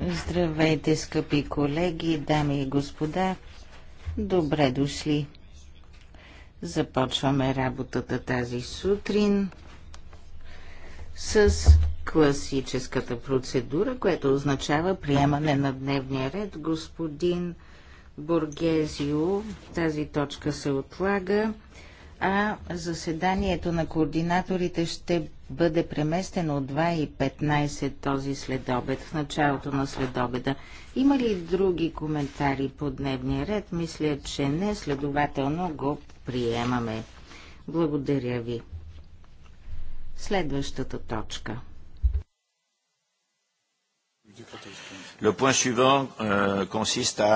Здравейте, скъпи колеги, дами и господа. Добре дошли. Започваме работата тази сутрин с класическата процедура, което означава приемане на дневния ред. Господин Бургезио, тази точка се отлага а заседанието на координаторите ще бъде преместено от 2.15 този следобед, в началото на следобеда. Има ли други коментари по дневния ред? Мисля, че не, следователно го приемаме. Благодаря ви. Следващата точка. Le point suivant euh, consiste à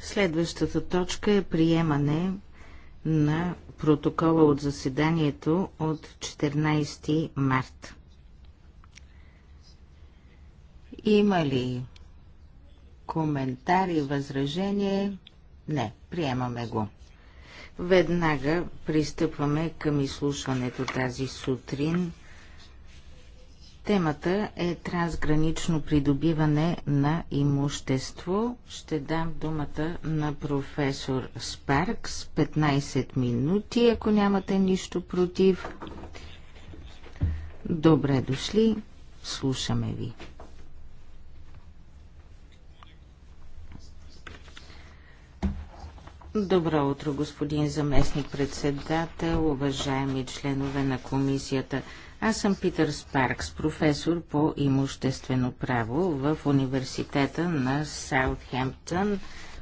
Следващата точка е приемане на протокола от заседанието от 14 март. Има ли коментари, възражение? Не, приемаме го. Веднага пристъпваме към изслушването тази сутрин. Темата е трансгранично придобиване на имущество. Ще дам думата на професор Спаркс 15 минути, ако нямате нищо против. Добре дошли, слушаме ви. Добро утро, господин заместник председател, уважаеми членове на комисията. Аз съм Питър Спаркс, професор по имуществено право в университета на Саутхемптън,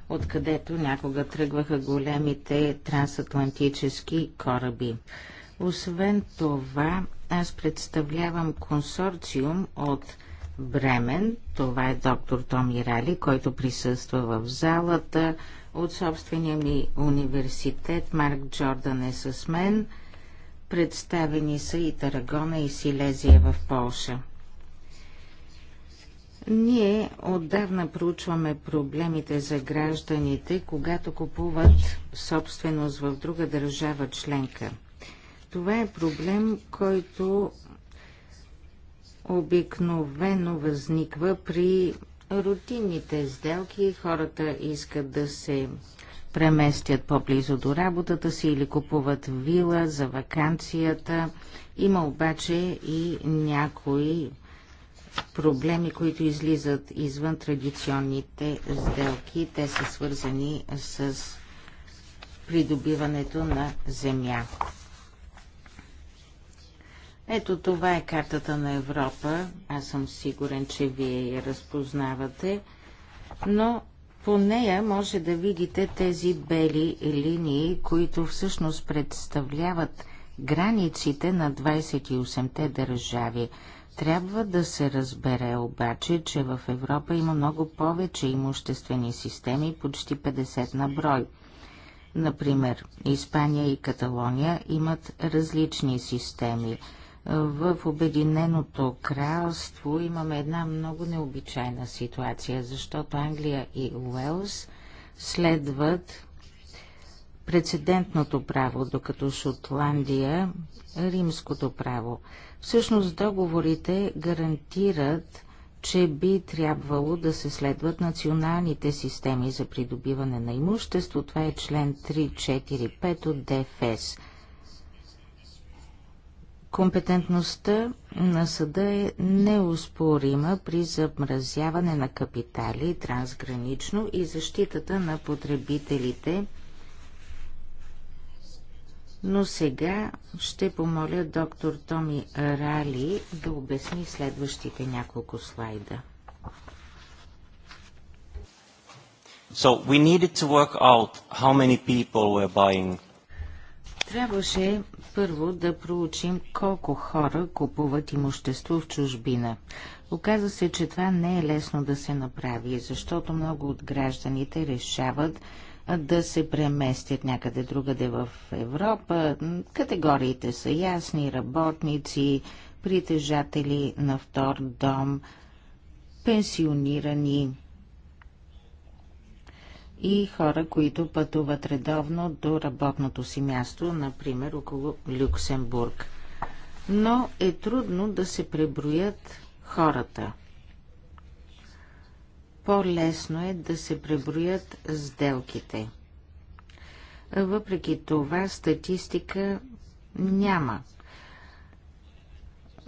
откъдето някога тръгваха големите трансатлантически кораби. Освен това, аз представлявам консорциум от Бремен, това е доктор Томи Рали, който присъства в залата, от собствения ми университет, Марк Джордан е с мен – Представени са и Тарагона и Силезия в Полша. Ние отдавна проучваме проблемите за гражданите, когато купуват собственост в друга държава членка. Това е проблем, който обикновено възниква при рутинните сделки. Хората искат да се преместят по-близо до работата си или купуват вила за вакансията. Има обаче и някои проблеми, които излизат извън традиционните сделки. Те са свързани с придобиването на земя. Ето това е картата на Европа. Аз съм сигурен, че вие я разпознавате. Но по нея може да видите тези бели линии, които всъщност представляват границите на 28-те държави. Трябва да се разбере обаче, че в Европа има много повече имуществени системи, почти 50 на брой. Например, Испания и Каталония имат различни системи – в Обединеното кралство имаме една много необичайна ситуация, защото Англия и Уелс следват прецедентното право, докато Шотландия – римското право. Всъщност договорите гарантират, че би трябвало да се следват националните системи за придобиване на имущество. Това е член 345 от ДФС – Компетентността на съда е неоспорима при замразяване на капитали трансгранично и защитата на потребителите. Но сега ще помоля доктор Томи Рали да обясни следващите няколко слайда. So we needed to work out how many people were buying Трябваше първо да проучим колко хора купуват имущество в чужбина. Оказва се, че това не е лесно да се направи, защото много от гражданите решават да се преместят някъде другаде в Европа. Категориите са ясни – работници, притежатели на втор дом, пенсионирани и хора, които пътуват редовно до работното си място, например около Люксембург. Но е трудно да се преброят хората. По-лесно е да се преброят сделките. Въпреки това статистика няма.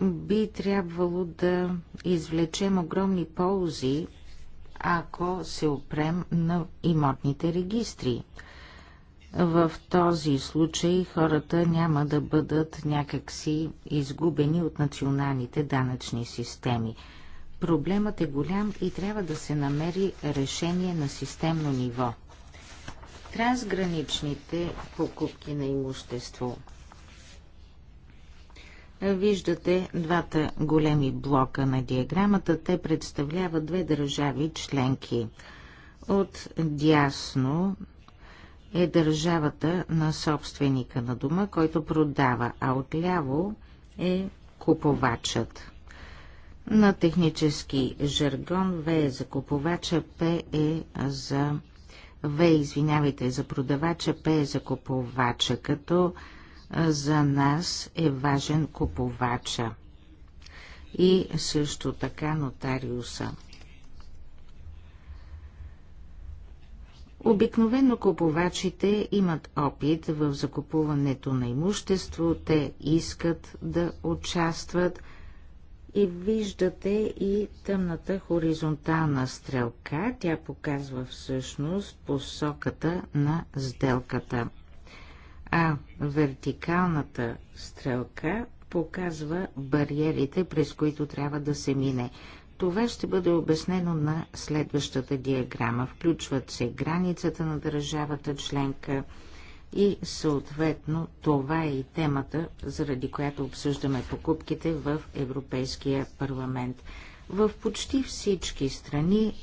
Би трябвало да извлечем огромни ползи ако се опрем на имотните регистри. В този случай хората няма да бъдат някакси изгубени от националните данъчни системи. Проблемът е голям и трябва да се намери решение на системно ниво. Трансграничните покупки на имущество – Виждате двата големи блока на диаграмата. Те представляват две държави членки. От дясно е държавата на собственика на дома, който продава, а отляво е купувачът. На технически жаргон В е за купувача, П е за... В, извинявайте, за продавача, П е за купувача, като за нас е важен купувача и също така нотариуса. Обикновено купувачите имат опит в закупуването на имущество, те искат да участват и виждате и тъмната хоризонтална стрелка, тя показва всъщност посоката на сделката а вертикалната стрелка показва бариерите, през които трябва да се мине. Това ще бъде обяснено на следващата диаграма. Включват се границата на държавата членка и съответно това е и темата, заради която обсъждаме покупките в Европейския парламент. В почти всички страни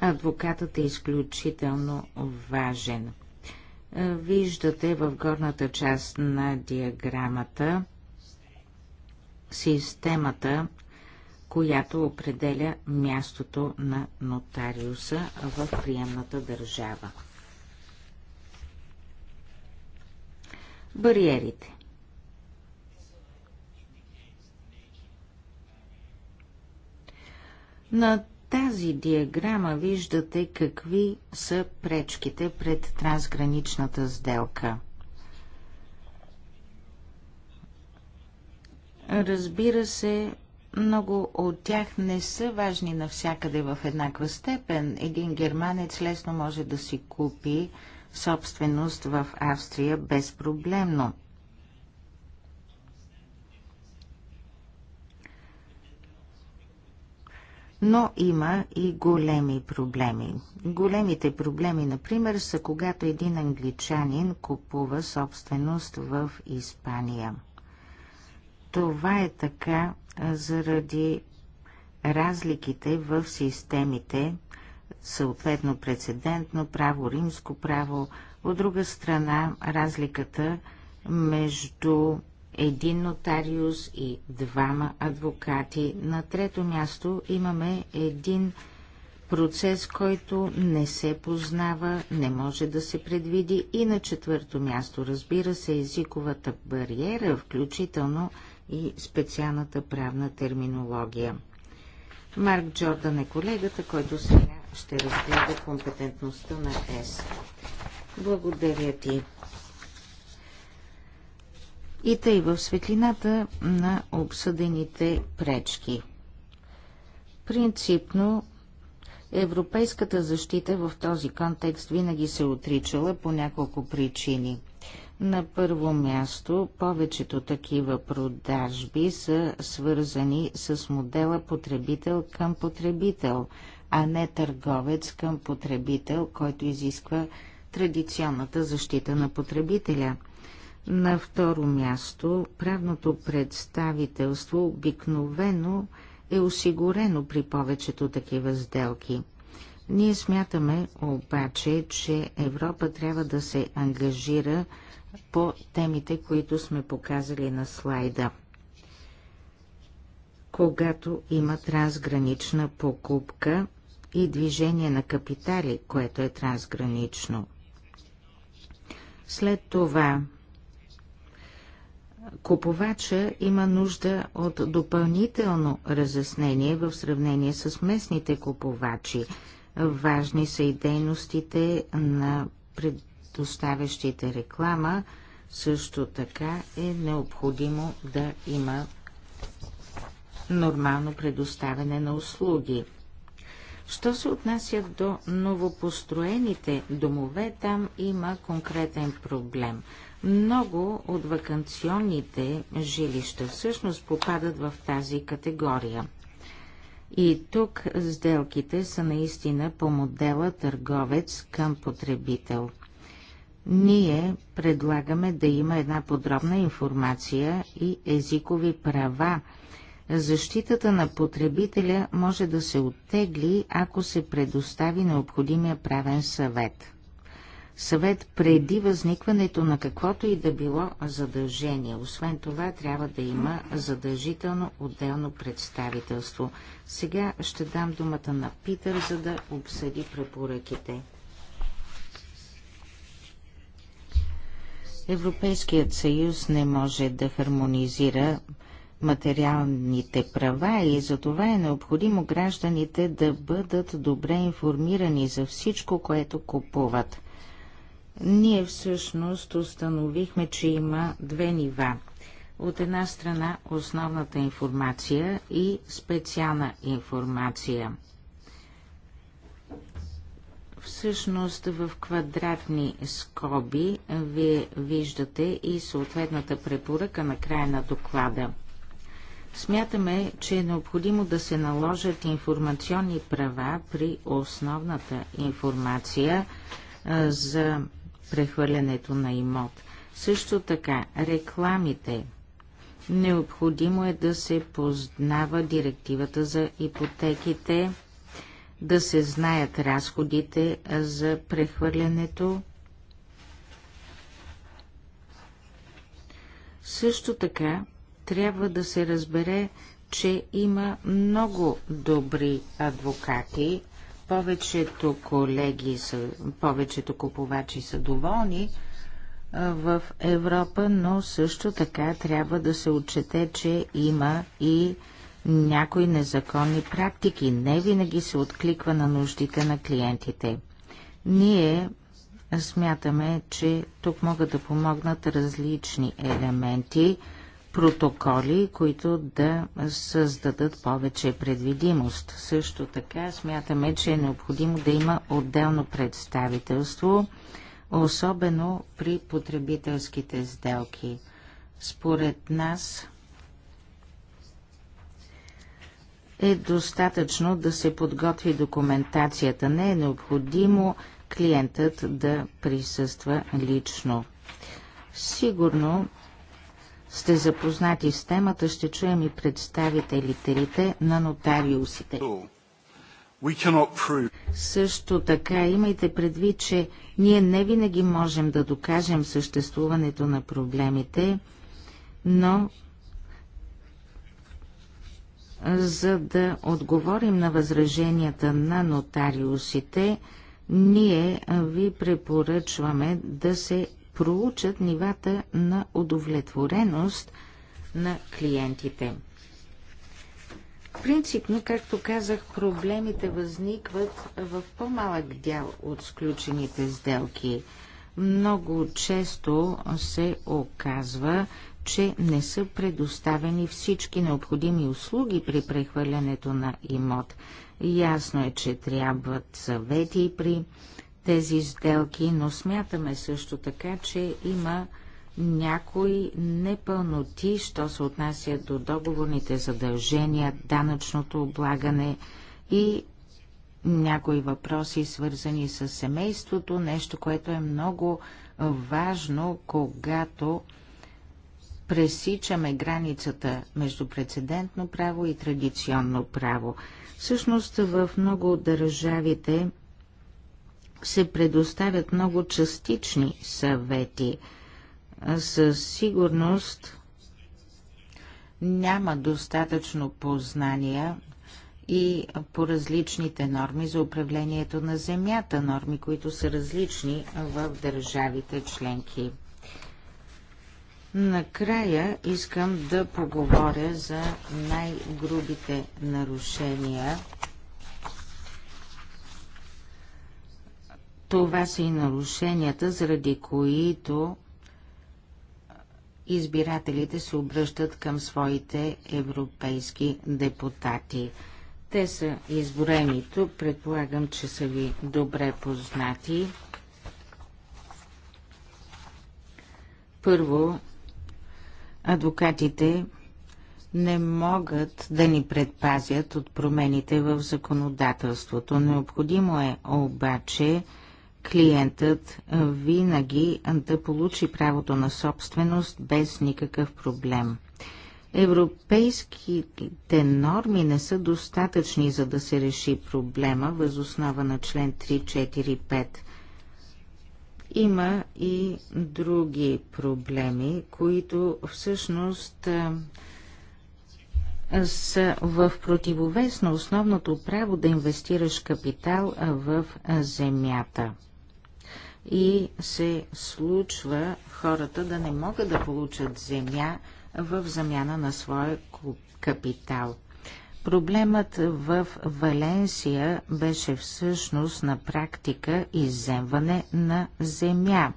адвокатът е изключително важен. Е, виждате в горната част на диаграмата системата, която определя мястото на нотариуса в приемната държава. Бариерите На тази диаграма виждате какви са пречките пред трансграничната сделка. Разбира се, много от тях не са важни навсякъде в еднаква степен. Един германец лесно може да си купи собственост в Австрия безпроблемно. Но има и големи проблеми. Големите проблеми, например, са когато един англичанин купува собственост в Испания. Това е така заради разликите в системите, съответно прецедентно право, римско право, от друга страна разликата между един нотариус и двама адвокати. На трето място имаме един процес, който не се познава, не може да се предвиди. И на четвърто място, разбира се, езиковата бариера, включително и специалната правна терминология. Марк Джордан е колегата, който сега ще разгледа компетентността на ЕС. Благодаря ти и тъй в светлината на обсъдените пречки. Принципно Европейската защита в този контекст винаги се е отричала по няколко причини. На първо място, повечето такива продажби са свързани с модела потребител към потребител, а не търговец към потребител, който изисква традиционната защита на потребителя – на второ място, правното представителство обикновено е осигурено при повечето такива сделки. Ние смятаме обаче, че Европа трябва да се ангажира по темите, които сме показали на слайда. Когато има трансгранична покупка и движение на капитали, което е трансгранично. След това купувача има нужда от допълнително разяснение в сравнение с местните купувачи. Важни са и дейностите на предоставящите реклама. Също така е необходимо да има нормално предоставяне на услуги. Що се отнася до новопостроените домове, там има конкретен проблем – много от вакансионните жилища всъщност попадат в тази категория. И тук сделките са наистина по модела търговец към потребител. Ние предлагаме да има една подробна информация и езикови права. Защитата на потребителя може да се оттегли, ако се предостави необходимия правен съвет съвет преди възникването на каквото и да било задължение. Освен това, трябва да има задължително отделно представителство. Сега ще дам думата на Питър, за да обсъди препоръките. Европейският съюз не може да хармонизира материалните права и за това е необходимо гражданите да бъдат добре информирани за всичко, което купуват – ние всъщност установихме, че има две нива. От една страна основната информация и специална информация. Всъщност в квадратни скоби вие виждате и съответната препоръка на края на доклада. Смятаме, че е необходимо да се наложат информационни права при основната информация за прехвърлянето на имот. Също така, рекламите. Необходимо е да се познава директивата за ипотеките, да се знаят разходите за прехвърлянето. Също така, трябва да се разбере, че има много добри адвокати, повечето колеги, са, повечето купувачи са доволни в Европа, но също така трябва да се отчете, че има и някои незаконни практики. Не винаги се откликва на нуждите на клиентите. Ние смятаме, че тук могат да помогнат различни елементи – протоколи, които да създадат повече предвидимост. Също така смятаме, че е необходимо да има отделно представителство, особено при потребителските сделки. Според нас е достатъчно да се подготви документацията. Не е необходимо клиентът да присъства лично. Сигурно сте запознати с темата, ще чуем и представителите на нотариусите. Също така имайте предвид, че ние не винаги можем да докажем съществуването на проблемите, но за да отговорим на възраженията на нотариусите, ние ви препоръчваме да се проучат нивата на удовлетвореност на клиентите. Принципно, както казах, проблемите възникват в по-малък дял от сключените сделки. Много често се оказва, че не са предоставени всички необходими услуги при прехвърлянето на имот. Ясно е, че трябват съвети при тези сделки, но смятаме също така, че има някои непълноти, що се отнася до договорните задължения, данъчното облагане и някои въпроси, свързани с семейството, нещо, което е много важно, когато пресичаме границата между прецедентно право и традиционно право. Всъщност в много от държавите се предоставят много частични съвети. Със сигурност няма достатъчно познания и по различните норми за управлението на земята, норми, които са различни в държавите членки. Накрая искам да поговоря за най-грубите нарушения Това са и нарушенията, заради които избирателите се обръщат към своите европейски депутати. Те са изборени тук, предполагам, че са ви добре познати. Първо, адвокатите не могат да ни предпазят от промените в законодателството. Необходимо е обаче клиентът винаги да получи правото на собственост без никакъв проблем. Европейските норми не са достатъчни, за да се реши проблема възоснова на член 345. Има и други проблеми, които всъщност са в противовес на основното право да инвестираш капитал в земята и се случва хората да не могат да получат земя в замяна на своя капитал. Проблемът в Валенсия беше всъщност на практика изземване на земя.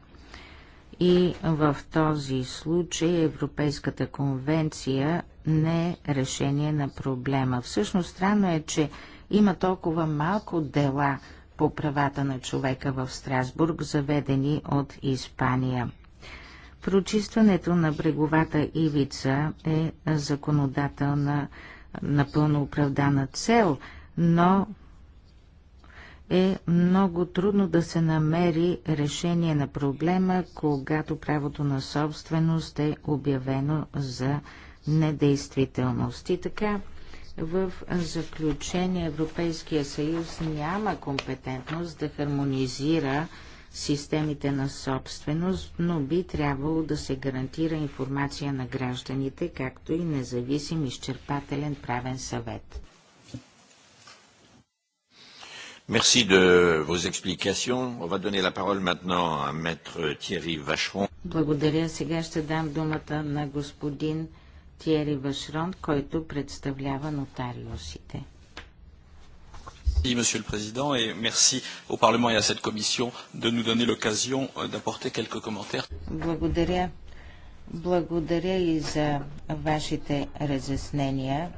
И в този случай Европейската конвенция не е решение на проблема. Всъщност странно е, че има толкова малко дела по правата на човека в Страсбург, заведени от Испания. Прочистването на бреговата ивица е законодателна напълно оправдана цел, но е много трудно да се намери решение на проблема, когато правото на собственост е обявено за недействителност. И така, в заключение Европейския съюз няма компетентност да хармонизира системите на собственост, но би трябвало да се гарантира информация на гражданите, както и независим изчерпателен правен съвет. Merci de vos explications. On va donner la parole maintenant à maître Thierry Vacheron. Благодаря. Сега ще дам думата на господин Тиери Вашрон, който представлява нотариусите. Monsieur le Président, et merci au Parlement et à cette Commission de nous donner l'occasion euh, d'apporter quelques commentaires. Благодаря. Благодаря и за вашите разяснения.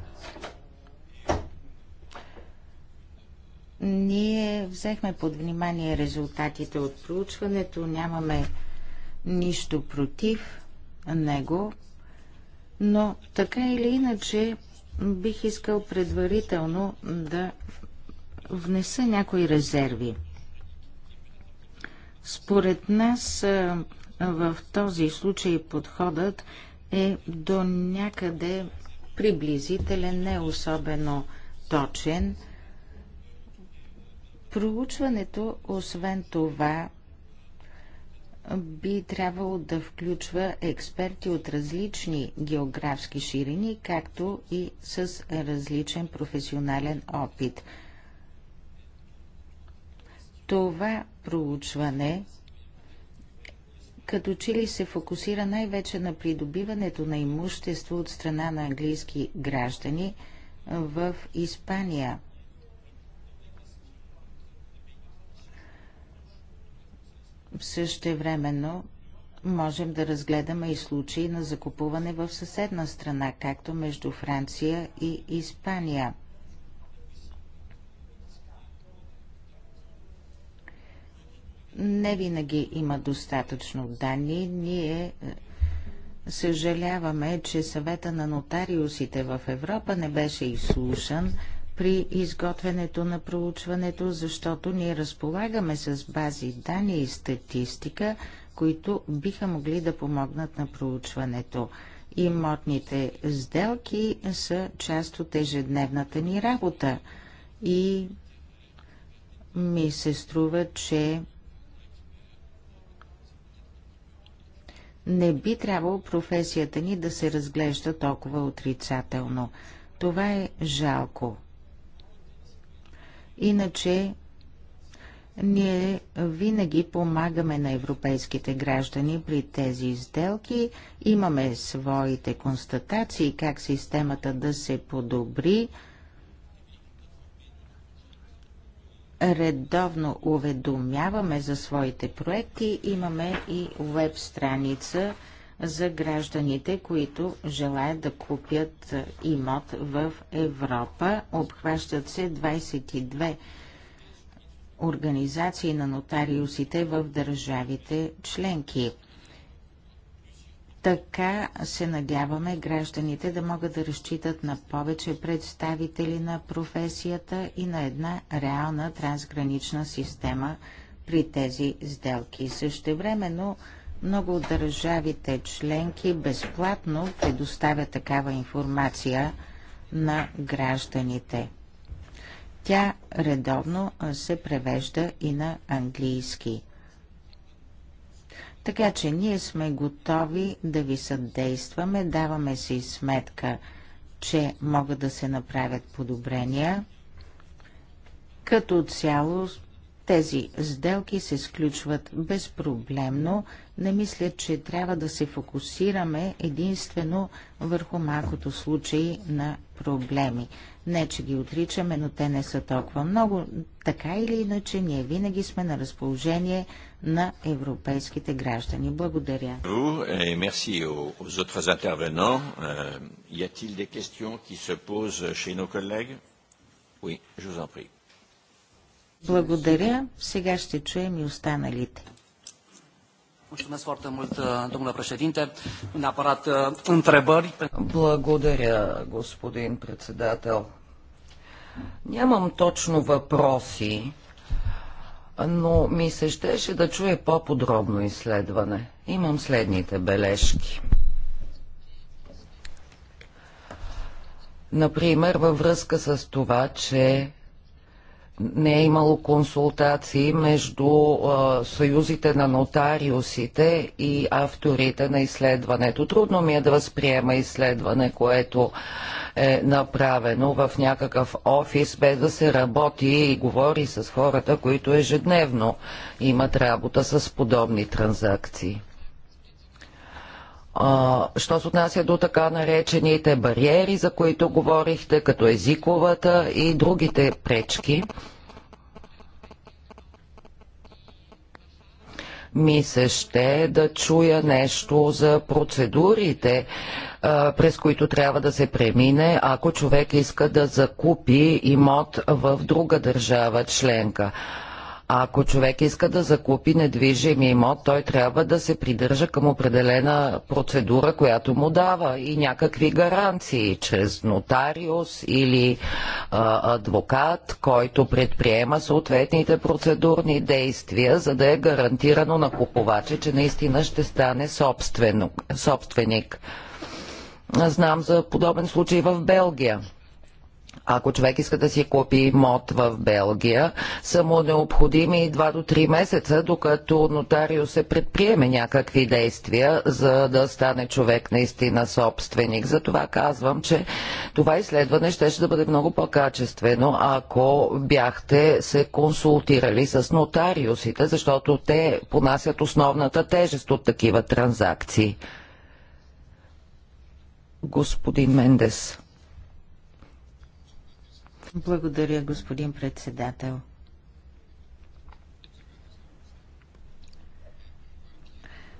Ние взехме под внимание резултатите от проучването, нямаме нищо против него. Но така или иначе бих искал предварително да внеса някои резерви. Според нас в този случай подходът е до някъде приблизителен, не особено точен. Проучването, освен това, би трябвало да включва експерти от различни географски ширини, както и с различен професионален опит. Това проучване като че ли се фокусира най-вече на придобиването на имущество от страна на английски граждани в Испания. времено можем да разгледаме и случаи на закупуване в съседна страна, както между Франция и Испания. Не винаги има достатъчно данни. Ние е, съжаляваме, че съвета на нотариусите в Европа не беше изслушан при изготвянето на проучването, защото ние разполагаме с бази данни и статистика, които биха могли да помогнат на проучването. Имотните сделки са част от ежедневната ни работа и ми се струва, че не би трябвало професията ни да се разглежда толкова отрицателно. Това е жалко. Иначе ние винаги помагаме на европейските граждани при тези изделки. Имаме своите констатации как системата да се подобри. Редовно уведомяваме за своите проекти. Имаме и веб страница, за гражданите, които желаят да купят е, имот в Европа. Обхващат се 22 организации на нотариусите в държавите членки. Така се надяваме гражданите да могат да разчитат на повече представители на професията и на една реална трансгранична система при тези сделки. Също времено много от държавите членки безплатно предоставят такава информация на гражданите. Тя редовно се превежда и на английски. Така че ние сме готови да ви съдействаме, даваме си сметка, че могат да се направят подобрения. Като цяло тези сделки се сключват безпроблемно. Не мисля, че трябва да се фокусираме единствено върху малкото случаи на проблеми. Не, че ги отричаме, но те не са толкова много. Така или иначе, ние винаги сме на разположение на европейските граждани. Благодаря. Merci aux autres intervenants. Euh, y a-t-il des questions qui se posent chez nos collègues Oui, je vous en prie. Благодаря. Сега ще чуем и останалите. Mulțumesc foarte mult, domnule președinte. Neapărat uh, întrebări. Благодаря, господин председател. Нямам точно въпроси, но ми се щеше да чуя по-подробно изследване. Имам следните бележки. Например, във връзка с това, че не е имало консултации между а, съюзите на нотариусите и авторите на изследването. Трудно ми е да възприема изследване, което е направено в някакъв офис, без да се работи и говори с хората, които ежедневно имат работа с подобни транзакции що се отнася до така наречените бариери, за които говорихте, като езиковата и другите пречки. ми се ще да чуя нещо за процедурите, през които трябва да се премине, ако човек иска да закупи имот в друга държава членка. Ако човек иска да закупи недвижим имот, той трябва да се придържа към определена процедура, която му дава и някакви гаранции чрез нотариус или а, адвокат, който предприема съответните процедурни действия, за да е гарантирано на купувача, че наистина ще стане собственик. Знам за подобен случай в Белгия. Ако човек иска да си купи мод в Белгия, са му необходими 2 до 3 месеца, докато нотариус се предприеме някакви действия, за да стане човек наистина собственик. Затова казвам, че това изследване ще, ще да бъде много по-качествено, ако бяхте се консултирали с нотариусите, защото те понасят основната тежест от такива транзакции. Господин Мендес. Благодаря, господин председател.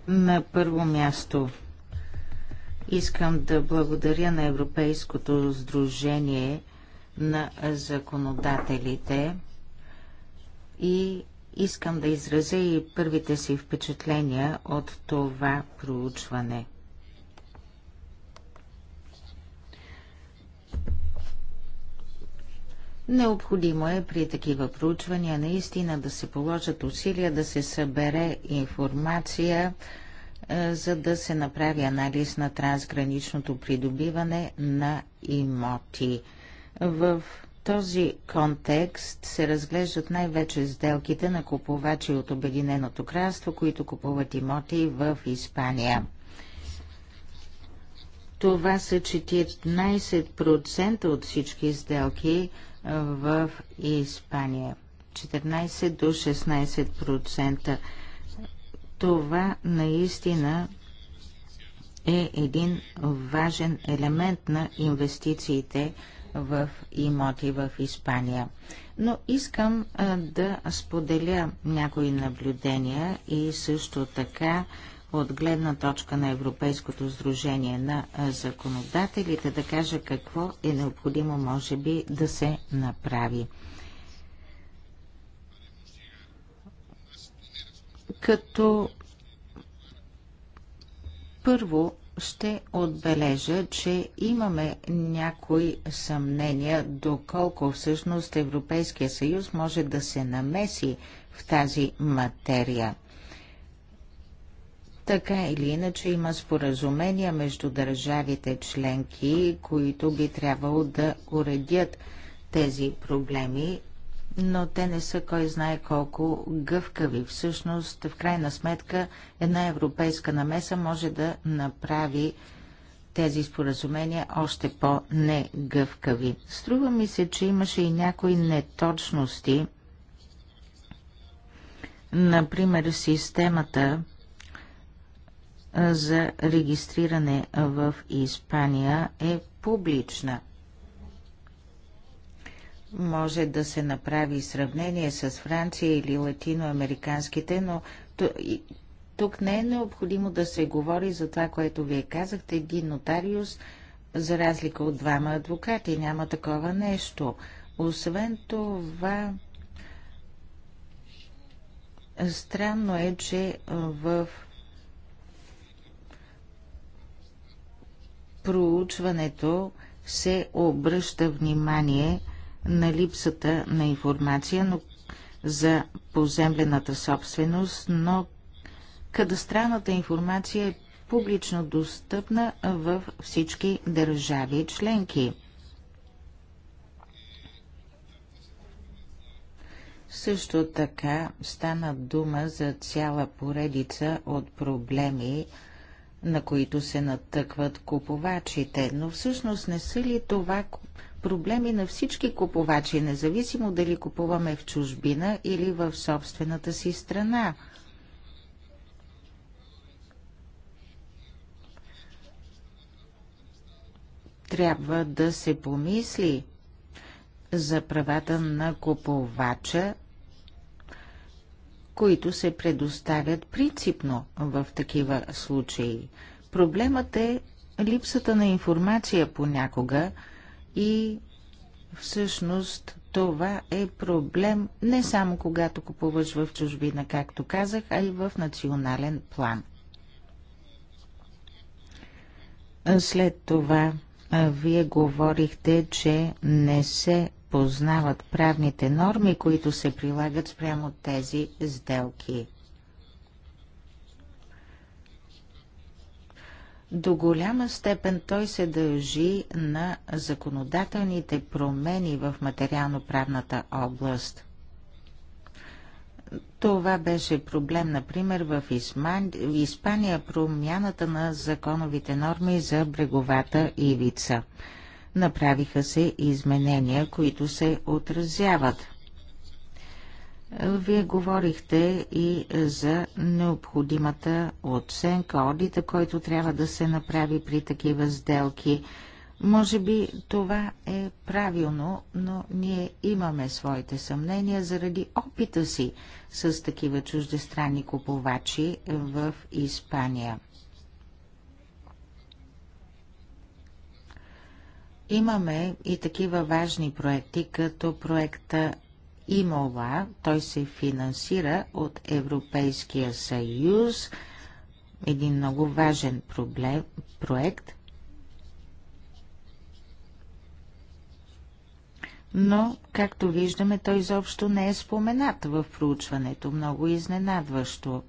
На първо място искам да благодаря на Европейското сдружение на законодателите и искам да изразя и първите си впечатления от това проучване – Необходимо е при такива проучвания наистина да се положат усилия, да се събере информация, е, за да се направи анализ на трансграничното придобиване на имоти. В този контекст се разглеждат най-вече сделките на купувачи от Обединеното кралство, които купуват имоти в Испания. Това са 14% от всички сделки в Испания. 14 до 16%. Това наистина е един важен елемент на инвестициите в имоти в Испания. Но искам да споделя някои наблюдения и също така от гледна точка на Европейското сдружение на законодателите да кажа какво е необходимо, може би, да се направи. Като първо ще отбележа, че имаме някои съмнения доколко всъщност Европейския съюз може да се намеси в тази материя – така или иначе има споразумения между държавите членки, които би трябвало да уредят тези проблеми, но те не са кой знае колко гъвкави. Всъщност, в крайна сметка, една европейска намеса може да направи тези споразумения още по-негъвкави. Струва ми се, че имаше и някои неточности. Например, системата за регистриране в Испания е публична. Може да се направи сравнение с Франция или латиноамериканските, но тук не е необходимо да се говори за това, което вие казахте. Един нотариус, за разлика от двама адвокати, няма такова нещо. Освен това, странно е, че в проучването се обръща внимание на липсата на информация но за поземлената собственост, но кадастралната информация е публично достъпна във всички държави членки. Също така стана дума за цяла поредица от проблеми, на които се натъкват купувачите. Но всъщност не са ли това проблеми на всички купувачи, независимо дали купуваме в чужбина или в собствената си страна? Трябва да се помисли за правата на купувача които се предоставят принципно в такива случаи. Проблемът е липсата на информация понякога и всъщност това е проблем не само когато купуваш в чужбина, както казах, а и в национален план. След това вие говорихте, че не се познават правните норми, които се прилагат спрямо тези сделки. До голяма степен той се дължи на законодателните промени в материално-правната област. Това беше проблем, например, в Испания промяната на законовите норми за бреговата ивица. Направиха се изменения, които се отразяват. Вие говорихте и за необходимата оценка, одита, който трябва да се направи при такива сделки. Може би това е правилно, но ние имаме своите съмнения заради опита си с такива чуждестранни купувачи в Испания. Имаме и такива важни проекти, като проекта ИМОЛА. Той се финансира от Европейския съюз. Един много важен проблем, проект. Но, както виждаме, той изобщо не е споменат в проучването. Много изненадващо.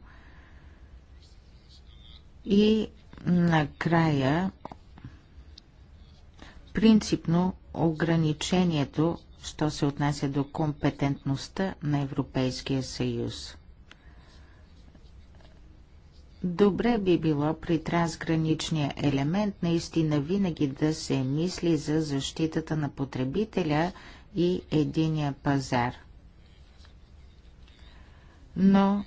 И накрая принципно ограничението, що се отнася до компетентността на Европейския съюз. Добре би било при трансграничния елемент наистина винаги да се мисли за защитата на потребителя и единия пазар. Но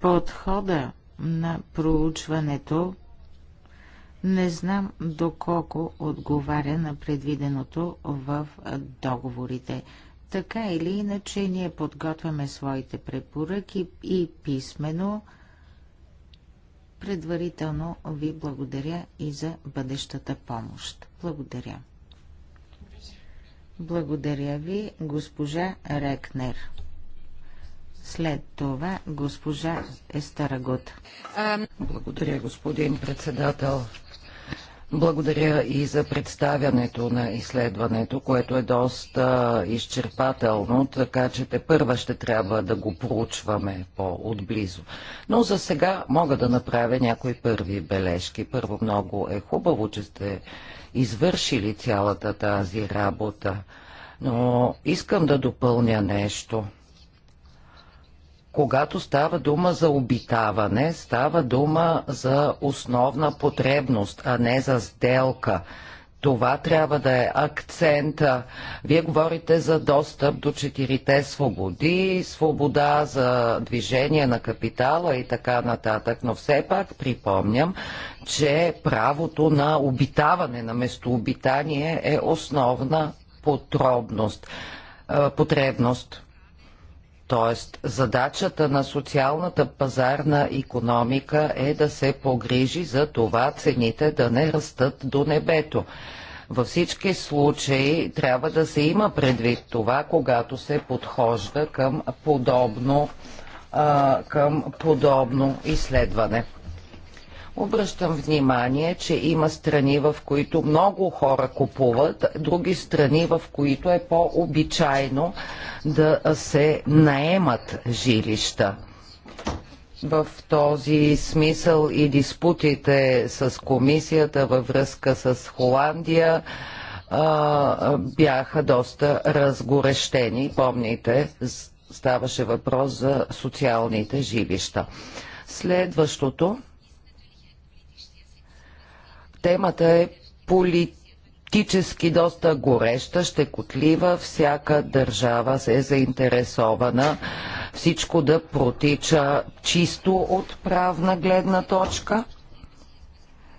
подхода на проучването не знам доколко отговаря на предвиденото в договорите. Така или иначе, ние подготвяме своите препоръки и писмено. Предварително ви благодаря и за бъдещата помощ. Благодаря. Благодаря ви, госпожа Рекнер. След това госпожа Естарагот. Благодаря, господин председател. Благодаря и за представянето на изследването, което е доста изчерпателно, така че те първа ще трябва да го проучваме по-отблизо. Но за сега мога да направя някои първи бележки. Първо много е хубаво, че сте извършили цялата тази работа, но искам да допълня нещо – когато става дума за обитаване, става дума за основна потребност, а не за сделка. Това трябва да е акцента. Вие говорите за достъп до четирите свободи, свобода за движение на капитала и така нататък, но все пак припомням, че правото на обитаване, на местообитание е основна потребност. Тоест, задачата на социалната пазарна економика е да се погрижи за това цените да не растат до небето. Във всички случаи трябва да се има предвид това, когато се подхожда към подобно, а, към подобно изследване. Обръщам внимание, че има страни, в които много хора купуват, други страни, в които е по-обичайно да се наемат жилища. В този смисъл и диспутите с комисията във връзка с Холандия а, бяха доста разгорещени. Помните, ставаше въпрос за социалните жилища. Следващото темата е политически доста гореща, щекотлива, всяка държава се е заинтересована всичко да протича чисто от правна гледна точка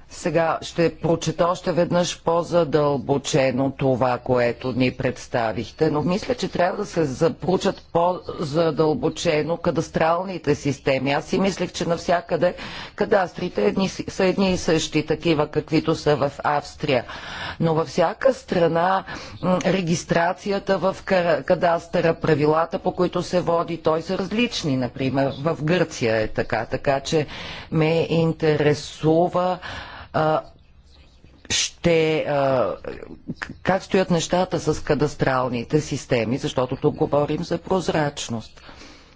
сега ще прочета още веднъж по-задълбочено това, което ни представихте, но мисля, че трябва да се запрочат по-задълбочено кадастралните системи. Аз си мислех, че навсякъде кадастрите едни, са едни и същи, такива каквито са в Австрия. Но във всяка страна регистрацията в кадастъра, правилата по които се води, той са различни. Например, в Гърция е така, така че ме интересува ще, а, как стоят нещата с кадастралните системи, защото тук говорим за прозрачност.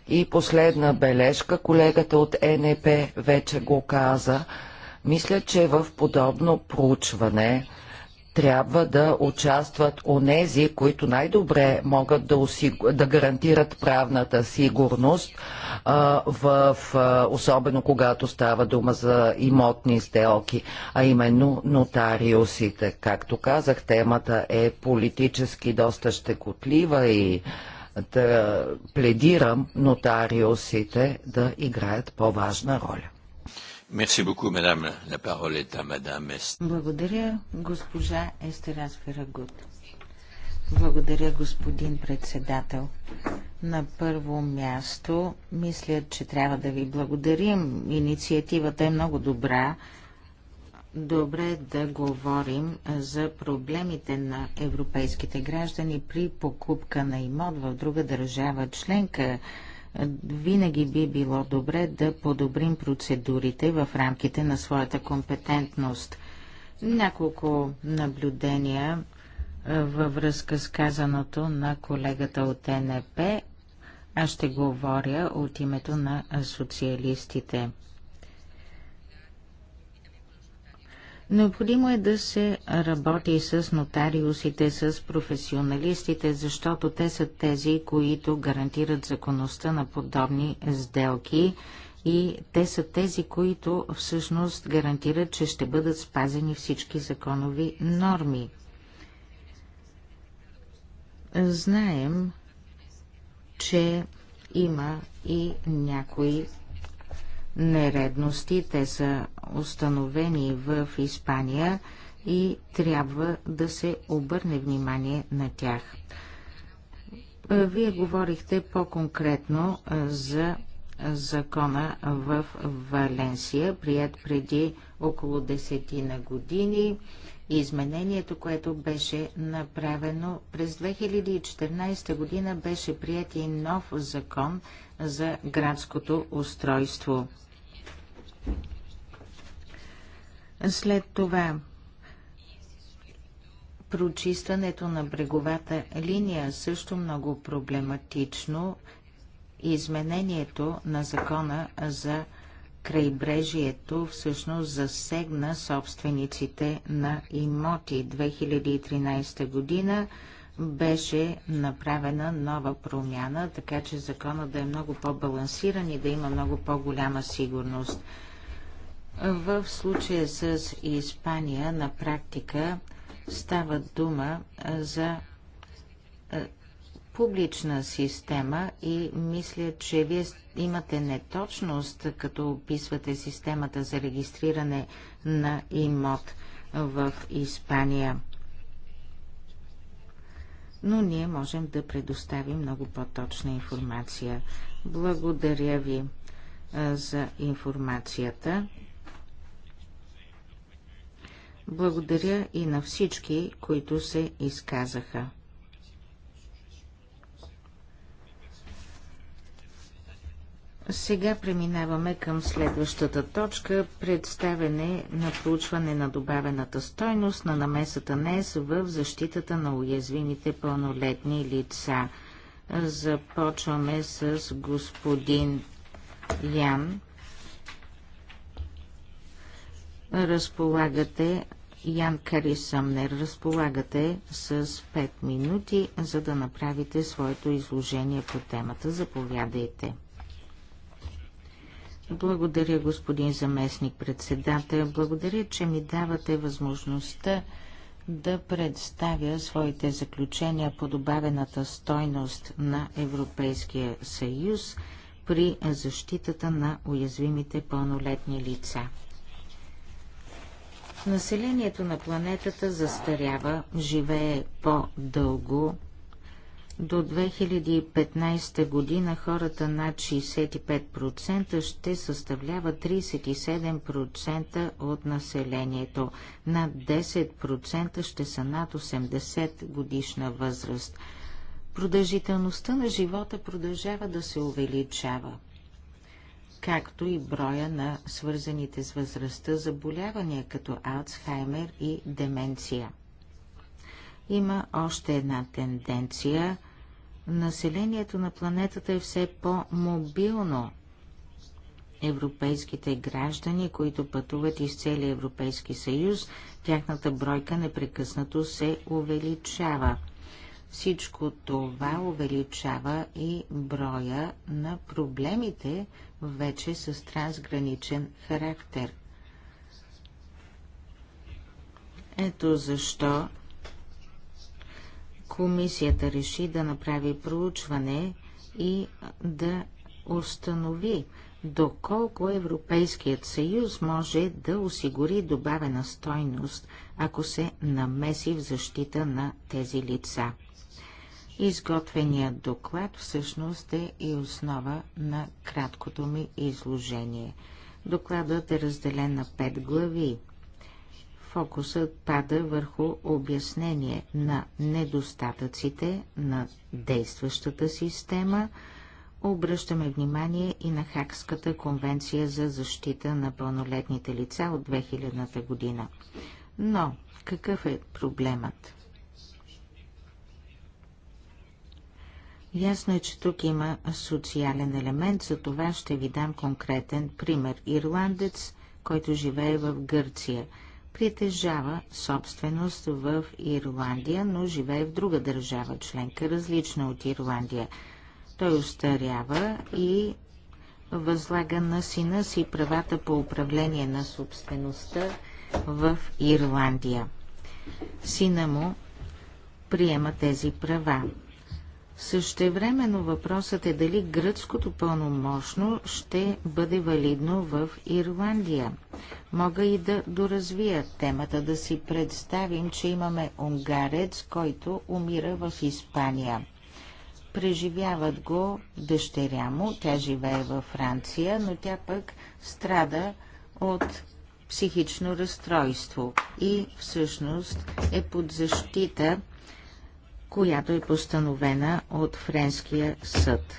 И последна бележка, колегата от НЕП вече го каза. Мисля, че в подобно проучване, трябва да участват онези, които най-добре могат да, осигу... да гарантират правната сигурност, а, в, а, особено когато става дума за имотни сделки, а именно нотариусите. Както казах, темата е политически доста щекотлива и да пледирам нотариусите да играят по-важна роля. Merci beaucoup, madame. La parole est à madame Est. Благодаря, госпожа Естерас Гуд. Благодаря, господин председател. На първо място, мисля, че трябва да ви благодарим. Инициативата е много добра. Добре е да говорим за проблемите на европейските граждани при покупка на имот в друга държава членка винаги би било добре да подобрим процедурите в рамките на своята компетентност. Няколко наблюдения във връзка с казаното на колегата от НП. Аз ще говоря от името на социалистите. Необходимо е да се работи с нотариусите, с професионалистите, защото те са тези, които гарантират законността на подобни сделки и те са тези, които всъщност гарантират, че ще бъдат спазени всички законови норми. Знаем, че има и някои нередности. Те са установени в Испания и трябва да се обърне внимание на тях. Вие говорихте по-конкретно за закона в Валенсия, прият преди около десетина години. Изменението, което беше направено през 2014 година, беше прият и нов закон за градското устройство. След това прочистването на бреговата линия също много проблематично. Изменението на закона за градското Крайбрежието всъщност засегна собствениците на имоти. 2013 година беше направена нова промяна, така че закона да е много по-балансиран и да има много по-голяма сигурност. В случая с Испания на практика става дума за публична система и мисля, че вие имате неточност, като описвате системата за регистриране на имот в Испания. Но ние можем да предоставим много по-точна информация. Благодаря ви за информацията. Благодаря и на всички, които се изказаха. Сега преминаваме към следващата точка – представене на проучване на добавената стойност на намесата НЕС в защитата на уязвимите пълнолетни лица. Започваме с господин Ян. Разполагате, Ян Карисъмнер, разполагате с 5 минути, за да направите своето изложение по темата. Заповядайте. Благодаря, господин заместник председател. Благодаря, че ми давате възможността да представя своите заключения по добавената стойност на Европейския съюз при защитата на уязвимите пълнолетни лица. Населението на планетата застарява, живее по-дълго, до 2015 година хората над 65% ще съставляват 37% от населението. Над 10% ще са над 80 годишна възраст. Продължителността на живота продължава да се увеличава, както и броя на свързаните с възрастта заболявания, като Алцхаймер и деменция. Има още една тенденция – Населението на планетата е все по-мобилно. Европейските граждани, които пътуват из целия Европейски съюз, тяхната бройка непрекъснато се увеличава. Всичко това увеличава и броя на проблемите вече с трансграничен характер. Ето защо комисията реши да направи проучване и да установи доколко Европейският съюз може да осигури добавена стойност, ако се намеси в защита на тези лица. Изготвеният доклад всъщност е и основа на краткото ми изложение. Докладът е разделен на пет глави фокусът пада върху обяснение на недостатъците на действащата система. Обръщаме внимание и на Хакската конвенция за защита на пълнолетните лица от 2000 година. Но какъв е проблемът? Ясно е, че тук има социален елемент, за това ще ви дам конкретен пример. Ирландец, който живее в Гърция – притежава собственост в Ирландия, но живее в друга държава членка, различна от Ирландия. Той устарява и възлага на сина си правата по управление на собствеността в Ирландия. Сина му приема тези права. Същевременно въпросът е дали гръцкото пълномощно ще бъде валидно в Ирландия. Мога и да доразвия темата, да си представим, че имаме унгарец, който умира в Испания. Преживяват го дъщеря му, тя живее във Франция, но тя пък страда от психично разстройство и всъщност е под защита която е постановена от Френския съд.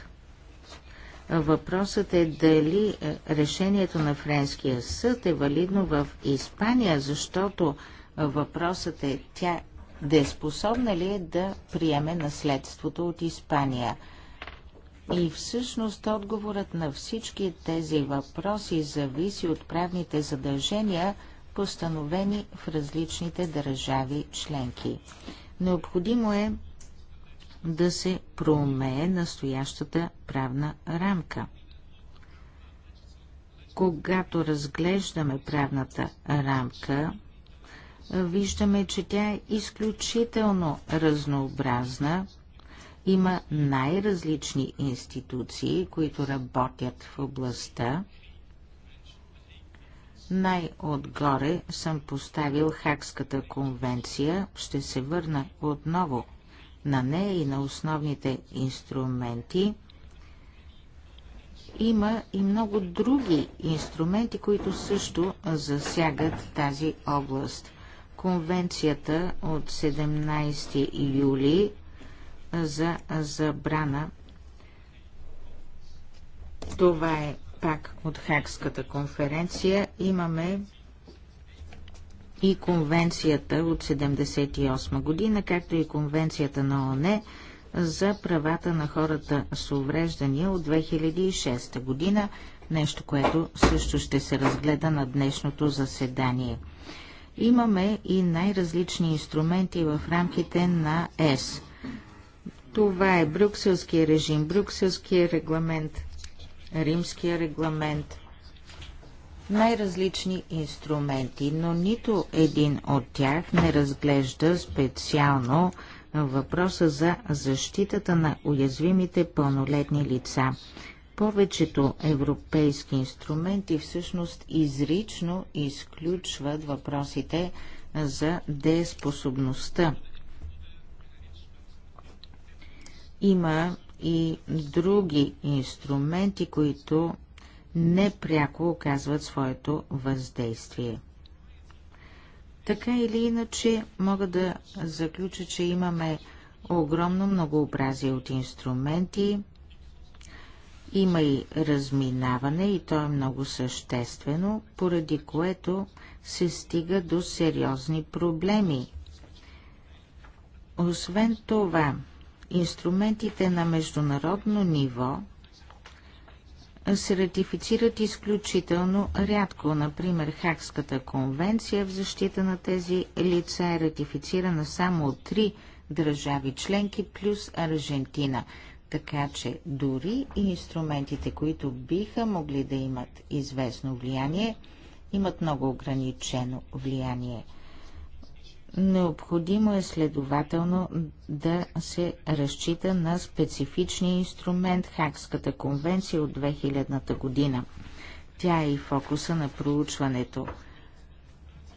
Въпросът е дали е, решението на Френския съд е валидно в Испания, защото въпросът е тя да е способна ли е да приеме наследството от Испания. И всъщност отговорът на всички тези въпроси зависи от правните задължения, постановени в различните държави членки. Необходимо е да се проумее настоящата правна рамка. Когато разглеждаме правната рамка, виждаме, че тя е изключително разнообразна. Има най-различни институции, които работят в областта най-отгоре съм поставил Хакската конвенция. Ще се върна отново на нея и на основните инструменти. Има и много други инструменти, които също засягат тази област. Конвенцията от 17 юли за забрана. Това е пак от Хакската конференция, имаме и конвенцията от 1978 година, както и конвенцията на ОНЕ за правата на хората с увреждания от 2006 година, нещо, което също ще се разгледа на днешното заседание. Имаме и най-различни инструменти в рамките на ЕС. Това е брюкселския режим, брюкселския регламент – римския регламент. Най-различни инструменти, но нито един от тях не разглежда специално въпроса за защитата на уязвимите пълнолетни лица. Повечето европейски инструменти всъщност изрично изключват въпросите за дееспособността. Има и други инструменти, които непряко оказват своето въздействие. Така или иначе, мога да заключа, че имаме огромно многообразие от инструменти, има и разминаване и то е много съществено, поради което се стига до сериозни проблеми. Освен това, инструментите на международно ниво се ратифицират изключително рядко. Например, Хакската конвенция в защита на тези лица е ратифицирана само от три държави членки плюс Аржентина. Така че дори и инструментите, които биха могли да имат известно влияние, имат много ограничено влияние – Необходимо е следователно да се разчита на специфичния инструмент Хакската конвенция от 2000 година. Тя е и фокуса на проучването.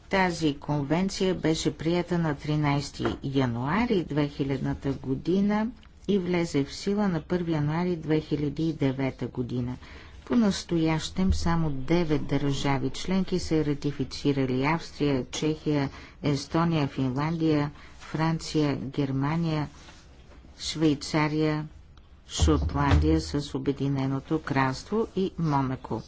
Тази конвенция беше прията на 13 януари 2000 година и влезе в сила на 1 януари 2009 година. По-настоящем само 9 държави членки са ратифицирали Австрия, Чехия, Естония, Финландия, Франция, Германия, Швейцария, Шотландия с Обединеното кралство и Монако.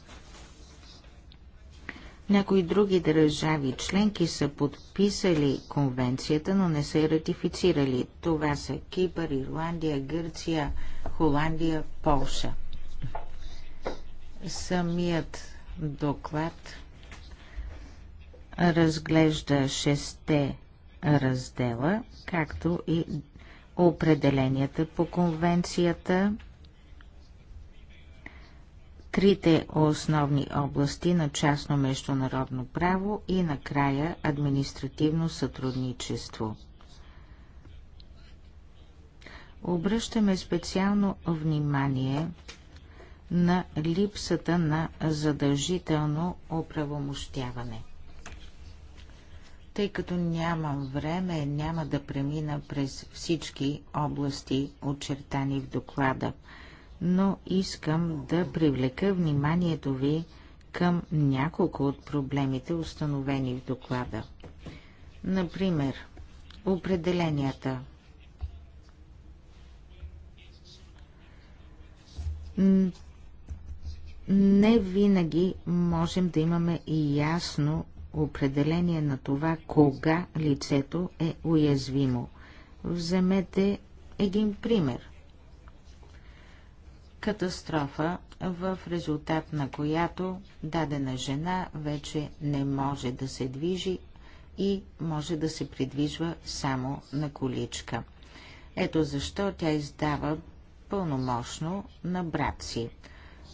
Някои други държави членки са подписали конвенцията, но не са ратифицирали. Това са Кипър, Ирландия, Гърция, Холандия, Полша. Самият доклад разглежда шесте раздела, както и определенията по конвенцията, трите основни области на частно международно право и накрая административно сътрудничество. Обръщаме специално внимание на липсата на задължително оправомощяване. Тъй като нямам време, няма да премина през всички области, очертани в доклада, но искам да привлека вниманието ви към няколко от проблемите, установени в доклада. Например, определенията не винаги можем да имаме и ясно определение на това, кога лицето е уязвимо. Вземете един пример. Катастрофа, в резултат на която дадена жена вече не може да се движи и може да се придвижва само на количка. Ето защо тя издава пълномощно на брат си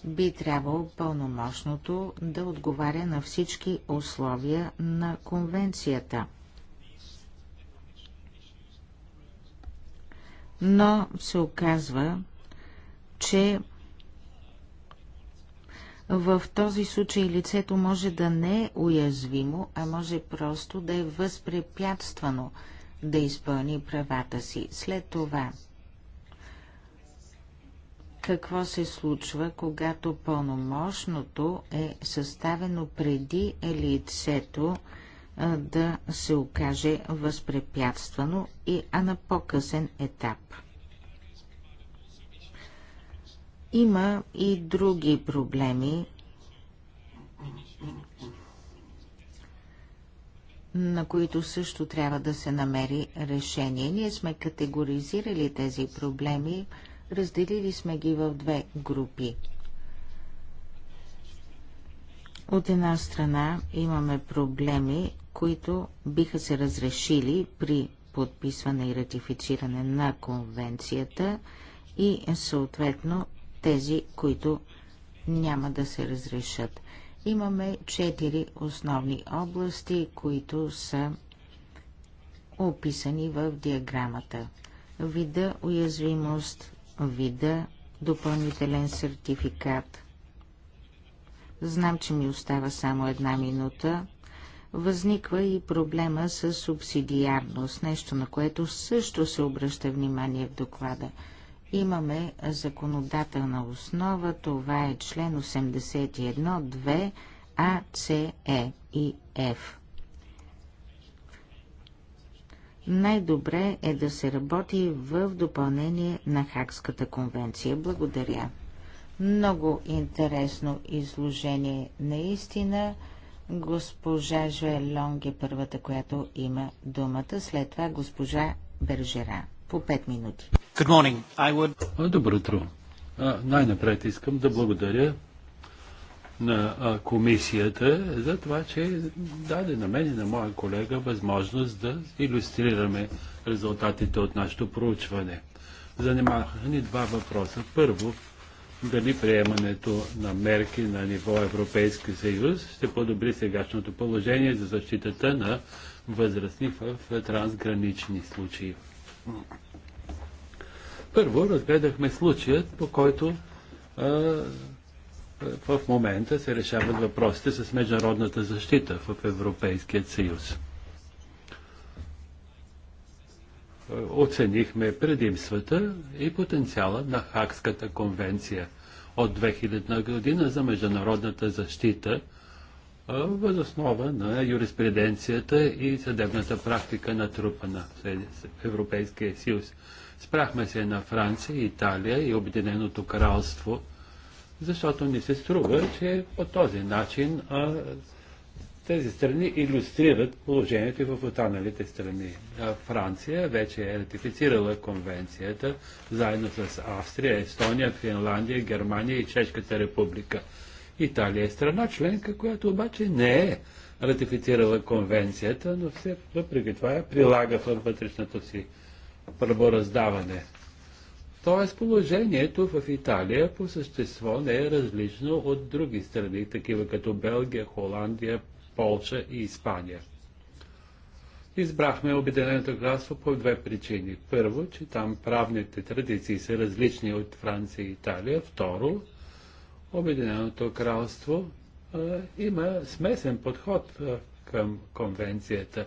би трябвало пълномощното да отговаря на всички условия на конвенцията. Но се оказва, че в този случай лицето може да не е уязвимо, а може просто да е възпрепятствано да изпълни правата си. След това какво се случва, когато пълномощното е съставено преди лицето да се окаже възпрепятствано и а на по-късен етап. Има и други проблеми, на които също трябва да се намери решение. Ние сме категоризирали тези проблеми Разделили сме ги в две групи. От една страна имаме проблеми, които биха се разрешили при подписване и ратифициране на конвенцията и съответно тези, които няма да се разрешат. Имаме четири основни области, които са описани в диаграмата. Вида уязвимост, вида допълнителен сертификат. Знам, че ми остава само една минута. Възниква и проблема с субсидиарност, нещо на което също се обръща внимание в доклада. Имаме законодателна основа, това е член 81, 2, А, С, Е и Ф най-добре е да се работи в допълнение на Хакската конвенция. Благодаря. Много интересно изложение наистина. Госпожа Жуелонг е първата, която има думата. След това госпожа Бержера. По 5 минути. Would... Добро утро. най-напред искам да благодаря на комисията за това, че даде на мен и на моя колега възможност да иллюстрираме резултатите от нашето проучване. Занимаха ни два въпроса. Първо, дали приемането на мерки на ниво Европейски съюз ще подобри сегашното положение за защитата на възрастни в трансгранични случаи. Първо разгледахме случаят, по който а, в момента се решават въпросите с международната защита в Европейският съюз. Оценихме предимствата и потенциала на Хакската конвенция от 2000 година за международната защита основа на юриспруденцията и съдебната практика на трупа на Европейския съюз. Спрахме се на Франция, Италия и Обединеното кралство – защото ни се струва, че по този начин а, тези страни иллюстрират положението и в останалите страни. А Франция вече е ратифицирала конвенцията заедно с Австрия, Естония, Финландия, Германия и Чешката република. Италия е страна членка, която обаче не е ратифицирала конвенцията, но все въпреки това я прилага във вътрешното си правораздаване. Тоест положението в Италия по същество не е различно от други страни, такива като Белгия, Холандия, Полша и Испания. Избрахме Обединеното кралство по две причини. Първо, че там правните традиции са различни от Франция и Италия. Второ, Обединеното кралство а, има смесен подход а, към конвенцията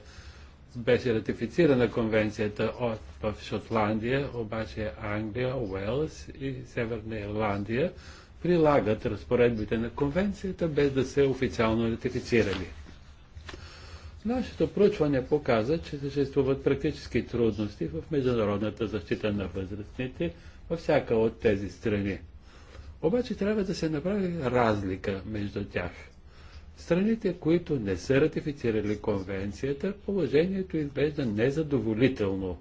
беше ратифицирана конвенцията от, в Шотландия, обаче Англия, Уелс и Северна Ирландия прилагат разпоредбите на конвенцията без да се официално ратифицирали. Нашето проучване показа, че съществуват практически трудности в международната защита на възрастните във всяка от тези страни. Обаче трябва да се направи разлика между тях – Страните, които не са ратифицирали конвенцията, положението изглежда незадоволително.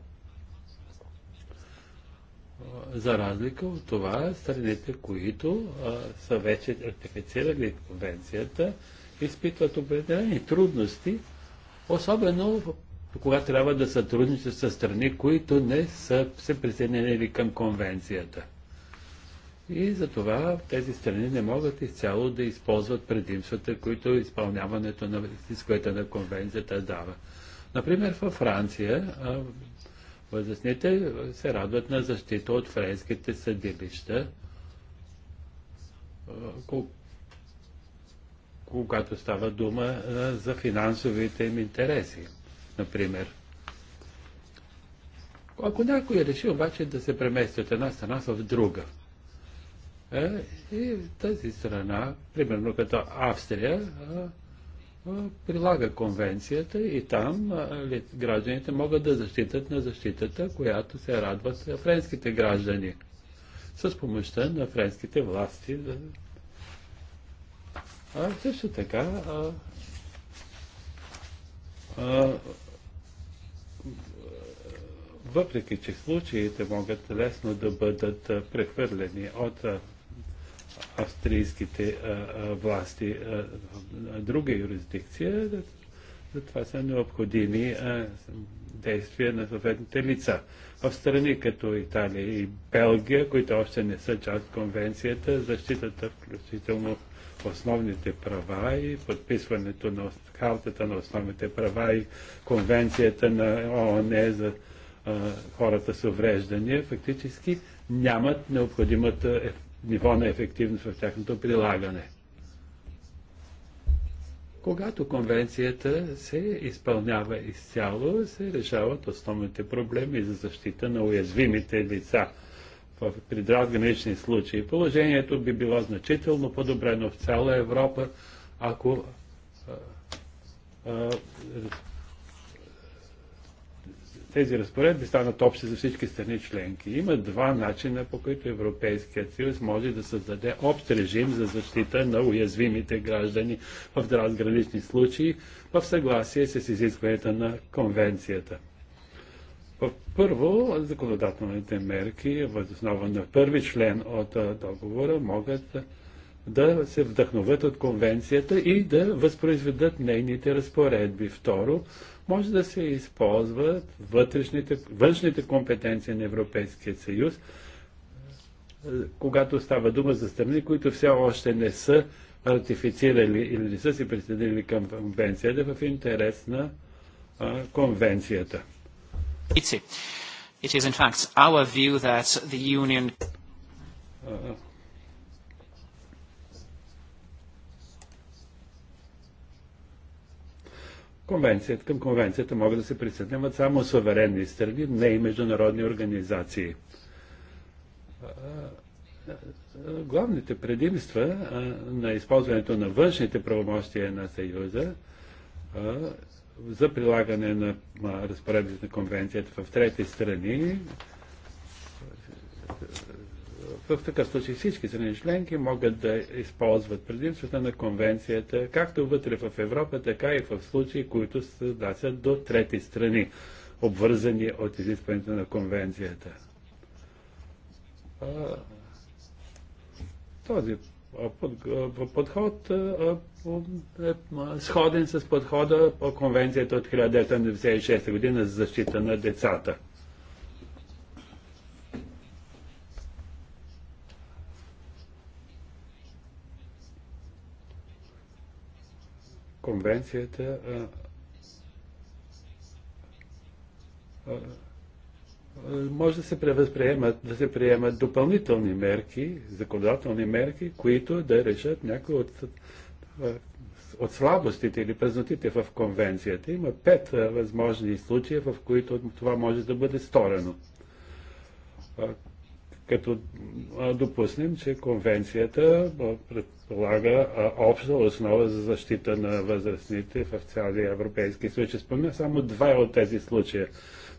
За разлика от това, страните, които а, са вече ратифицирали конвенцията, изпитват определени трудности, особено кога трябва да сътрудничат с страни, които не са се присъединили към конвенцията. И затова тези страни не могат изцяло да използват предимствата, които изпълняването на изискването на конвенцията дава. Например, във Франция възрастните се радват на защита от френските съдилища, когато става дума за финансовите им интереси, например. Ако някой реши обаче да се премести от една страна в друга, е, и тази страна, примерно като Австрия, прилага конвенцията и там гражданите могат да защитат на защитата, която се радват френските граждани с помощта на френските власти. А също така а, а, въпреки, че случаите могат лесно да бъдат прехвърлени от австрийските власти друга юрисдикция, затова са необходими действия на съответните лица. В страни като Италия и Белгия, които още не са част от конвенцията, защитата включително основните права и подписването на хартата на основните права и конвенцията на ООН за хората с увреждания, фактически нямат необходимата ниво на ефективност в тяхното прилагане. Когато конвенцията се изпълнява изцяло, се решават основните проблеми за защита на уязвимите лица в предразгранични случаи. Положението би било значително подобрено в цяла Европа, ако а, а, тези разпоредби станат общи за всички страни членки. Има два начина, по които Европейският съюз може да създаде общ режим за защита на уязвимите граждани в трансгранични случаи в съгласие с изискванията на конвенцията. Първо, законодателните мерки, възоснова на първи член от договора, могат да се вдъхновят от конвенцията и да възпроизведат нейните разпоредби. Второ, може да се използват вътрешните, външните компетенции на Европейския съюз, когато става дума за страни, които все още не са ратифицирали или не са се присъединили към конвенцията в интерес на а, конвенцията. It is in fact our view that the union Конвенцията, към конвенцията могат да се присъединяват само суверенни страни, не и международни организации. Главните предимства на използването на външните правомощия на Съюза за прилагане на разпоредбите на конвенцията в трети страни в такъв случай всички страни членки могат да използват предимствата на конвенцията, както вътре в Европа, така и в случаи, които се отнасят до трети страни, обвързани от изискването на конвенцията. Този подход е сходен с подхода по конвенцията от 1996 година за защита на децата. конвенцията може да се превъзприемат, да се приемат допълнителни мерки, законодателни мерки, които да решат някои от, от слабостите или празнотите в конвенцията. Има пет възможни случаи, в които това може да бъде сторено като допуснем, че конвенцията предполага обща основа за защита на възрастните в цялия Европейски съюз. Ще спомня само два от тези случая.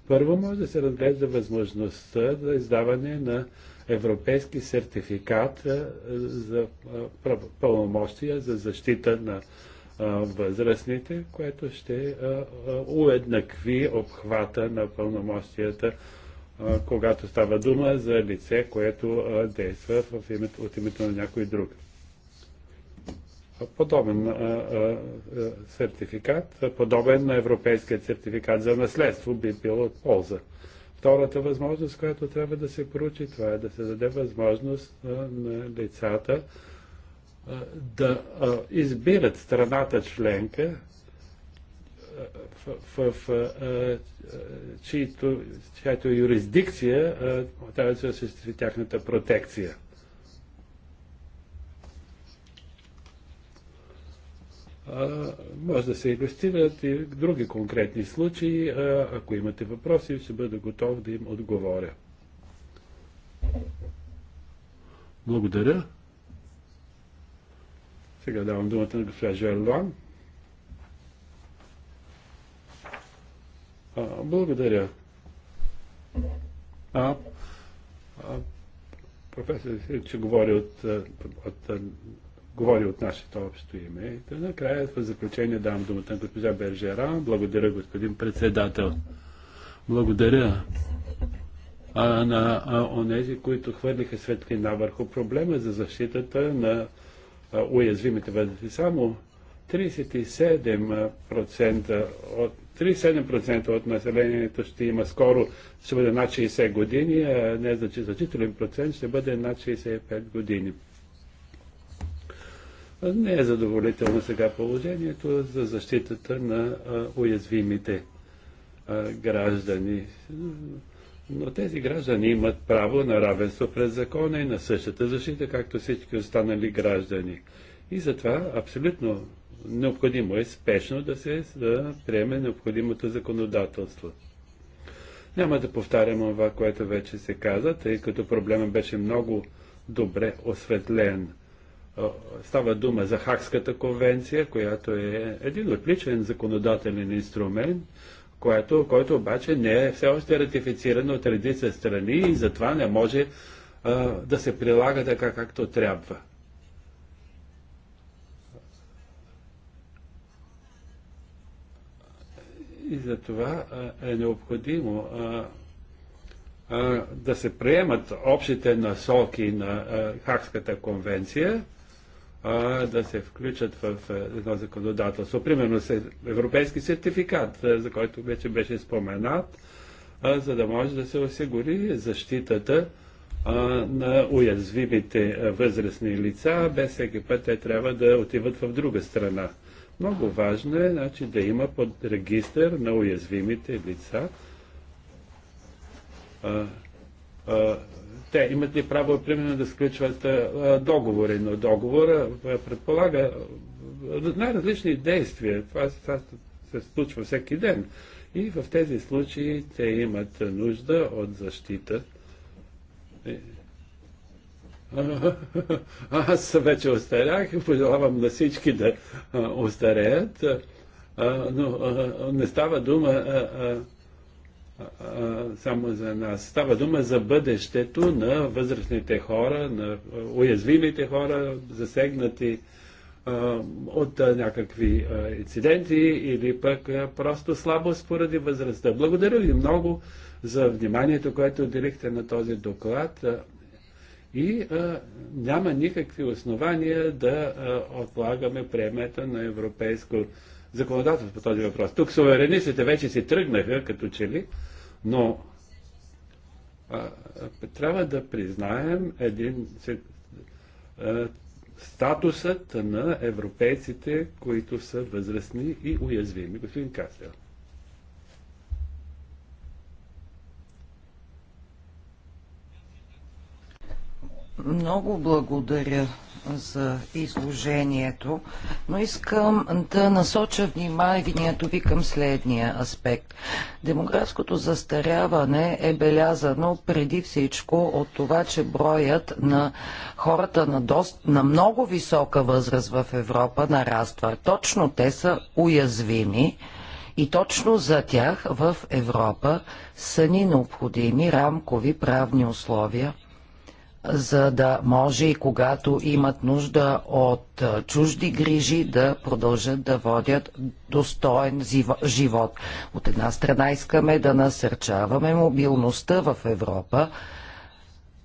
Първо може да се разглежда възможността за издаване на европейски сертификат за пълномощия за защита на възрастните, което ще уеднакви обхвата на пълномощията когато става дума за лице, което действа в името, от името на някой друг. Подобен сертификат, подобен на европейският сертификат за наследство би бил от полза. Втората възможност, която трябва да се поручи, това е да се даде възможност на лицата да избират страната членка, в, в, в чието, чиято юрисдикция трябва да се осъществи тяхната протекция. Може да се иллюстрират и други конкретни случаи. Ако имате въпроси, ще бъда готов да им отговоря. Благодаря. Сега давам думата на госпожа Жерлан. благодаря. А, а, професор че говори от, от, от, говори от нашето общо име. Та накрая в заключение давам думата на госпожа Бержера. Благодаря, господин председател. Благодаря а, на а, онези, които хвърлиха светлина върху проблема за защитата на а, уязвимите възрасти. Само 37% от 37% от населението ще има скоро, ще бъде над 60 години, а не значи значителен процент ще бъде над 65 години. Не е задоволително сега положението за защитата на уязвимите граждани. Но тези граждани имат право на равенство пред закона и на същата защита, както всички останали граждани. И затова абсолютно необходимо е спешно да се да приеме необходимото законодателство. Няма да повтарям това, което вече се каза, тъй като проблема беше много добре осветлен. Става дума за Хакската конвенция, която е един отличен законодателен инструмент, което, който обаче не е все още ратифициран от редица страни и затова не може а, да се прилага така, както трябва. И за това е необходимо да се приемат общите насоки на Хакската конвенция, да се включат в едно законодателство. Примерно европейски сертификат, за който вече беше споменат, за да може да се осигури защитата на уязвимите възрастни лица, без всеки път те трябва да отиват в друга страна. Много важно е значи, да има под регистър на уязвимите лица. А, а, те имат ли право, примерно, да сключват а, договори, но договора предполага най-различни действия. Това, това се случва всеки ден. И в тези случаи те имат нужда от защита аз вече остарях, пожелавам на всички да остареят, но не става дума само за нас. Става дума за бъдещето на възрастните хора, на уязвимите хора, засегнати от някакви инциденти или пък просто слабост поради възрастта. Благодаря ви много за вниманието, което отделихте на този доклад и а, няма никакви основания да а, отлагаме приемето на европейско законодателство по този въпрос. Тук суверенистите вече си тръгнаха, като че ли, но а, трябва да признаем един а, статусът на европейците, които са възрастни и уязвими. Господин Кастел. Много благодаря за изложението, но искам да насоча вниманието ви към следния аспект. Демографското застаряване е белязано преди всичко от това, че броят на хората на, дост, на много висока възраст в Европа нараства. Точно те са уязвими. И точно за тях в Европа са ни необходими рамкови правни условия – за да може и когато имат нужда от чужди грижи да продължат да водят достоен живот. От една страна искаме да насърчаваме мобилността в Европа,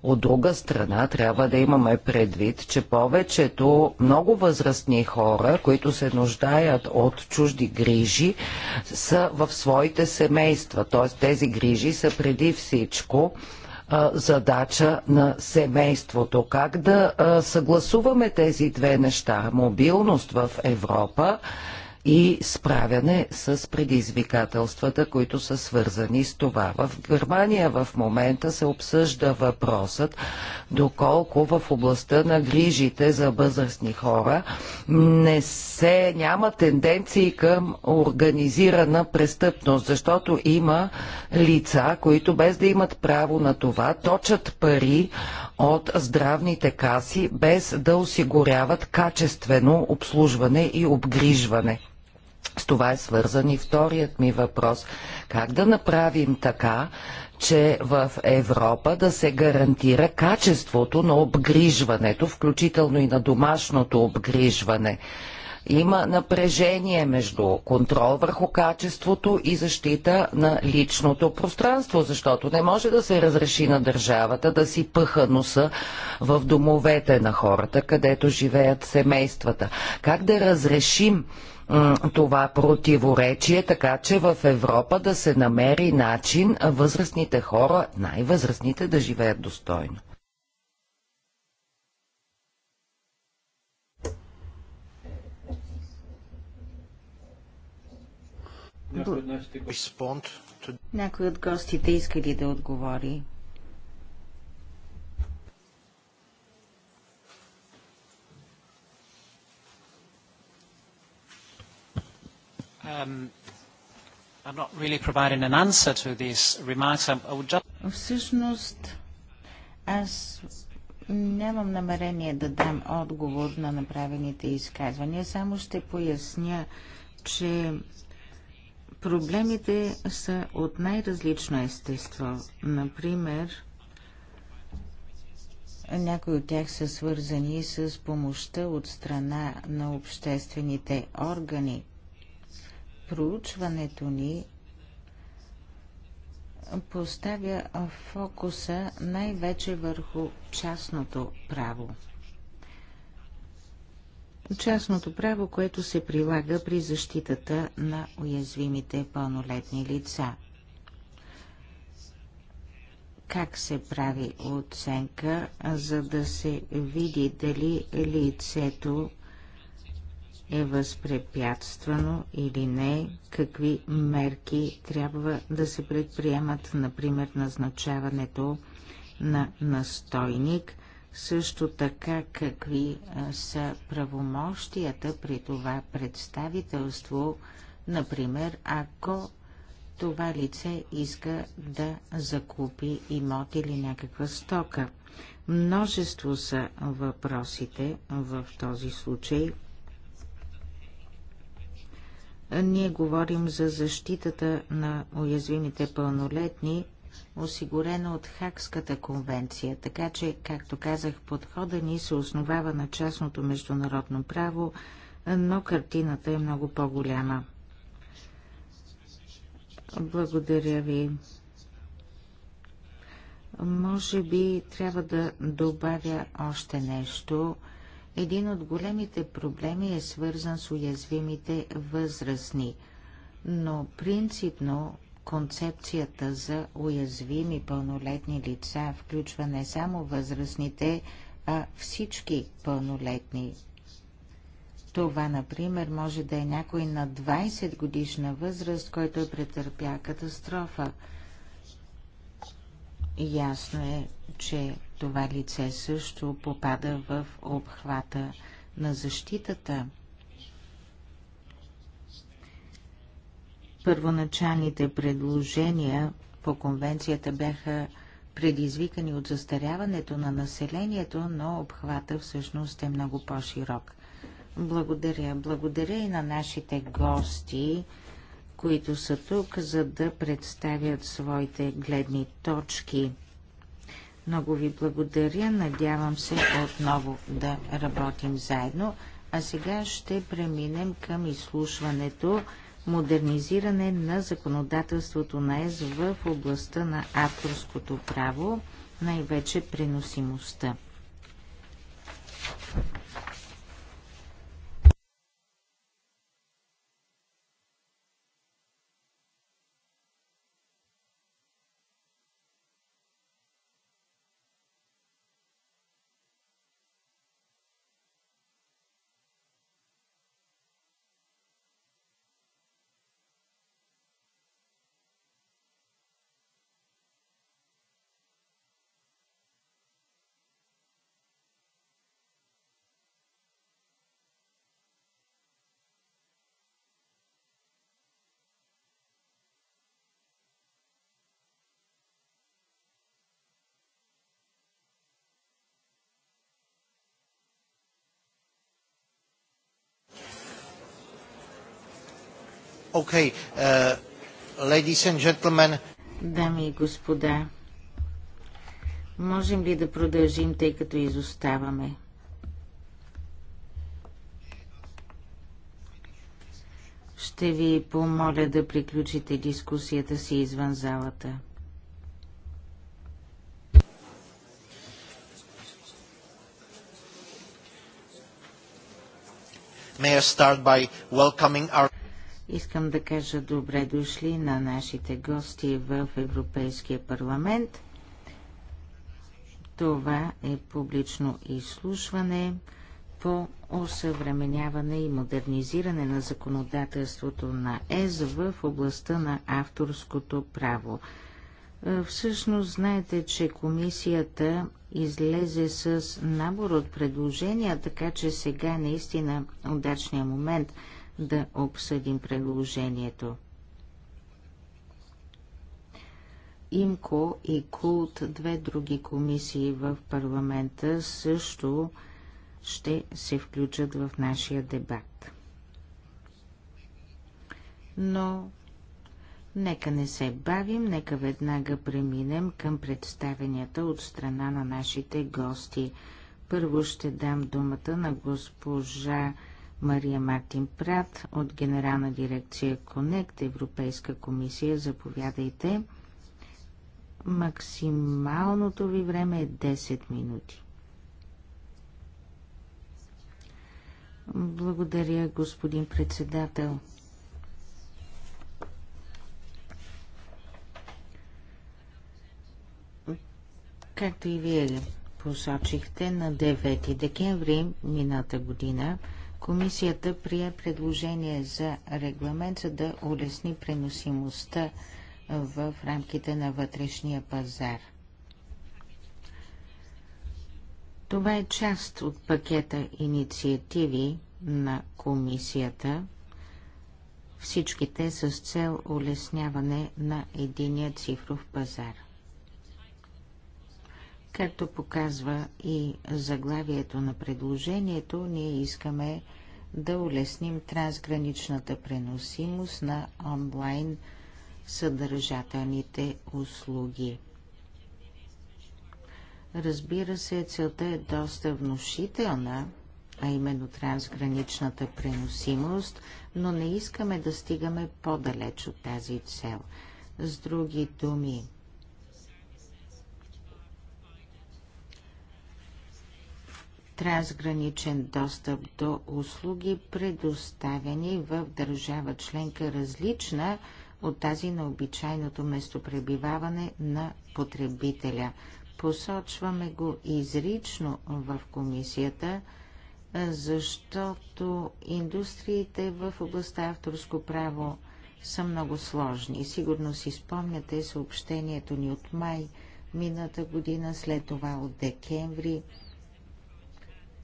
от друга страна, трябва да имаме предвид, че повечето много възрастни хора, които се нуждаят от чужди грижи, са в своите семейства. Т.е. тези грижи са преди всичко задача на семейството. Как да съгласуваме тези две неща? Мобилност в Европа и справяне с предизвикателствата, които са свързани с това. В Германия в момента се обсъжда въпросът доколко в областта на грижите за възрастни хора не се, няма тенденции към организирана престъпност, защото има лица, които без да имат право на това, точат пари от здравните каси, без да осигуряват качествено обслужване и обгрижване. С това е свързан и вторият ми въпрос. Как да направим така, че в Европа да се гарантира качеството на обгрижването, включително и на домашното обгрижване? Има напрежение между контрол върху качеството и защита на личното пространство, защото не може да се разреши на държавата да си пъха носа в домовете на хората, където живеят семействата. Как да разрешим това противоречие, така че в Европа да се намери начин възрастните хора, най-възрастните, да живеят достойно. Някой от гостите иска ли да отговори? Um, Всъщност, аз нямам намерение да дам отговор на направените изказвания. Само ще поясня, че проблемите са от най-различно естество. Например, някои от тях са свързани с помощта от страна на обществените органи проучването ни поставя фокуса най-вече върху частното право. Частното право, което се прилага при защитата на уязвимите пълнолетни лица. Как се прави оценка, за да се види дали лицето е възпрепятствано или не, какви мерки трябва да се предприемат, например назначаването на настойник, също така какви са правомощията при това представителство, например, ако това лице иска да закупи имот или някаква стока. Множество са въпросите в този случай – ние говорим за защитата на уязвимите пълнолетни, осигурена от Хакската конвенция, така че, както казах, подхода ни се основава на частното международно право, но картината е много по-голяма. Благодаря ви. Може би трябва да добавя още нещо – един от големите проблеми е свързан с уязвимите възрастни, но принципно концепцията за уязвими пълнолетни лица включва не само възрастните, а всички пълнолетни. Това, например, може да е някой на 20 годишна възраст, който е претърпя катастрофа. Ясно е, че това лице също попада в обхвата на защитата. Първоначалните предложения по конвенцията бяха предизвикани от застаряването на населението, но обхвата всъщност е много по-широк. Благодаря. Благодаря и на нашите гости, които са тук, за да представят своите гледни точки. Много ви благодаря. Надявам се отново да работим заедно. А сега ще преминем към изслушването Модернизиране на законодателството на ЕС в областта на авторското право, най-вече преносимостта. Okay, uh, ladies and gentlemen. Дами и господа, можем ли да продължим, тъй като изоставаме? Ще ви помоля да приключите дискусията си извън залата. May I start by welcoming our Искам да кажа добре дошли на нашите гости в Европейския парламент. Това е публично изслушване по осъвременяване и модернизиране на законодателството на ЕС в областта на авторското право. Е, всъщност знаете, че комисията излезе с набор от предложения, така че сега наистина удачният момент – да обсъдим предложението. ИМКО и КУЛТ, две други комисии в парламента, също ще се включат в нашия дебат. Но нека не се бавим, нека веднага преминем към представенията от страна на нашите гости. Първо ще дам думата на госпожа Мария Мартин Прат от Генерална дирекция Конект, Европейска комисия. Заповядайте. Максималното ви време е 10 минути. Благодаря, господин председател. Както и вие посочихте, на 9 декември мината година Комисията прие предложение за регламент, за да улесни преносимостта в рамките на вътрешния пазар. Това е част от пакета инициативи на комисията. Всичките с цел улесняване на единия цифров пазар. Както показва и заглавието на предложението, ние искаме да улесним трансграничната преносимост на онлайн съдържателните услуги. Разбира се, целта е доста внушителна, а именно трансграничната преносимост, но не искаме да стигаме по-далеч от тази цел. С други думи, трансграничен достъп до услуги, предоставени в държава членка различна от тази на обичайното местопребиваване на потребителя. Посочваме го изрично в комисията, защото индустриите в областта авторско право са много сложни. Сигурно си спомняте съобщението ни от май мината година, след това от декември –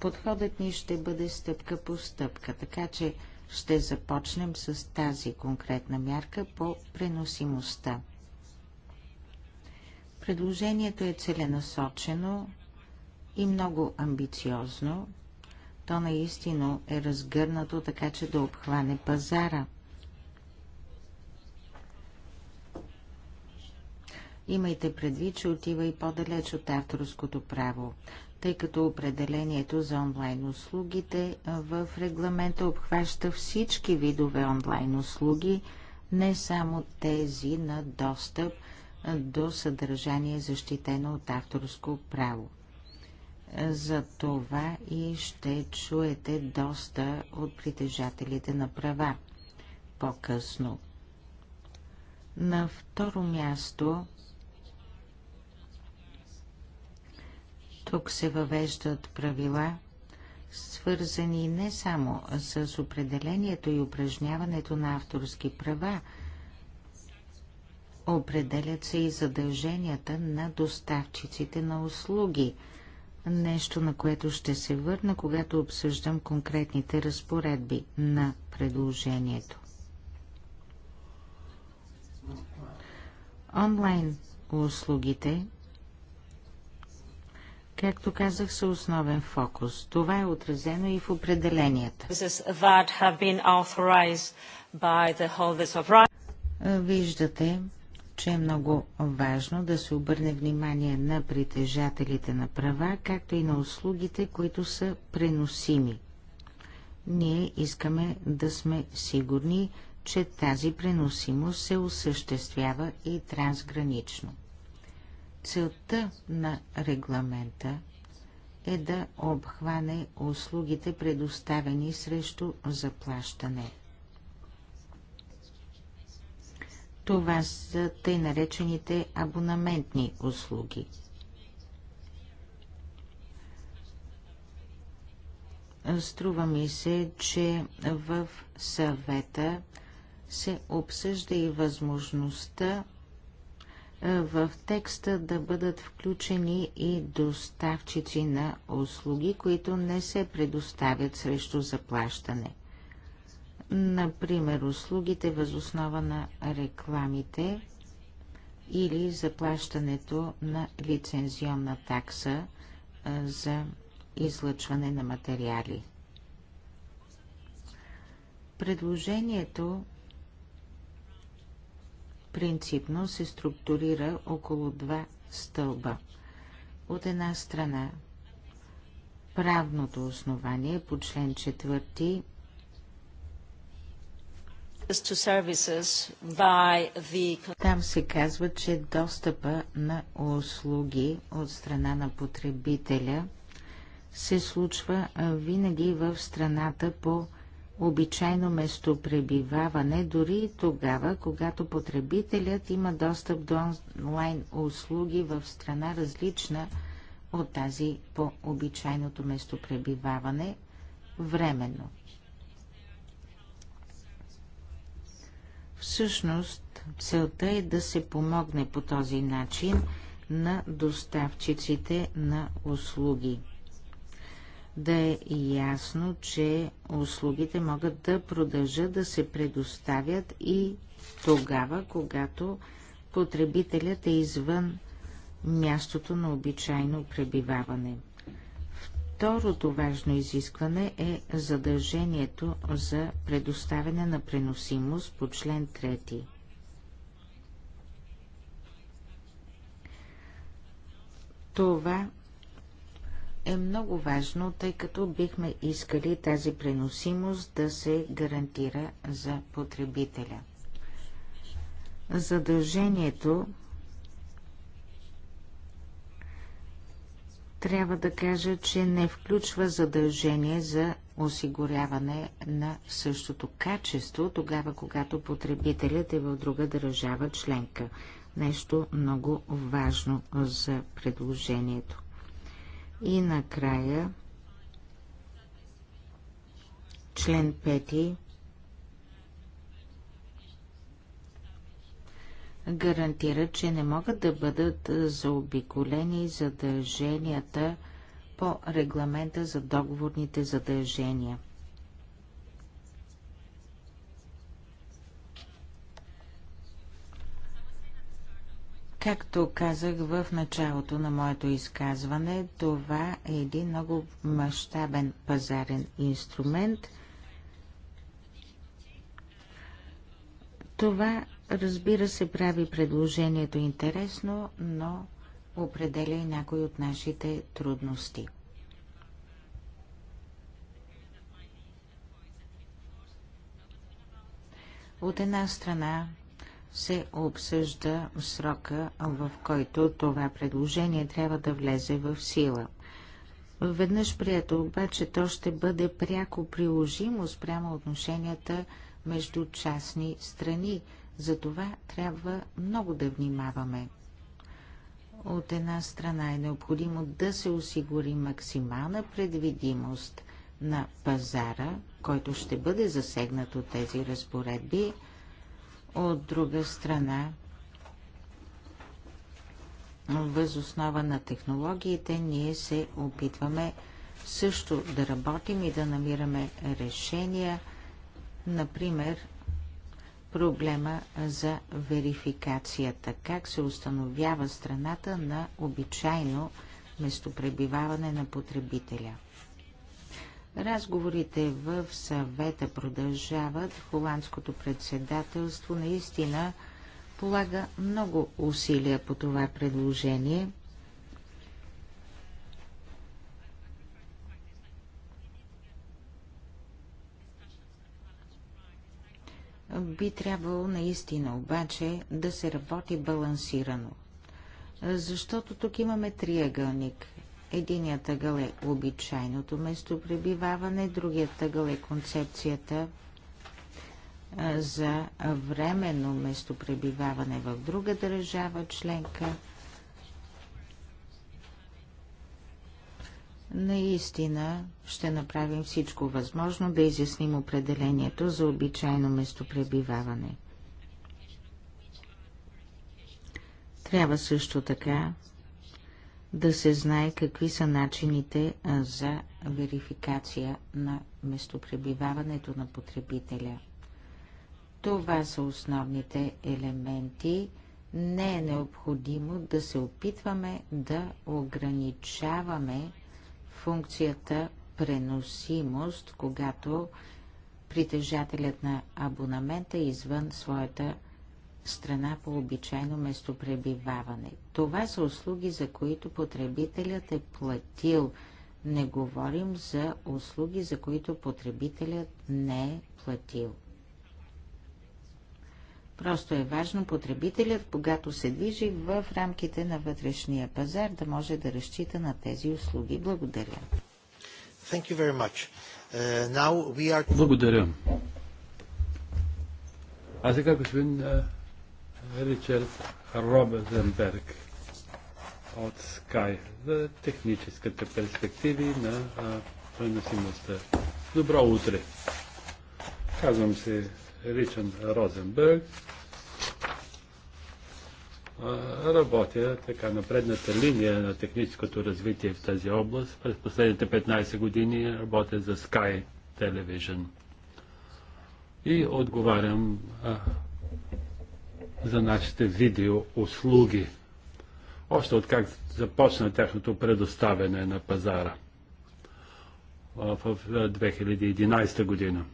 Подходът ни ще бъде стъпка по стъпка, така че ще започнем с тази конкретна мярка по преносимостта. Предложението е целенасочено и много амбициозно. То наистина е разгърнато така, че да обхване пазара. Имайте предвид, че отива и по-далеч от авторското право тъй като определението за онлайн услугите в регламента обхваща всички видове онлайн услуги, не само тези на достъп до съдържание защитено от авторско право. За това и ще чуете доста от притежателите на права по-късно. На второ място Тук се въвеждат правила, свързани не само с определението и упражняването на авторски права, определят се и задълженията на доставчиците на услуги, нещо на което ще се върна, когато обсъждам конкретните разпоредби на предложението. Онлайн услугите както казах, са основен фокус. Това е отразено и в определенията. Виждате, че е много важно да се обърне внимание на притежателите на права, както и на услугите, които са преносими. Ние искаме да сме сигурни, че тази преносимост се осъществява и трансгранично. Целта на регламента е да обхване услугите, предоставени срещу заплащане. Това са тъй наречените абонаментни услуги. Струва ми се, че в съвета се обсъжда и възможността в текста да бъдат включени и доставчици на услуги, които не се предоставят срещу заплащане. Например, услугите възоснова на рекламите или заплащането на лицензионна такса за излъчване на материали. Предложението принципно се структурира около два стълба. От една страна правното основание по член 4 там се казва, че достъпа на услуги от страна на потребителя се случва винаги в страната по обичайно местопребиваване, дори и тогава, когато потребителят има достъп до онлайн услуги в страна различна от тази по обичайното местопребиваване временно. Всъщност, целта е да се помогне по този начин на доставчиците на услуги – да е ясно, че услугите могат да продължат да се предоставят и тогава, когато потребителят е извън мястото на обичайно пребиваване. Второто важно изискване е задължението за предоставяне на преносимост по член 3. Това е много важно, тъй като бихме искали тази преносимост да се гарантира за потребителя. Задължението трябва да кажа, че не включва задължение за осигуряване на същото качество, тогава когато потребителят е в друга държава членка. Нещо много важно за предложението. И накрая член 5 гарантира, че не могат да бъдат заобиколени задълженията по регламента за договорните задължения. Както казах в началото на моето изказване, това е един много мащабен пазарен инструмент. Това, разбира се, прави предложението интересно, но определя и някои от нашите трудности. От една страна се обсъжда срока, в който това предложение трябва да влезе в сила. Веднъж прието, обаче то ще бъде пряко приложимо спрямо отношенията между частни страни. За това трябва много да внимаваме. От една страна е необходимо да се осигури максимална предвидимост на пазара, който ще бъде засегнат от тези разпоредби – от друга страна, въз основа на технологиите ние се опитваме също да работим и да намираме решения, например проблема за верификацията, как се установява страната на обичайно местопребиваване на потребителя – Разговорите в съвета продължават. Холандското председателство наистина полага много усилия по това предложение. Би трябвало наистина обаче да се работи балансирано, защото тук имаме триъгълник Единият ъгъл е обичайното местопребиваване, другият тъгъл е концепцията за временно местопребиваване в друга държава членка. Наистина ще направим всичко възможно да изясним определението за обичайно местопребиваване. Трябва също така да се знае какви са начините за верификация на местопребиваването на потребителя. Това са основните елементи. Не е необходимо да се опитваме да ограничаваме функцията преносимост, когато притежателят на абонамента е извън своята страна по обичайно местопребиваване. Това са услуги, за които потребителят е платил. Не говорим за услуги, за които потребителят не е платил. Просто е важно потребителят, когато се движи в рамките на вътрешния пазар, да може да разчита на тези услуги. Благодаря. Thank you very much. Uh, now we are... Благодаря. А сега господин uh, Ричард Робезенберг от Sky за техническите перспективи на преносимостта. Добро утре! Казвам се Ричан Розенберг. Работя така на предната линия на техническото развитие в тази област. През последните 15 години работя за Sky Television и отговарям за нашите видеоуслуги, още от как започна тяхното предоставяне на пазара в 2011 година.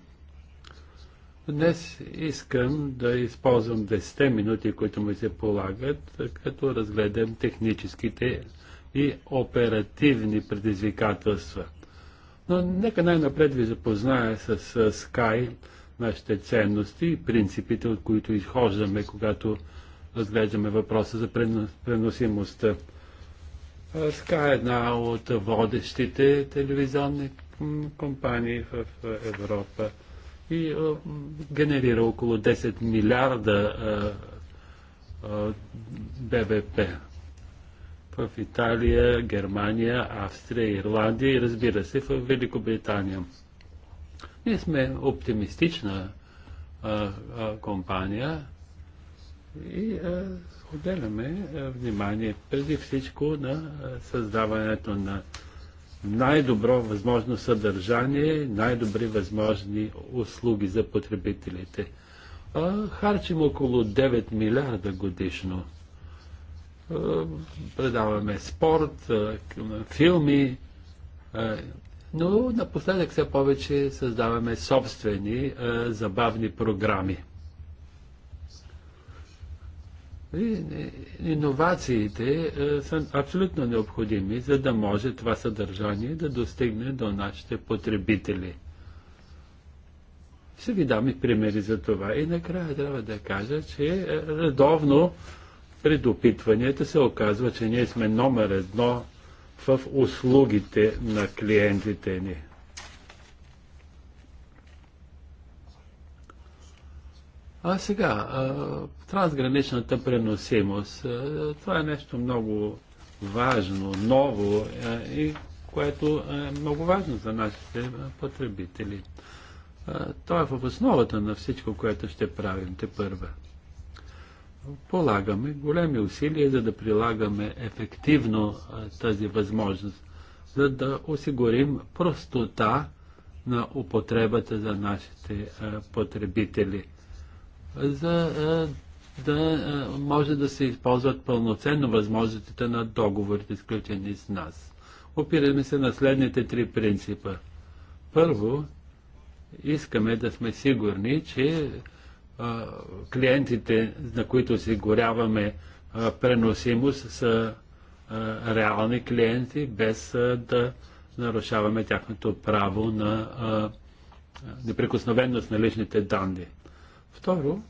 Днес искам да използвам 10 минути, които ми се полагат, като разгледам техническите и оперативни предизвикателства. Но нека най-напред ви запозная с Sky, нашите ценности и принципите, от които изхождаме, когато разглеждаме въпроса за преносимостта. Ска е една от водещите телевизионни компании в Европа и генерира около 10 милиарда БВП в Италия, Германия, Австрия, Ирландия и разбира се в Великобритания. Ние сме оптимистична а, а, компания и а, отделяме а, внимание преди всичко на а, създаването на най-добро възможно съдържание, най-добри възможни услуги за потребителите. А, харчим около 9 милиарда годишно. А, предаваме спорт, а, филми, но напоследък все повече създаваме собствени а, е, забавни програми. Иновациите е, са абсолютно необходими, за да може това съдържание да достигне до нашите потребители. Ще ви дам и примери за това. И накрая трябва да кажа, че е, редовно пред опитванията се оказва, че ние сме номер едно в услугите на клиентите ни. А сега, трансграничната преносимост. Това е нещо много важно, ново и което е много важно за нашите потребители. Това е в основата на всичко, което ще правим те първа полагаме големи усилия, за да прилагаме ефективно тази възможност, за да осигурим простота на употребата за нашите потребители, за да може да се използват пълноценно възможностите на договорите, сключени с нас. Опираме се на следните три принципа. Първо, искаме да сме сигурни, че клиентите, на които горяваме преносимост, са реални клиенти, без да нарушаваме тяхното право на неприкосновеност на личните данни. Второ,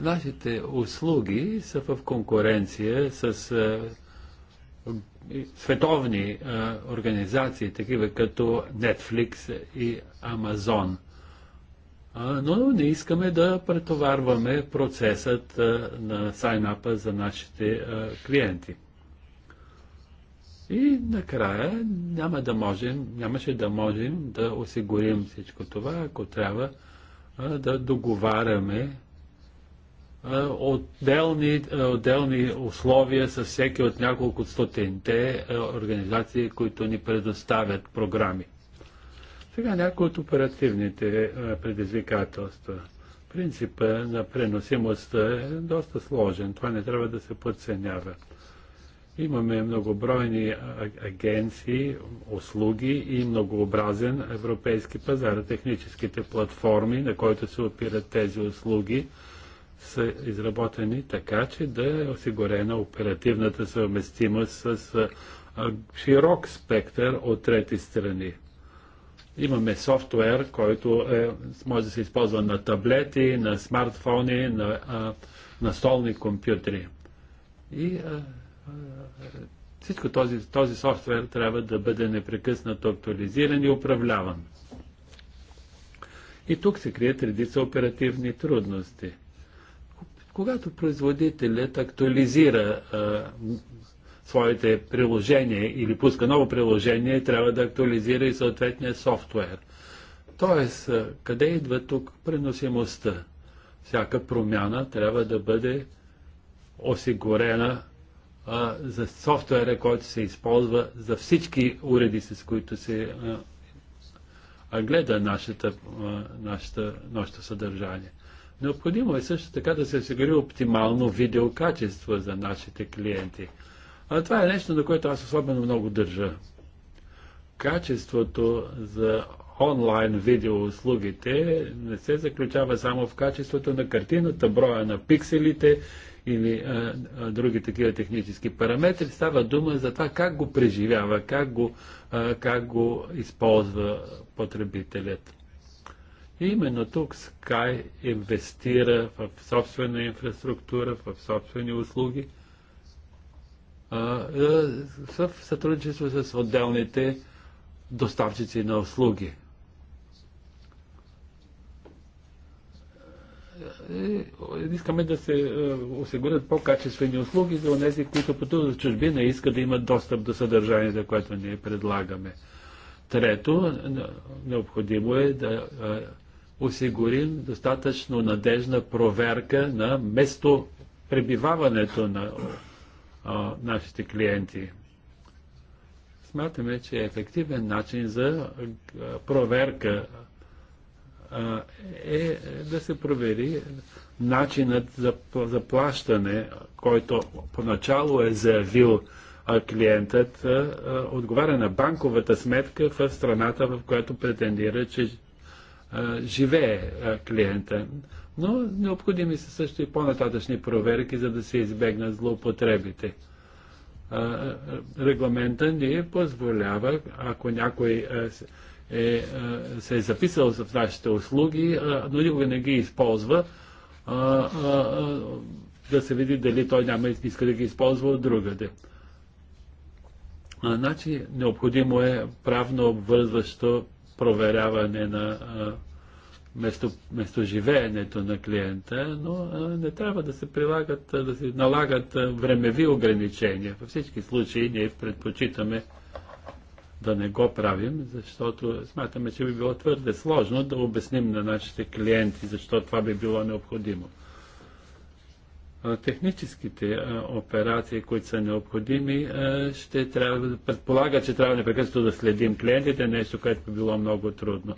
нашите услуги са в конкуренция с световни организации, такива като Netflix и Amazon – но не искаме да претоварваме процесът на сайнапа за нашите клиенти. И накрая няма да можем, нямаше да можем да осигурим всичко това, ако трябва да договаряме отделни, отделни условия с всеки от няколко стотинте организации, които ни предоставят програми. Сега някои от оперативните е, предизвикателства. Принципа на преносимостта е доста сложен. Това не трябва да се подценява. Имаме многобройни агенции, услуги и многообразен европейски пазар. Техническите платформи, на които се опират тези услуги, са изработени така, че да е осигурена оперативната съвместимост с широк спектър от трети страни. Имаме софтуер, който е, може да се използва на таблети, на смартфони, на, а, на столни компютри. И а, а, всичко този, този софтуер трябва да бъде непрекъснато актуализиран и управляван. И тук се крият редица оперативни трудности. Когато производителят актуализира а, своите приложения или пуска ново приложение, трябва да актуализира и съответния софтуер. Тоест, къде идва тук преносимостта? Всяка промяна трябва да бъде осигурена а, за софтуера, който се използва за всички уреди, с които се а, а гледа нашата, а, нашата, нашето съдържание. Необходимо е също така да се осигури оптимално видеокачество за нашите клиенти – а това е нещо, на което аз особено много държа. Качеството за онлайн видеоуслугите не се заключава само в качеството на картината, броя на пикселите или а, а, други такива технически параметри. Става дума за това как го преживява, как го, а, как го използва потребителят. И именно тук Sky инвестира в собствена инфраструктура, в собствени услуги – в сътрудничество с отделните доставчици на услуги. Е, искаме да се е, осигурят по-качествени услуги за тези, които по в чужбина не искат да имат достъп до съдържание, за което ние предлагаме. Трето, необходимо е да е, осигурим достатъчно надежна проверка на местопребиваването на а, нашите клиенти. Смятаме, че е ефективен начин за проверка а, е, е да се провери начинът за, заплащане, плащане, който поначало е заявил а клиентът, а, отговаря на банковата сметка в страната, в която претендира, че живее клиента но необходими са също и по-нататъчни проверки, за да се избегнат злоупотребите. Регламента ни позволява, ако някой е, се е записал в нашите услуги, но никога не ги използва, да се види дали той няма иска да ги използва от другаде. Значи, необходимо е правно обвързващо проверяване на место, местоживеенето на клиента, но не трябва да се прилагат, да се налагат времеви ограничения. Във всички случаи ние предпочитаме да не го правим, защото смятаме, че би било твърде сложно да обясним на нашите клиенти защо това би било необходимо. Техническите операции, които са необходими, ще трябва да предполага, че трябва непрекъснато да следим клиентите, нещо, което би било много трудно.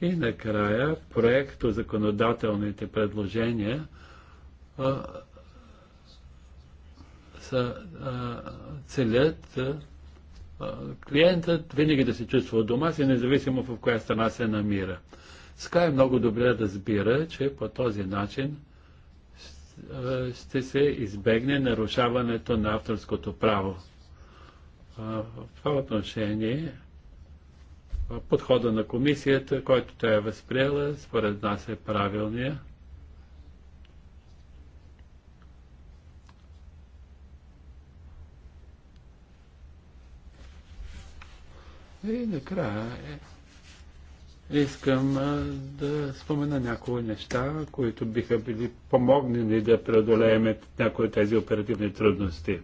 И накрая проекто законодателните предложения а, са, а, целят а, клиентът винаги да се чувства дома си, независимо в коя страна се намира. е много добре да разбира, че по този начин ще се избегне нарушаването на авторското право. В това отношение подхода на комисията, който тя е възприела, според нас е правилния. И накрая е, искам да спомена някои неща, които биха били помогнали да преодолеем някои от тези оперативни трудности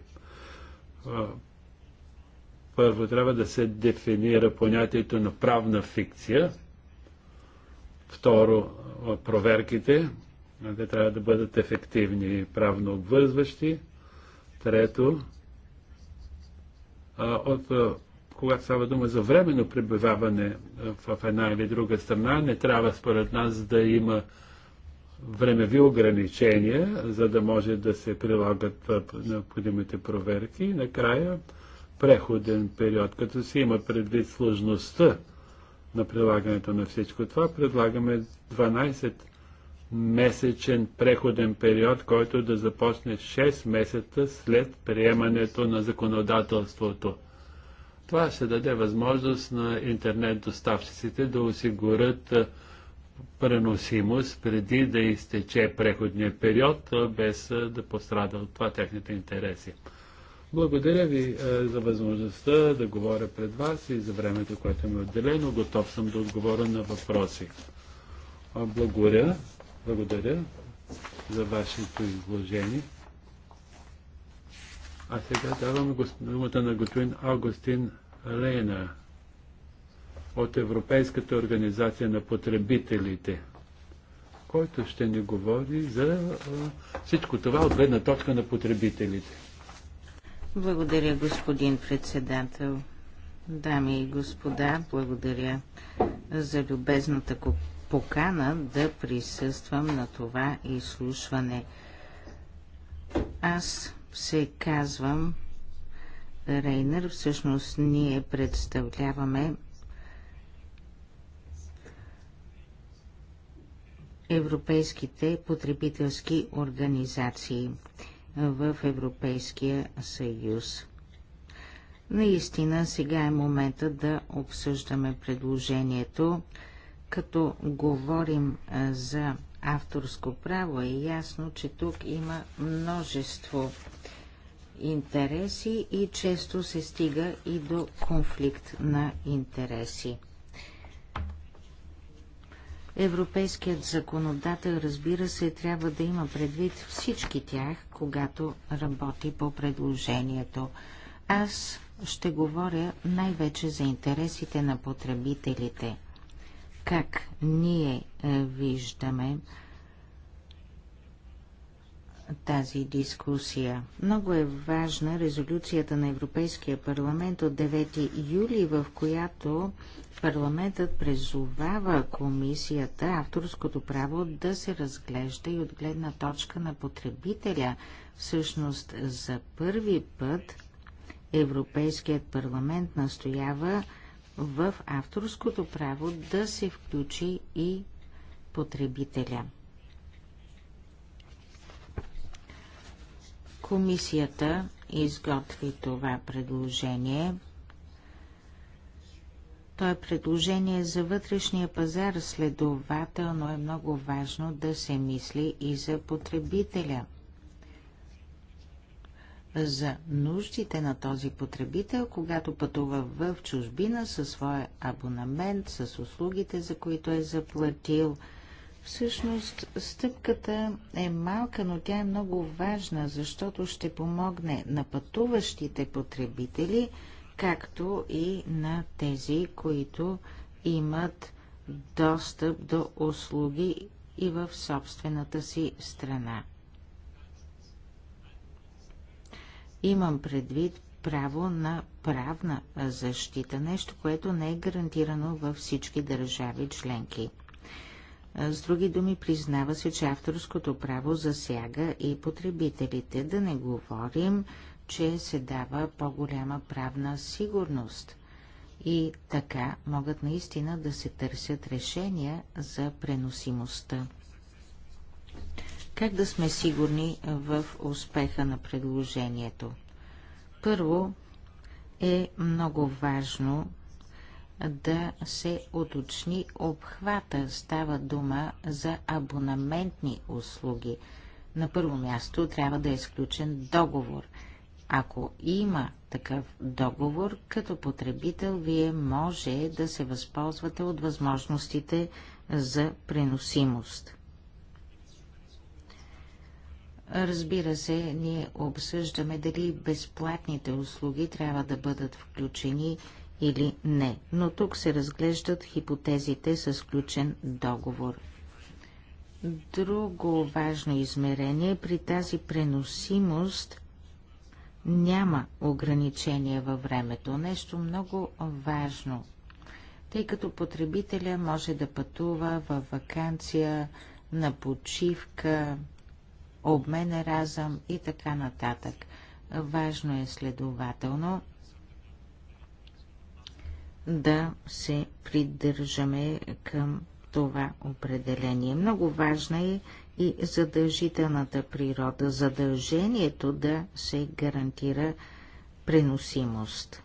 първо трябва да се дефинира понятието на правна фикция. Второ, проверките. Те трябва да бъдат ефективни и правно обвързващи. Трето, от когато става дума за временно пребиваване в една или друга страна, не трябва според нас да има времеви ограничения, за да може да се прилагат необходимите проверки. накрая преходен период. Като се има предвид сложността на прилагането на всичко това, предлагаме 12 месечен преходен период, който да започне 6 месеца след приемането на законодателството. Това ще даде възможност на интернет доставчиците да осигурят преносимост преди да изтече преходния период, без да от това техните интереси. Благодаря ви е, за възможността да говоря пред вас и за времето, което ми е отделено. Готов съм да отговоря на въпроси. Благодаря. Благодаря за вашето изложение. А сега давам думата на господин Августин Лена от Европейската организация на потребителите, който ще ни говори за е, всичко това от гледна точка на потребителите. Благодаря, господин председател. Дами и господа, благодаря за любезната покана да присъствам на това изслушване. Аз се казвам Рейнер, всъщност ние представляваме европейските потребителски организации в Европейския съюз. Наистина сега е момента да обсъждаме предложението. Като говорим за авторско право е ясно, че тук има множество интереси и често се стига и до конфликт на интереси. Европейският законодател, разбира се, трябва да има предвид всички тях, когато работи по предложението. Аз ще говоря най-вече за интересите на потребителите. Как ние е, виждаме тази дискусия. Много е важна резолюцията на Европейския парламент от 9 юли, в която Парламентът призовава комисията авторското право да се разглежда и от гледна точка на потребителя. Всъщност за първи път Европейският парламент настоява в авторското право да се включи и потребителя. Комисията изготви това предложение – то е предложение за вътрешния пазар, следователно е много важно да се мисли и за потребителя. За нуждите на този потребител, когато пътува в чужбина със своя абонамент, с услугите, за които е заплатил, Всъщност стъпката е малка, но тя е много важна, защото ще помогне на пътуващите потребители – както и на тези, които имат достъп до услуги и в собствената си страна. Имам предвид право на правна защита, нещо, което не е гарантирано във всички държави членки. С други думи, признава се, че авторското право засяга и потребителите. Да не говорим че се дава по-голяма правна сигурност и така могат наистина да се търсят решения за преносимостта. Как да сме сигурни в успеха на предложението? Първо е много важно да се уточни обхвата. Става дума за абонаментни услуги. На първо място трябва да е изключен договор – ако има такъв договор, като потребител вие може да се възползвате от възможностите за преносимост. Разбира се, ние обсъждаме дали безплатните услуги трябва да бъдат включени или не, но тук се разглеждат хипотезите с включен договор. Друго важно измерение при тази преносимост няма ограничения във времето. Нещо много важно, тъй като потребителя може да пътува в вакансия, на почивка, обмен разъм и така нататък. Важно е следователно да се придържаме към това определение. Много важна е и задължителната природа, задължението да се гарантира преносимост.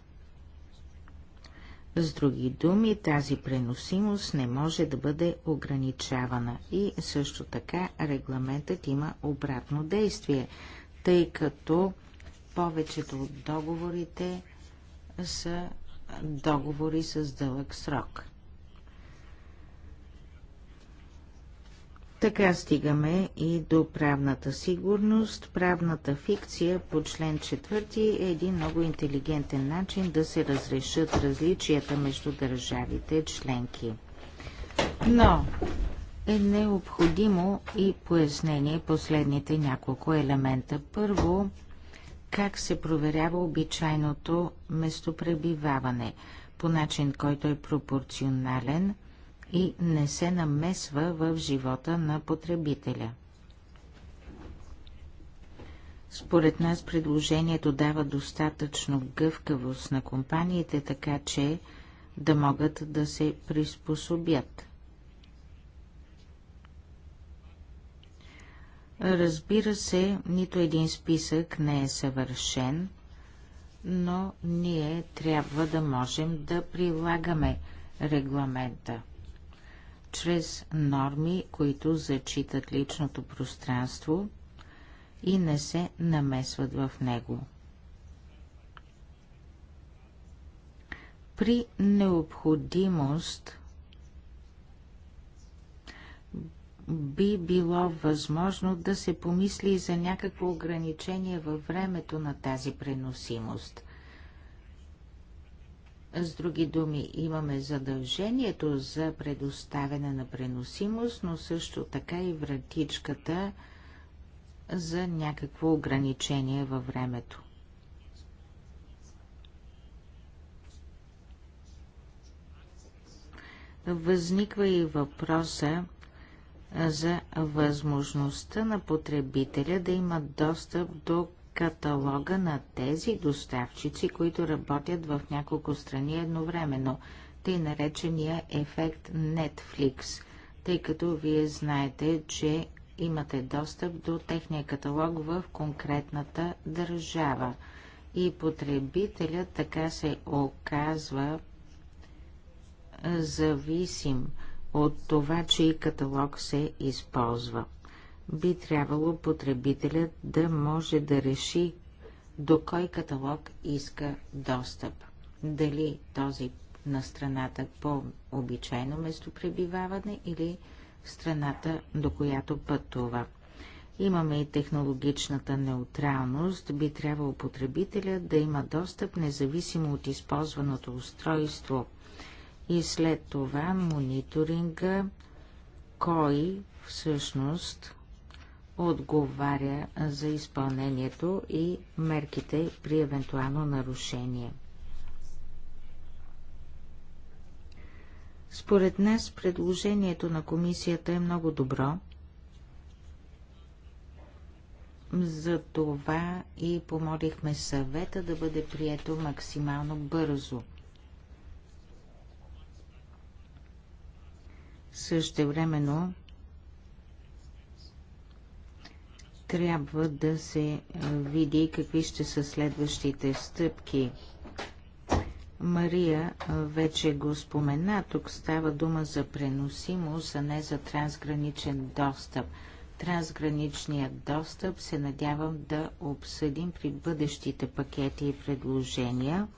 С други думи, тази преносимост не може да бъде ограничавана и също така регламентът има обратно действие, тъй като повечето от договорите са договори с дълъг срок – Така стигаме и до правната сигурност. Правната фикция по член 4 е един много интелигентен начин да се разрешат различията между държавите членки. Но е необходимо и пояснение последните няколко елемента. Първо, как се проверява обичайното местопребиваване по начин, който е пропорционален – и не се намесва в живота на потребителя. Според нас предложението дава достатъчно гъвкавост на компаниите, така че да могат да се приспособят. Разбира се, нито един списък не е съвършен, но ние трябва да можем да прилагаме регламента чрез норми, които зачитат личното пространство и не се намесват в него. При необходимост би било възможно да се помисли и за някакво ограничение във времето на тази преносимост – с други думи, имаме задължението за предоставяне на преносимост, но също така и вратичката за някакво ограничение във времето. Възниква и въпроса за възможността на потребителя да има достъп до каталога на тези доставчици, които работят в няколко страни едновременно, тъй наречения ефект Netflix, тъй като вие знаете, че имате достъп до техния каталог в конкретната държава и потребителят така се оказва зависим от това, чий каталог се използва би трябвало потребителят да може да реши до кой каталог иска достъп. Дали този на страната по обичайно местопребиваване или страната, до която пътува. Имаме и технологичната неутралност. Би трябвало потребителя да има достъп независимо от използваното устройство. И след това мониторинга, кой всъщност отговаря за изпълнението и мерките при евентуално нарушение. Според нас предложението на комисията е много добро. За това и помолихме съвета да бъде прието максимално бързо. времено. трябва да се види какви ще са следващите стъпки. Мария вече го спомена, тук става дума за преносимост, а не за трансграничен достъп. Трансграничният достъп се надявам да обсъдим при бъдещите пакети и предложения.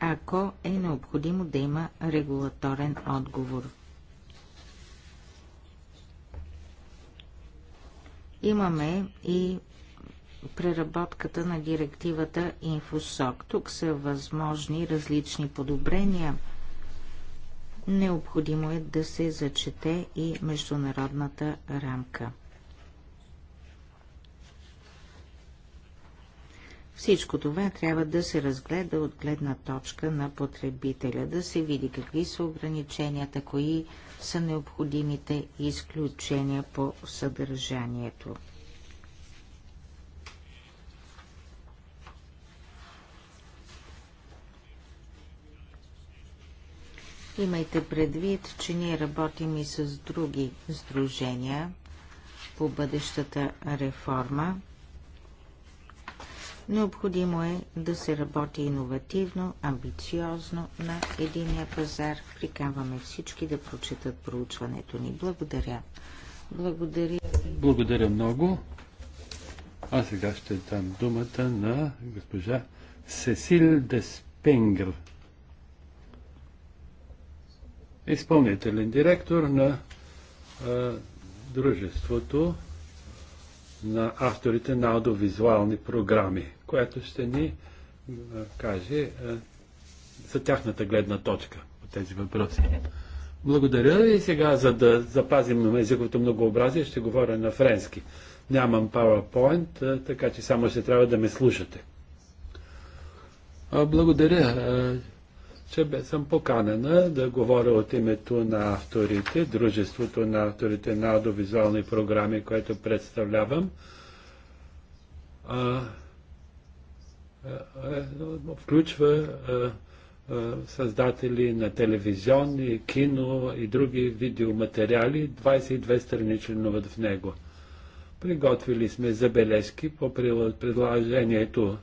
Ако е необходимо да има регулаторен отговор. Имаме и преработката на директивата InfoSoc. Тук са възможни различни подобрения. Необходимо е да се зачете и международната рамка. Всичко това трябва да се разгледа от гледна точка на потребителя, да се види какви са ограниченията, кои са необходимите изключения по съдържанието. Имайте предвид, че ние работим и с други сдружения по бъдещата реформа. Необходимо е да се работи иновативно, амбициозно на единия пазар. Приканваме всички да прочитат проучването ни. Благодаря. Благодаря. Благодаря много. А сега ще дам думата на госпожа Сесил Деспенгър, изпълнителен директор на а, Дружеството на авторите на аудиовизуални програми която ще ни е, каже е, за тяхната гледна точка по тези въпроси. Благодаря и сега, за да запазим езиковото многообразие, ще говоря на френски. Нямам PowerPoint, е, така че само ще трябва да ме слушате. Благодаря, че съм поканена да говоря от името на авторите, Дружеството на авторите на аудиовизуални програми, което представлявам. Е, е, включва е, създатели на телевизионни, кино и други видеоматериали, 22 страни членуват в него. Приготвили сме забележки по предложението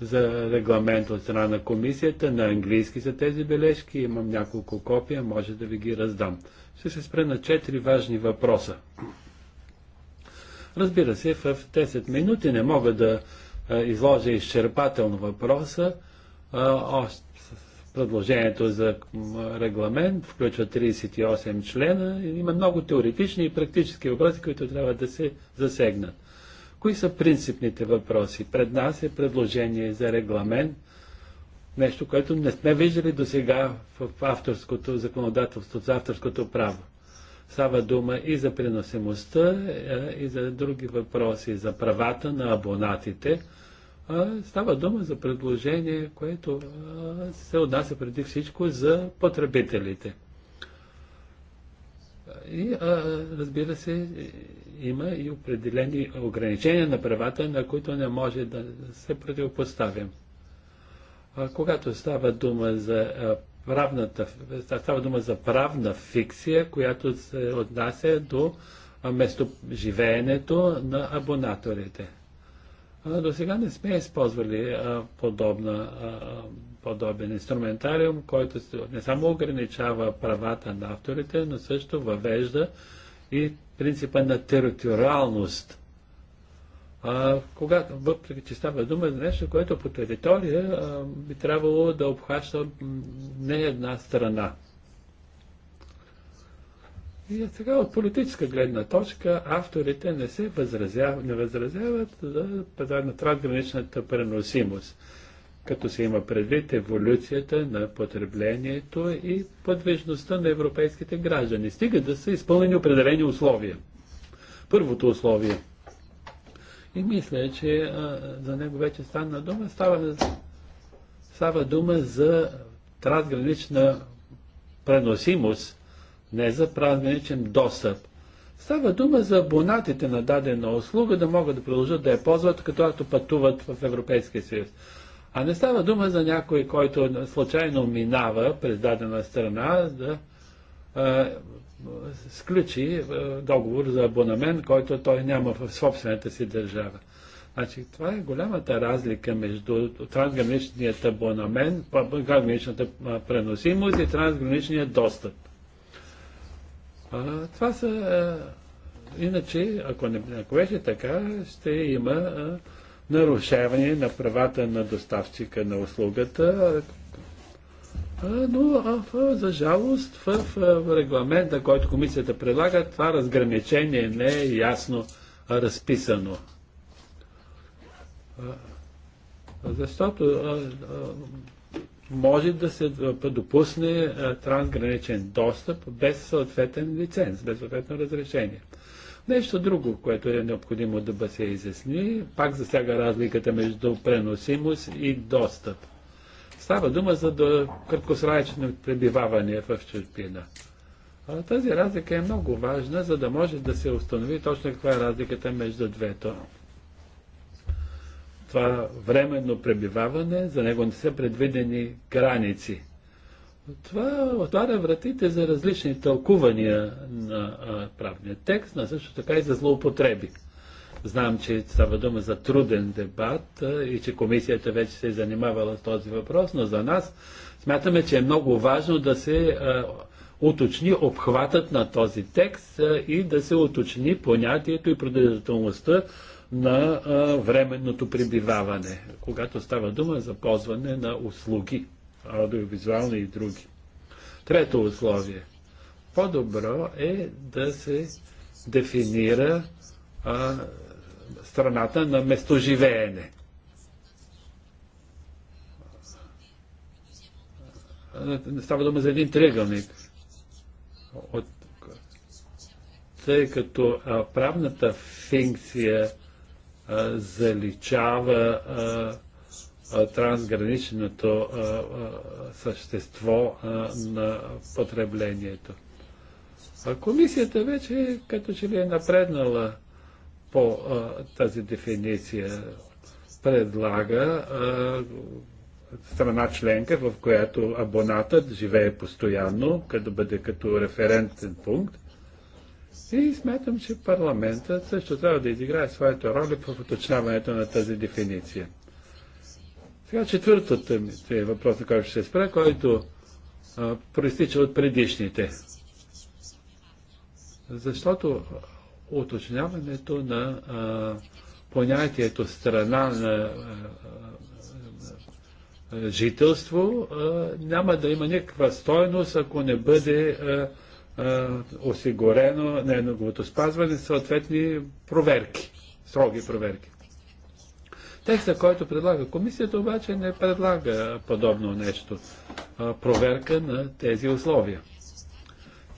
за регламент от страна на комисията. На английски са тези бележки. Имам няколко копия, може да ви ги раздам. Ще се спра на четири важни въпроса. Разбира се, в 10 минути не мога да е, изложа изчерпателно въпроса. Е, още предложението за регламент включва 38 члена. и Има много теоретични и практически въпроси, които трябва да се засегнат. Кои са принципните въпроси? Пред нас е предложение за регламент, нещо, което не сме виждали до сега в авторското законодателство, за авторското право. Става дума и за приносимостта, и за други въпроси, за правата на абонатите. Става дума за предложение, което се отнася преди всичко за потребителите. И разбира се, има и определени ограничения на правата, на които не може да се противопоставим. когато става дума за правната, става дума за правна фикция, която се отнася до местоживеенето на абонаторите. До сега не сме използвали подобна, подобен инструментариум, който не само ограничава правата на авторите, но също въвежда и принципа на териториалност а, когато, въпреки че става дума за нещо, което по територия а, би трябвало да обхваща не една страна. И е сега от политическа гледна точка авторите не се възразяват, не възразяват за на трансграничната преносимост, като се има предвид еволюцията на потреблението и подвижността на европейските граждани. Стига да са изпълнени определени условия. Първото условие – и мисля, че а, за него вече стана дума. Става, става дума за трансгранична преносимост, не за трансграничен достъп. Става дума за абонатите на дадена услуга да могат да продължат да я ползват, като ако пътуват в Европейския съюз. А не става дума за някой, който случайно минава през дадена страна, да, сключи е, договор за абонамент, който той няма в собствената си държава. Значи, това е голямата разлика между трансграничният абонамент, трансграничната преносимост и трансграничния достъп. А, това са. А, е, иначе, ако не ако беше така, ще има а, е, нарушаване на правата на доставчика на услугата, но за жалост в регламента, който комисията предлага, това разграничение не е ясно разписано. Защото може да се допусне трансграничен достъп без съответен лиценз, без съответно разрешение. Нещо друго, което е необходимо да се изясни, пак засяга разликата между преносимост и достъп. Става дума за до краткосрачно пребиваване в чужбина. Тази разлика е много важна, за да може да се установи точно каква е разликата между двете. Това временно пребиваване, за него не са предвидени граници. Това отваря вратите за различни тълкувания на правния текст, но също така и за злоупотреби. Знам, че става дума за труден дебат и че комисията вече се е занимавала с този въпрос, но за нас смятаме, че е много важно да се уточни обхватът на този текст и да се уточни понятието и продължителността на временното пребиваване, когато става дума за ползване на услуги, аудиовизуални и други. Трето условие. По-добро е да се дефинира а, страната на местоживеене. Става дума за един триъгълник. От, тъй като а, правната функция а, заличава а, трансграничното а, а, същество а, на потреблението. А комисията вече като че ли е напреднала по а, тази дефиниция предлага а, страна членка, в която абонатът живее постоянно, като бъде като референтен пункт. И смятам, че парламентът също трябва да изиграе своята роля в уточняването на тази дефиниция. Сега четвъртото е въпрос, на който ще се спра, който а, проистича от предишните. Защото уточняването на а, понятието страна на а, а, жителство а, няма да има никаква стойност, ако не бъде а, а, осигурено на едноговото спазване съответни проверки, строги проверки. Текста, който предлага комисията, обаче не предлага подобно нещо. А, проверка на тези условия.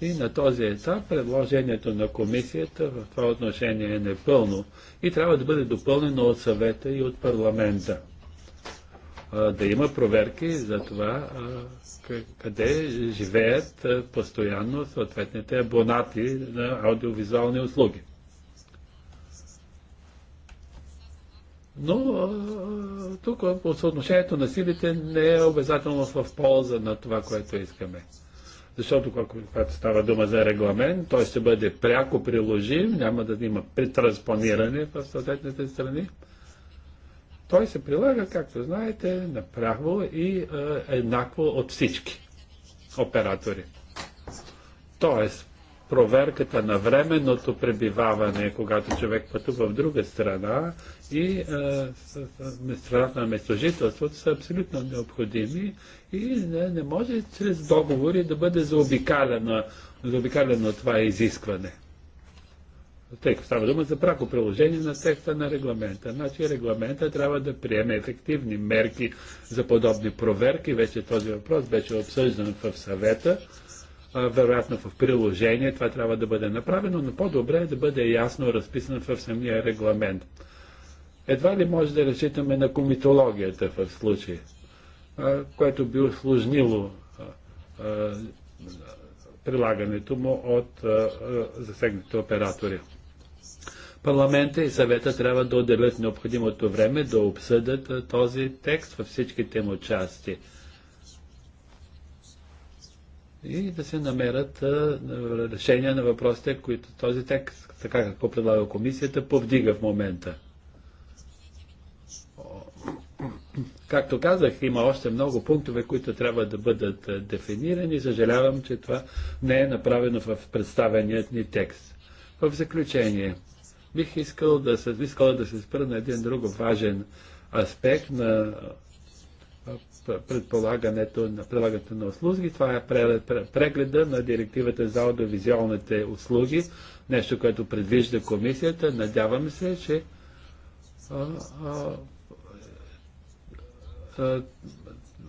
И на този етап предложението на комисията в това отношение е непълно и трябва да бъде допълнено от съвета и от парламента. Да има проверки за това къде живеят постоянно съответните абонати на аудиовизуални услуги. Но а, тук съотношението на силите не е обязателно в полза на това, което искаме защото когато става дума за регламент, той ще бъде пряко приложим, няма да има претранспониране в съответните страни. Той се прилага, както знаете, направо и е, еднакво от всички оператори. Тоест, проверката на временното пребиваване, когато човек пътува в друга страна и местовата на местожителството са абсолютно необходими и не, не може чрез договори да бъде заобикалено, заобикалено това изискване. Тъй като става дума за прако приложение на текста на регламента. Значи регламента трябва да приеме ефективни мерки за подобни проверки. Вече този въпрос беше обсъждан в съвета. А, вероятно в приложение това трябва да бъде направено, но по-добре е да бъде ясно разписано в самия регламент. Едва ли може да разчитаме на комитологията в случай, което би осложнило прилагането му от засегнатите оператори. Парламента и съвета трябва да отделят необходимото време да обсъдят този текст във всичките му части и да се намерят решения на въпросите, които този текст, така какво предлага комисията, повдига в момента. Както казах, има още много пунктове, които трябва да бъдат дефинирани. Съжалявам, че това не е направено в представеният ни текст. В заключение, бих искал да се, искала да се спра на един друг важен аспект на предполагането на прилагането на услуги. Това е прегледа на директивата за аудиовизуалните услуги, нещо, което предвижда комисията. Надявам се, че а, а,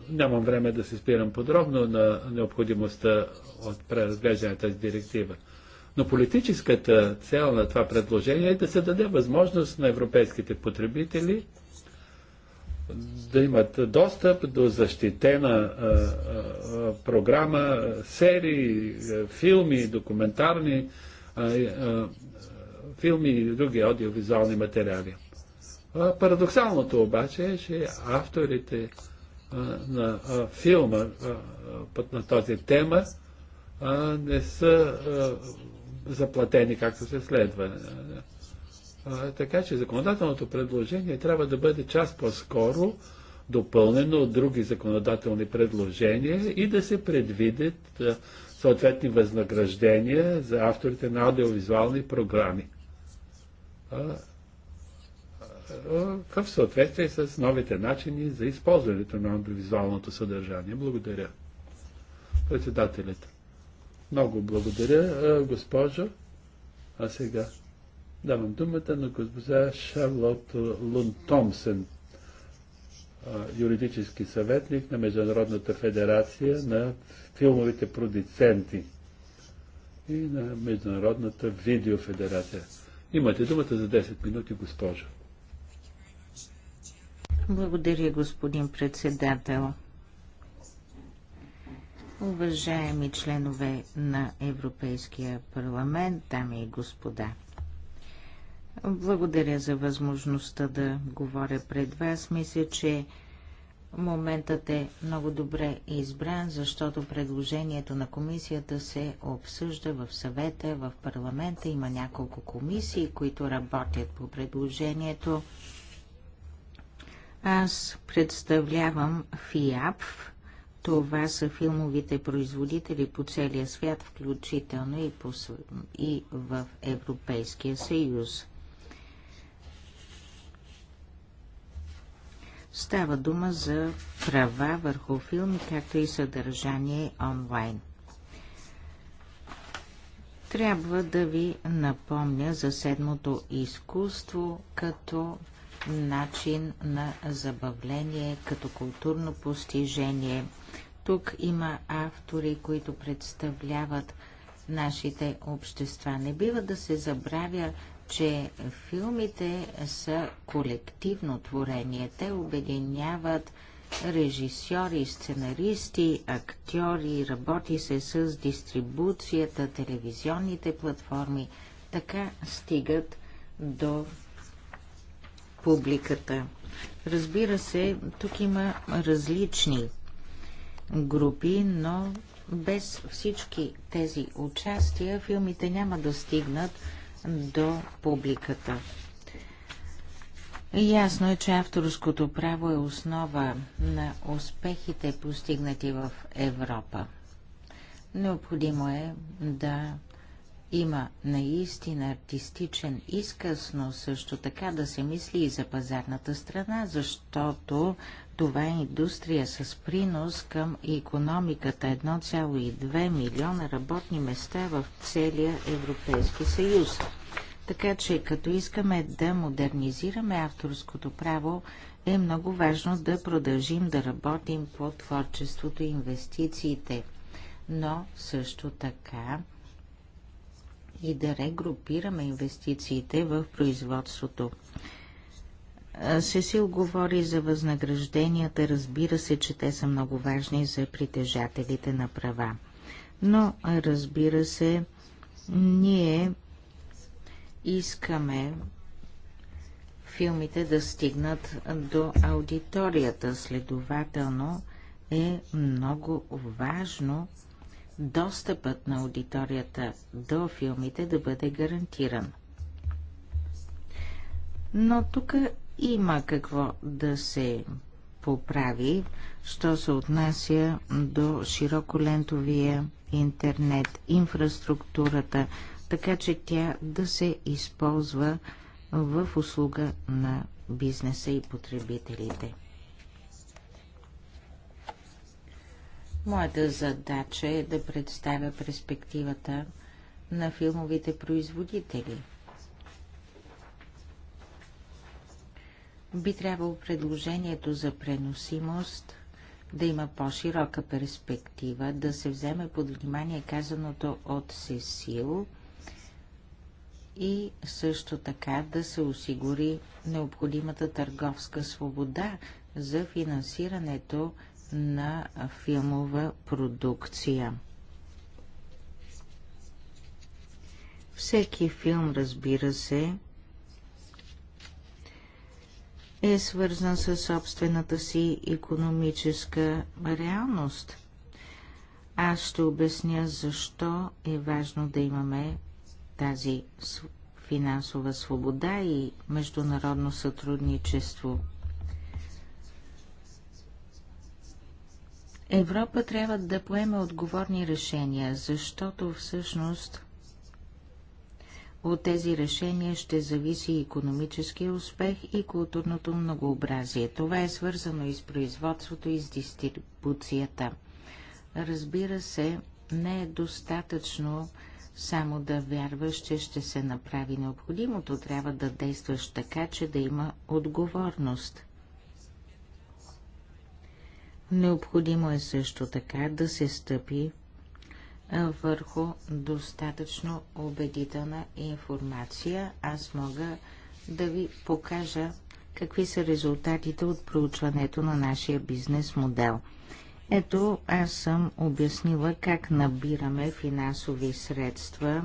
Нямам време да се спирам подробно на необходимостта от преразглеждане на тази директива. Но политическата цел на това предложение е да се даде възможност на европейските потребители да имат достъп до защитена а, а, програма, серии, филми, документарни а, филми и други аудиовизуални материали. Парадоксалното обаче е, че авторите на филма на този тема не са заплатени както се следва. Така че законодателното предложение трябва да бъде част по-скоро допълнено от други законодателни предложения и да се предвидят съответни възнаграждения за авторите на аудиовизуални програми в съответствие с новите начини за използването на аудиовизуалното съдържание. Благодаря. Председателят. Много благодаря, госпожо. А сега давам думата на госпожа Шарлот Лун Томсен, юридически съветник на Международната федерация на филмовите продуценти и на Международната видеофедерация. Имате думата за 10 минути, госпожо. Благодаря, господин председател. Уважаеми членове на Европейския парламент, дами и господа. Благодаря за възможността да говоря пред вас. Мисля, че моментът е много добре избран, защото предложението на комисията се обсъжда в съвета, в парламента. Има няколко комисии, които работят по предложението. Аз представлявам ФИАП. Това са филмовите производители по целия свят, включително и, по, и в Европейския съюз. Става дума за права върху филми, както и съдържание онлайн. Трябва да ви напомня за седмото изкуство като начин на забавление, като културно постижение. Тук има автори, които представляват нашите общества. Не бива да се забравя, че филмите са колективно творение. Те обединяват режисьори, сценаристи, актьори, работи се с дистрибуцията, телевизионните платформи. Така стигат до публиката. Разбира се, тук има различни групи, но без всички тези участия филмите няма да стигнат до публиката. Ясно е, че авторското право е основа на успехите, постигнати в Европа. Необходимо е да има наистина артистичен изказ, но също така да се мисли и за пазарната страна, защото това е индустрия с принос към економиката 1,2 милиона работни места в целия Европейски съюз. Така че, като искаме да модернизираме авторското право, е много важно да продължим да работим по творчеството и инвестициите. Но също така и да регрупираме инвестициите в производството. Сесил говори за възнагражденията. Разбира се, че те са много важни за притежателите на права. Но, разбира се, ние искаме филмите да стигнат до аудиторията. Следователно е много важно достъпът на аудиторията до филмите да бъде гарантиран. Но тук има какво да се поправи, що се отнася до широколентовия интернет, инфраструктурата, така че тя да се използва в услуга на бизнеса и потребителите. Моята задача е да представя перспективата на филмовите производители. Би трябвало предложението за преносимост да има по-широка перспектива, да се вземе под внимание казаното от Сесил и също така да се осигури необходимата търговска свобода за финансирането на на филмова продукция. Всеки филм, разбира се, е свързан със собствената си економическа реалност. Аз ще обясня защо е важно да имаме тази финансова свобода и международно сътрудничество – Европа трябва да поеме отговорни решения, защото всъщност от тези решения ще зависи економическия успех и културното многообразие. Това е свързано и с производството и с дистрибуцията. Разбира се, не е достатъчно само да вярваш, че ще се направи необходимото. Трябва да действаш така, че да има отговорност. Необходимо е също така да се стъпи върху достатъчно убедителна информация. Аз мога да ви покажа какви са резултатите от проучването на нашия бизнес модел. Ето, аз съм обяснила как набираме финансови средства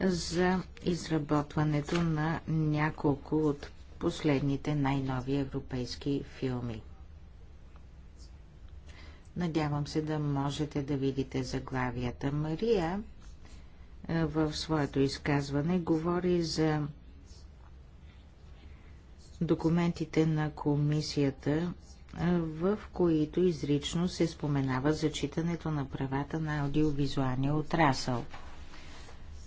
за изработването на няколко от последните най-нови европейски филми. Надявам се да можете да видите заглавията. Мария е, в своето изказване говори за документите на комисията, е, в които изрично се споменава зачитането на правата на аудиовизуалния отрасъл.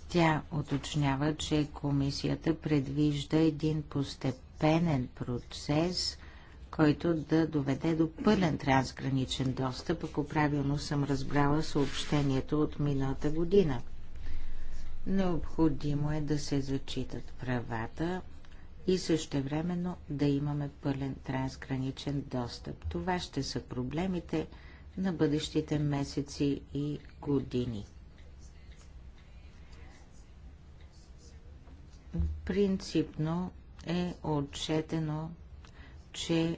Тя уточнява, че комисията предвижда един постепенен процес – който да доведе до пълен трансграничен достъп, ако правилно съм разбрала съобщението от миналата година. Необходимо е да се зачитат правата и същевременно да имаме пълен трансграничен достъп. Това ще са проблемите на бъдещите месеци и години. Принципно е отчетено че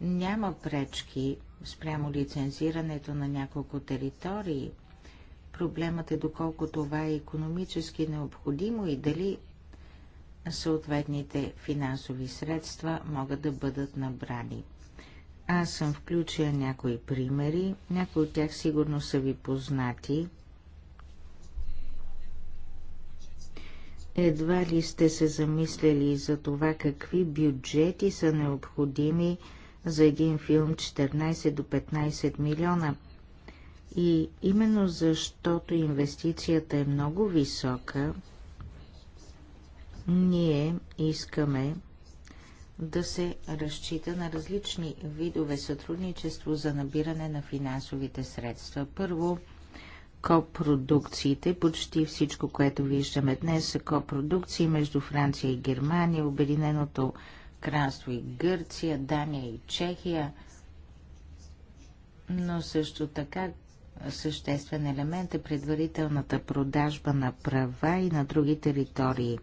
няма пречки спрямо лицензирането на няколко територии. Проблемът е доколко това е економически необходимо и дали съответните финансови средства могат да бъдат набрани. Аз съм включил някои примери, някои от тях сигурно са ви познати – Едва ли сте се замислили за това какви бюджети са необходими за един филм 14 до 15 милиона. И именно защото инвестицията е много висока, ние искаме да се разчита на различни видове сътрудничество за набиране на финансовите средства. Първо, копродукциите. Почти всичко, което виждаме днес, са копродукции между Франция и Германия, Обединеното кралство и Гърция, Дания и Чехия. Но също така съществен елемент е предварителната продажба на права и на други територии.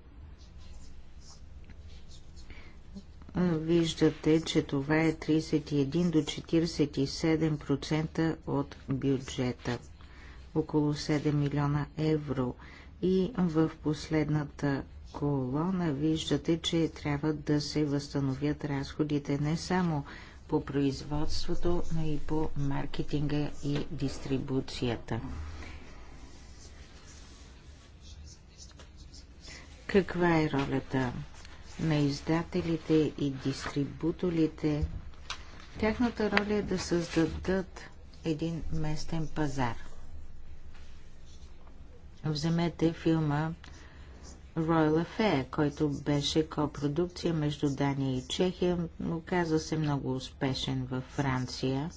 Виждате, че това е 31 до 47% от бюджета около 7 милиона евро. И в последната колона виждате, че трябва да се възстановят разходите не само по производството, но и по маркетинга и дистрибуцията. Каква е ролята на издателите и дистрибуторите? Тяхната роля е да създадат един местен пазар – Вземете филма Royal Affair, който беше копродукция между Дания и Чехия, оказа се много успешен във Франция.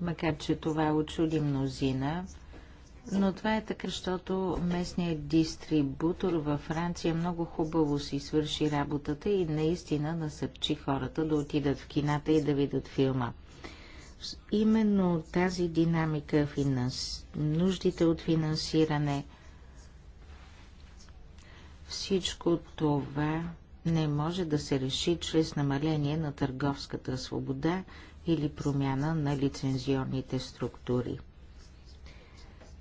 Макар, че това очуди мнозина, но това е така, защото местният дистрибутор във Франция много хубаво си свърши работата и наистина насърчи хората да отидат в кината и да видят филма именно тази динамика, финанс... нуждите от финансиране, всичко това не може да се реши чрез намаление на търговската свобода или промяна на лицензионните структури.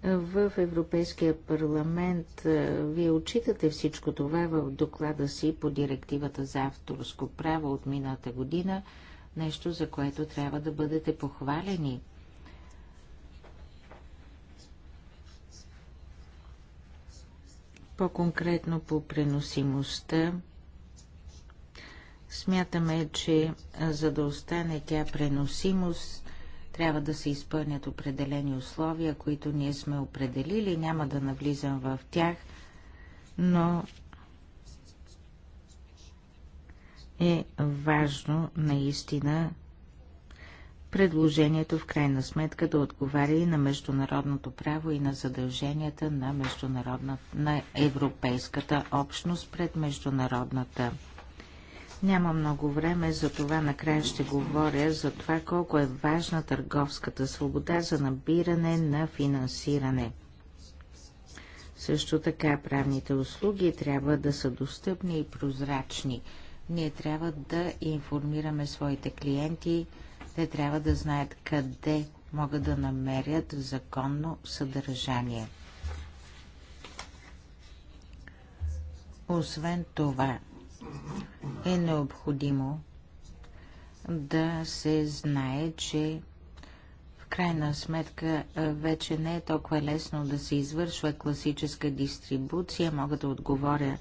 В Европейския парламент вие отчитате всичко това в доклада си по директивата за авторско право от мината година – нещо, за което трябва да бъдете похвалени. По-конкретно по преносимостта, смятаме, че за да остане тя преносимост, трябва да се изпълнят определени условия, които ние сме определили. Няма да навлизам в тях, но е важно наистина предложението в крайна сметка да отговаря и на международното право и на задълженията на, международна, на европейската общност пред международната. Няма много време, за това накрая ще говоря за това колко е важна търговската свобода за набиране на финансиране. Също така правните услуги трябва да са достъпни и прозрачни – ние трябва да информираме своите клиенти, те трябва да знаят къде могат да намерят законно съдържание. Освен това, е необходимо да се знае, че в крайна сметка вече не е толкова лесно да се извършва класическа дистрибуция. Мога да отговоря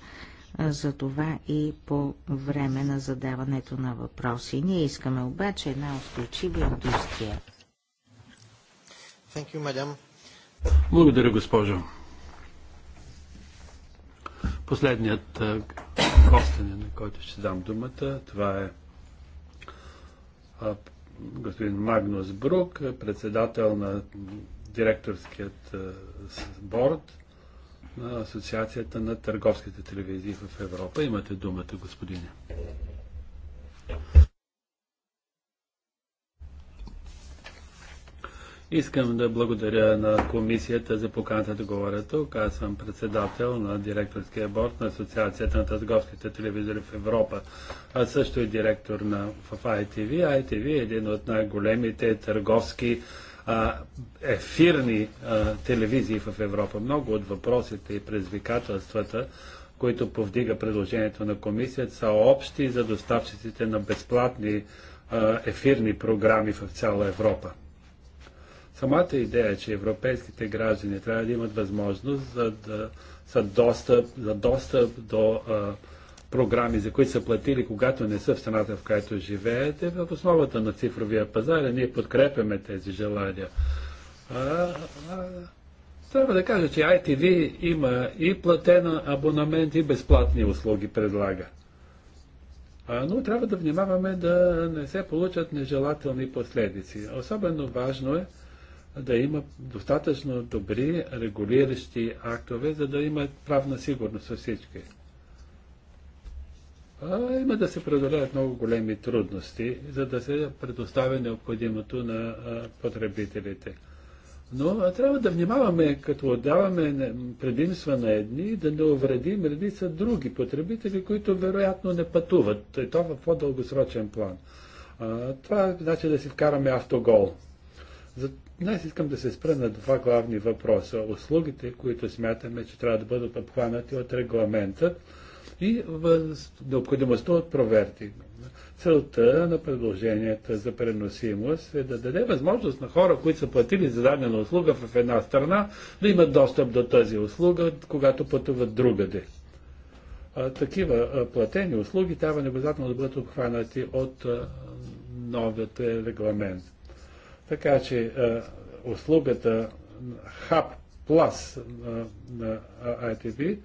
за това и по време на задаването на въпроси. Ние искаме обаче една устойчива индустрия. Thank you, madam. Благодаря, госпожо. Последният гостенин, на който ще дам думата, това е господин Магнус Брук, председател на директорският борд на Асоциацията на търговските телевизии в Европа. Имате думата, господине. Искам да благодаря на комисията за поканата да говоря тук. Аз съм председател на директорския борт на Асоциацията на търговските телевизори в Европа, а също и директор на, в ITV. ITV е един от най-големите търговски ефирни телевизии в Европа. Много от въпросите и предизвикателствата, които повдига предложението на комисията, са общи за доставчиците на безплатни ефирни програми в цяла Европа. Самата идея, е, че европейските граждани трябва да имат възможност за да достъп, за достъп до а, програми, за които са платили, когато не са в страната, в която живеят, е в основата на цифровия пазар и ние подкрепяме тези желания. А, а, трябва да кажа, че ITV има и платена абонамент, и безплатни услуги предлага. А, но трябва да внимаваме да не се получат нежелателни последици. Особено важно е да има достатъчно добри регулиращи актове, за да имат правна сигурност във всички има да се преодолеят много големи трудности, за да се предоставя необходимото на потребителите. Но трябва да внимаваме, като отдаваме предимства на едни, да не увредим редица други потребители, които вероятно не пътуват. И то в по-дългосрочен план. А, това значи да си вкараме автогол. За... Днес искам да се спра на два главни въпроса. Услугите, които смятаме, че трябва да бъдат обхванати от регламента и въз... необходимостта от проверки. Целта на предложенията за преносимост е да даде възможност на хора, които са платили за дадена услуга в една страна, да имат достъп до тази услуга, когато пътуват другаде. А, такива а, платени услуги трябва необязателно да бъдат обхванати от а, новият регламент. Така че а, услугата Hub Plus на, на ITV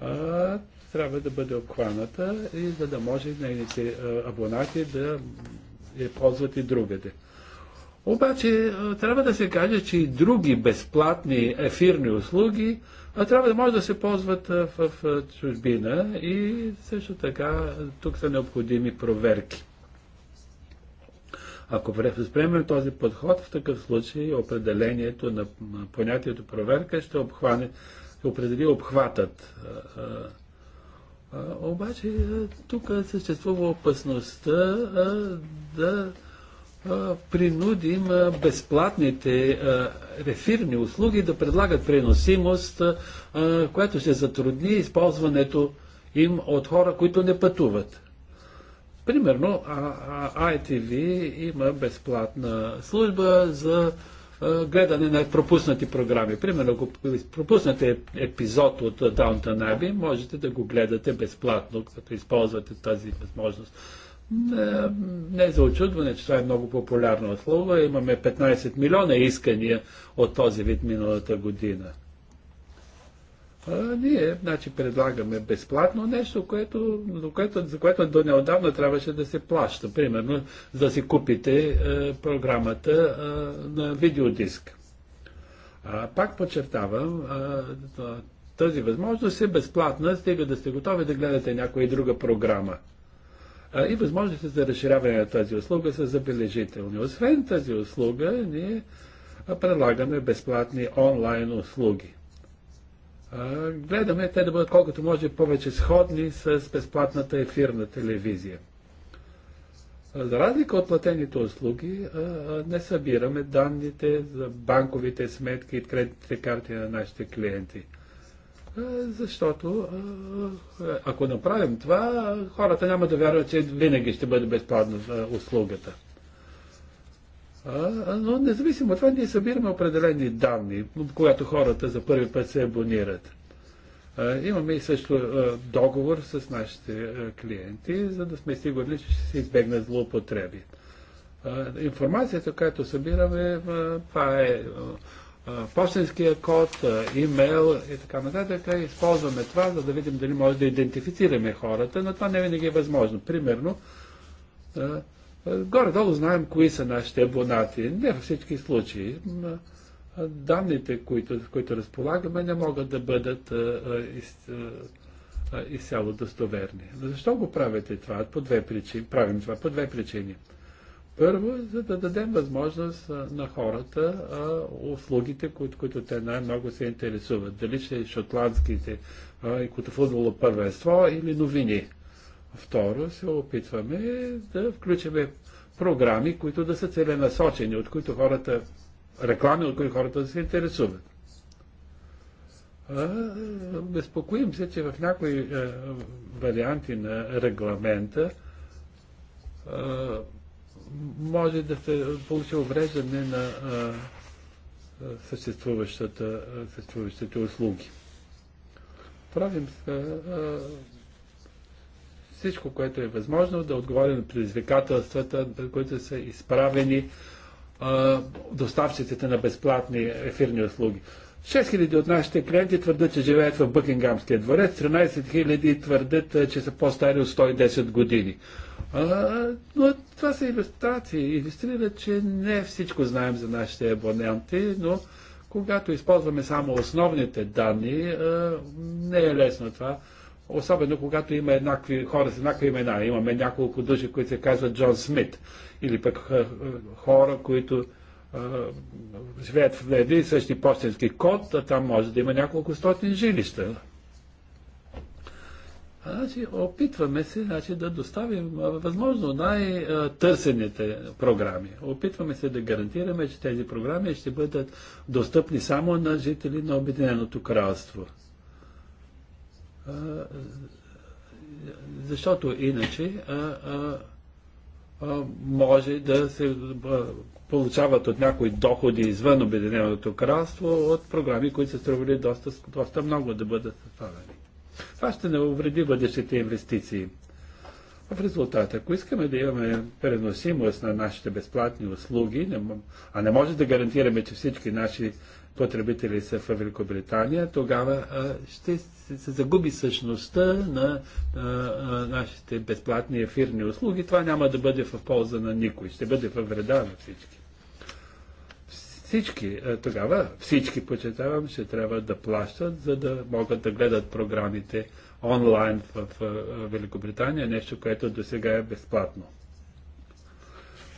а, трябва да бъде обхваната и за да може нейните абонати да я ползват и другаде. Обаче трябва да се каже, че и други безплатни ефирни услуги а трябва да може да се ползват в чужбина и също така тук са необходими проверки. Ако възприемем този подход, в такъв случай определението на понятието проверка ще обхване, ще определи обхватът обаче тук съществува опасността да принудим безплатните рефирни услуги да предлагат преносимост, която ще затрудни използването им от хора, които не пътуват. Примерно, ITV има безплатна служба за гледане на пропуснати програми. Примерно, ако пропуснате епизод от Downton Abbey, можете да го гледате безплатно, като използвате тази възможност. Не, не за очудване, че това е много популярно слово. Имаме 15 милиона искания от този вид миналата година. А, ние значи, предлагаме безплатно нещо, което, за, което, за което до неодавна трябваше да се плаща. Примерно, за да си купите е, програмата е, на видеодиск. А, пак подчертавам, е, тази възможност е безплатна, стига да сте готови да гледате някоя друга програма. А, и възможностите за разширяване на тази услуга са забележителни. Освен тази услуга, ние предлагаме безплатни онлайн услуги гледаме те да бъдат колкото може повече сходни с безплатната ефирна телевизия. За разлика от платените услуги, не събираме данните за банковите сметки и кредитните карти на нашите клиенти. Защото ако направим това, хората няма да вярват, че винаги ще бъде безплатна услугата но независимо от това, ние събираме определени данни, когато хората за първи път се абонират. Имаме и също договор с нашите клиенти, за да сме сигурни, че ще се избегнат злоупотреби. Информацията, която събираме, това е почтенския код, имейл и така нататък. Използваме това, за да видим дали може да идентифицираме хората, но това не винаги е възможно. Примерно, е, горе-долу знаем кои са нашите абонати. Не във всички случаи. Е, данните, които, които разполагаме, не могат да бъдат е, из, изцяло достоверни. Защо го правите това? По две причини. Правим това по две причини. Първо, за да дадем възможност на хората а, услугите, които, които те най-много се интересуват. Дали ще шотландските а, и като футболо първенство или новини. Второ, се опитваме да включиме програми, които да са целенасочени, от които хората, реклами, от които хората да се интересуват. безпокоим се, че в някои а, е, варианти на регламента а, е, може да се получи увреждане на е, съществуващите услуги. Правим се всичко, което е възможно, да отговори на предизвикателствата, които са изправени а, доставчиците на безплатни ефирни услуги. 6000 от нашите клиенти твърдят, че живеят в Бъкингамския дворец, 13 000 твърдят, че са по-стари от 110 години. А, но това са иллюстрации. Иллюстрират, че не всичко знаем за нашите абоненти, но когато използваме само основните данни, а, не е лесно това. Особено когато има еднакви хора с еднакви имена. Имаме няколко души, които се казват Джон Смит. Или пък хора, които живеят в един и същи почтенски код, а там може да има няколко стотин жилища. Значи, опитваме се значи, да доставим възможно най-търсените програми. Опитваме се да гарантираме, че тези програми ще бъдат достъпни само на жители на Обединеното кралство защото иначе може да се получават от някои доходи извън Обединеното кралство от програми, които са стрували доста, доста много да бъдат съставени. Това ще не увреди бъдещите инвестиции. В резултат, ако искаме да имаме преносимост на нашите безплатни услуги, а не може да гарантираме, че всички наши потребители са в Великобритания, тогава ще се загуби същността на а, а, нашите безплатни ефирни услуги. Това няма да бъде в полза на никой, ще бъде във вреда на всички. Всички, тогава всички, почетавам, ще трябва да плащат, за да могат да гледат програмите онлайн в, в, в Великобритания, нещо, което до сега е безплатно.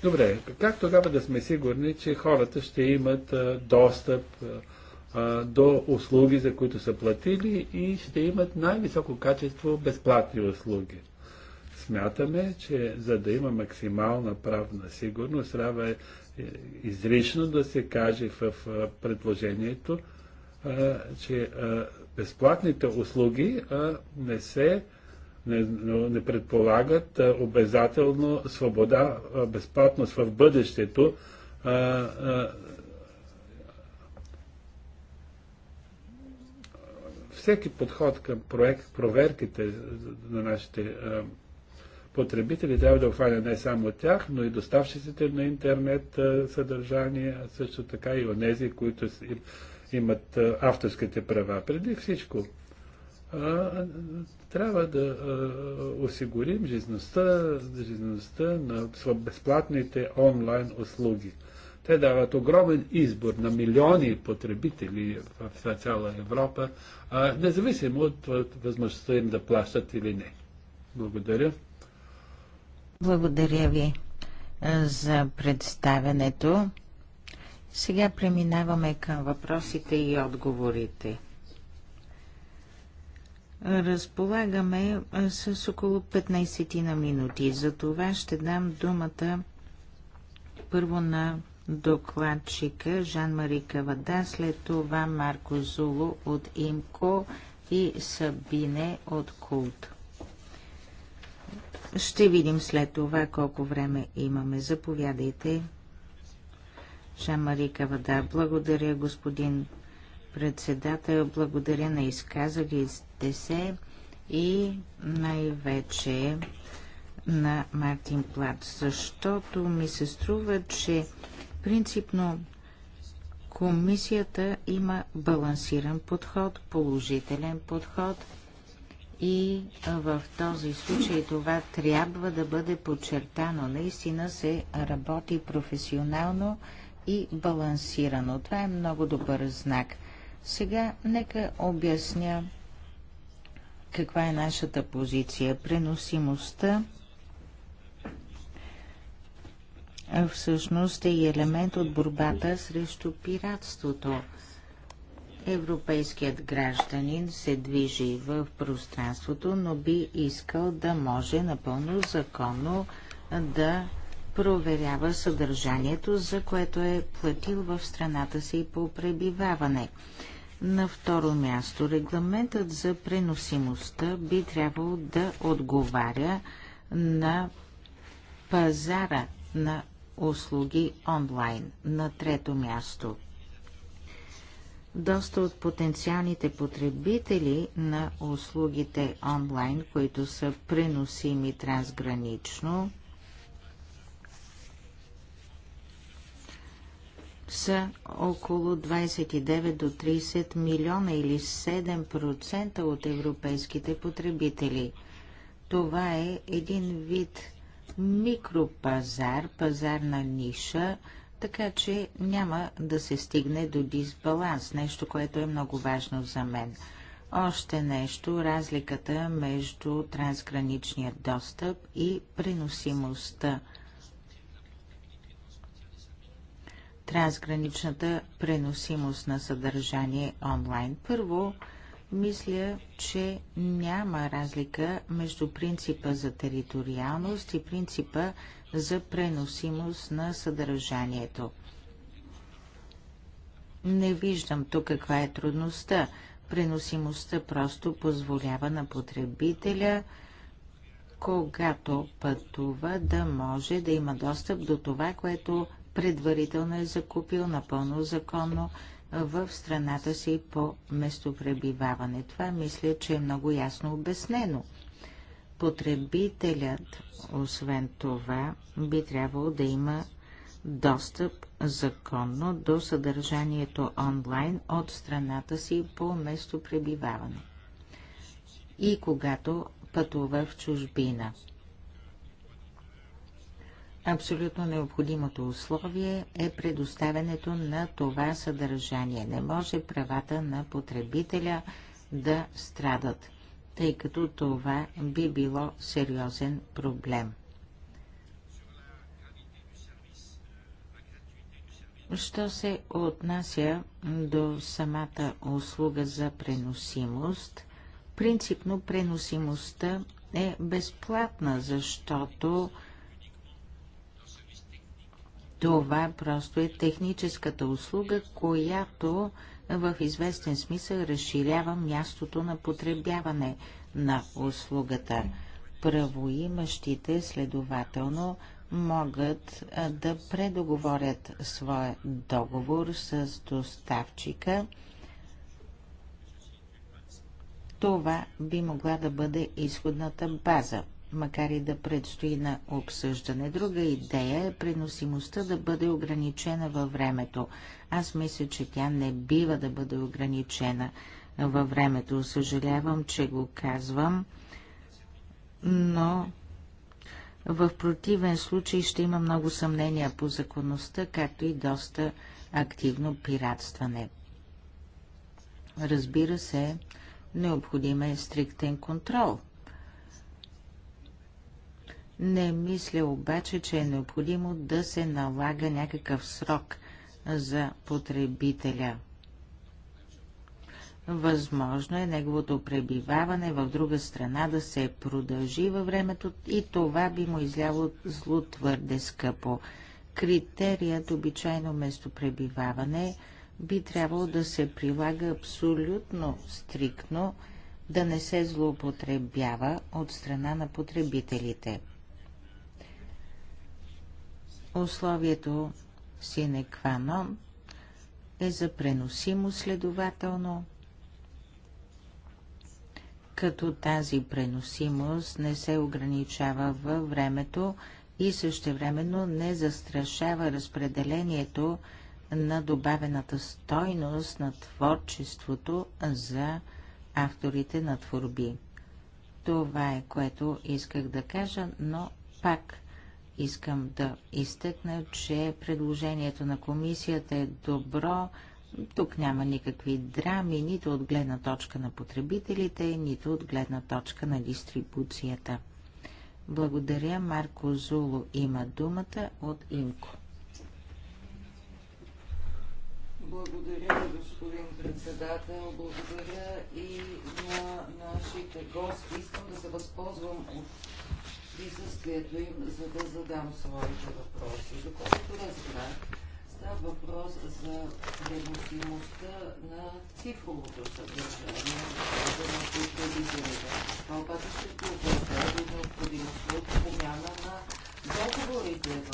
Добре, как тогава да сме сигурни, че хората ще имат а, достъп до услуги, за които са платили и ще имат най-високо качество безплатни услуги. Смятаме, че за да има максимална правна сигурност, трябва е, изрично да се каже в предложението, че безплатните услуги не се не, не предполагат обязателно свобода, безплатност в бъдещето всеки подход към проект, проверките на нашите потребители трябва да обхване не само тях, но и доставчиците на интернет съдържание, а също така и онези, които имат авторските права. Преди всичко, трябва да осигурим жизнеността, жизнеността на безплатните онлайн услуги – те дават огромен избор на милиони потребители в цяла Европа, независимо от, възможността им да плащат или не. Благодаря. Благодаря ви за представенето. Сега преминаваме към въпросите и отговорите. Разполагаме с около 15 на минути. За това ще дам думата първо на докладчика Жан-Мари Кавада, след това Марко Зуло от ИМКО и Сабине от Култ. Ще видим след това колко време имаме. Заповядайте. Жан-Мари Кавада, благодаря господин председател, благодаря на изказалите се и най-вече на Мартин Плат, защото ми се струва, че Принципно комисията има балансиран подход, положителен подход и в този случай това трябва да бъде подчертано. Наистина се работи професионално и балансирано. Това е много добър знак. Сега нека обясня каква е нашата позиция. Преносимостта всъщност е и елемент от борбата срещу пиратството. Европейският гражданин се движи в пространството, но би искал да може напълно законно да проверява съдържанието, за което е платил в страната си по пребиваване. На второ място, регламентът за преносимостта би трябвало да отговаря на пазара на услуги онлайн. На трето място. Доста от потенциалните потребители на услугите онлайн, които са преносими трансгранично, са около 29 до 30 милиона или 7% от европейските потребители. Това е един вид микропазар, пазарна ниша, така че няма да се стигне до дисбаланс, нещо, което е много важно за мен. Още нещо, разликата между трансграничния достъп и преносимостта. Трансграничната преносимост на съдържание онлайн. Първо, мисля, че няма разлика между принципа за териториалност и принципа за преносимост на съдържанието. Не виждам тук каква е трудността. Преносимостта просто позволява на потребителя, когато пътува, да може да има достъп до това, което предварително е закупил напълно законно в страната си по местопребиваване. Това мисля, че е много ясно обяснено. Потребителят, освен това, би трябвало да има достъп законно до съдържанието онлайн от страната си по местопребиваване. И когато пътува в чужбина – Абсолютно необходимото условие е предоставянето на това съдържание. Не може правата на потребителя да страдат, тъй като това би било сериозен проблем. Що се отнася до самата услуга за преносимост, принципно преносимостта е безплатна, защото това просто е техническата услуга, която в известен смисъл разширява мястото на потребяване на услугата. Правоимащите следователно могат да предоговорят своя договор с доставчика. Това би могла да бъде изходната база макар и да предстои на обсъждане. Друга идея е преносимостта да бъде ограничена във времето. Аз мисля, че тя не бива да бъде ограничена във времето. Съжалявам, че го казвам, но в противен случай ще има много съмнения по законността, както и доста активно пиратстване. Разбира се, необходим е стриктен контрол – не мисля обаче, че е необходимо да се налага някакъв срок за потребителя. Възможно е неговото пребиваване в друга страна да се продължи във времето и това би му изляло зло твърде скъпо. Критерият обичайно местопребиваване би трябвало да се прилага абсолютно стриктно, да не се злоупотребява от страна на потребителите. Условието sine qua non е за преносимо следователно, като тази преносимост не се ограничава във времето и същевременно не застрашава разпределението на добавената стойност на творчеството за авторите на творби. Това е което исках да кажа, но пак Искам да изтъкна, че предложението на комисията е добро. Тук няма никакви драми, нито от гледна точка на потребителите, нито от гледна точка на дистрибуцията. Благодаря. Марко Зуло има думата от Инко. Благодаря, господин председател. Благодаря и на нашите гости. Искам да се възползвам от присъствието им, за да задам своите въпроси. Доколкото разбрах, става въпрос за преносимостта на цифровото съдържание на потребителите. Това обаче ще доведе до необходимостта от промяна на договорите в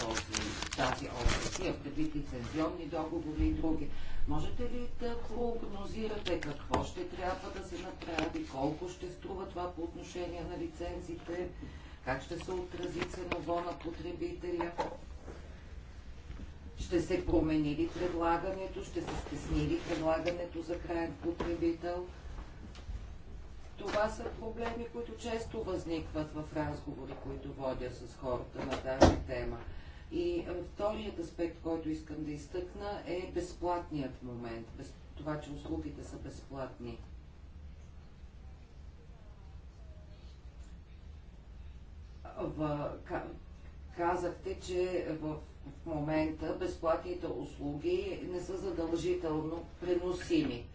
този, тази област. Тия предвид лицензионни договори и други. Можете ли да прогнозирате какво ще трябва да се направи, колко ще струва това по отношение на лицензите, как ще се отрази ценово на потребителя? Ще се промени ли предлагането, ще се стесни ли предлагането за крайен потребител? Това са проблеми, които често възникват в разговори, които водя с хората на тази тема. И е, вторият аспект, който искам да изтъкна е безплатният момент, без това, че услугите са безплатни. В, казахте, че в в момента безплатните услуги не са задължително преносими.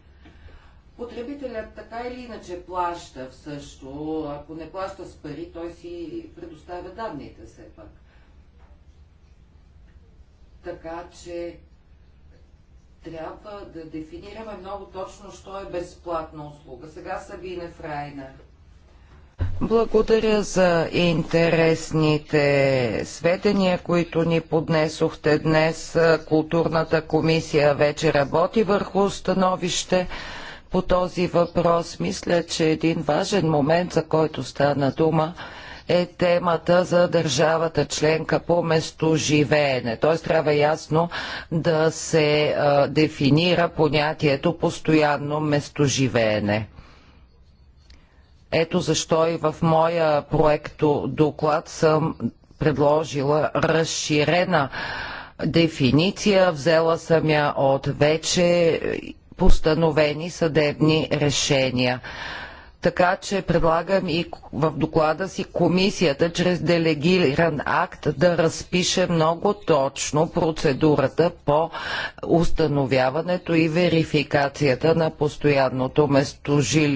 Потребителят така или иначе плаща също, ако не плаща с пари, той си предоставя данните все пак. Така че трябва да дефинираме много точно, що е безплатна услуга. Сега Сабина Фрайна. Благодаря за интересните сведения, които ни поднесохте днес. Културната комисия вече работи върху становище по този въпрос. Мисля, че един важен момент, за който стана дума, е темата за държавата членка по местоживеене. Т.е. трябва ясно да се а, дефинира понятието постоянно местоживеене. Ето защо и в моя проекто доклад съм предложила разширена дефиниция, взела съм я от вече постановени съдебни решения. Така че предлагам и в доклада си комисията чрез делегиран акт да разпише много точно процедурата по установяването и верификацията на постоянното е,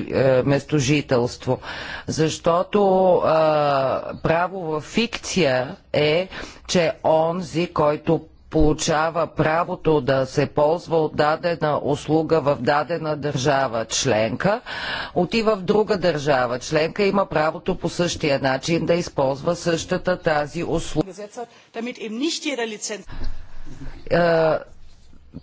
местожителство. Защото а, право в фикция е, че онзи, който получава правото да се ползва от дадена услуга в дадена държава членка, отива в друга държава членка и има правото по същия начин да използва същата тази услуга е,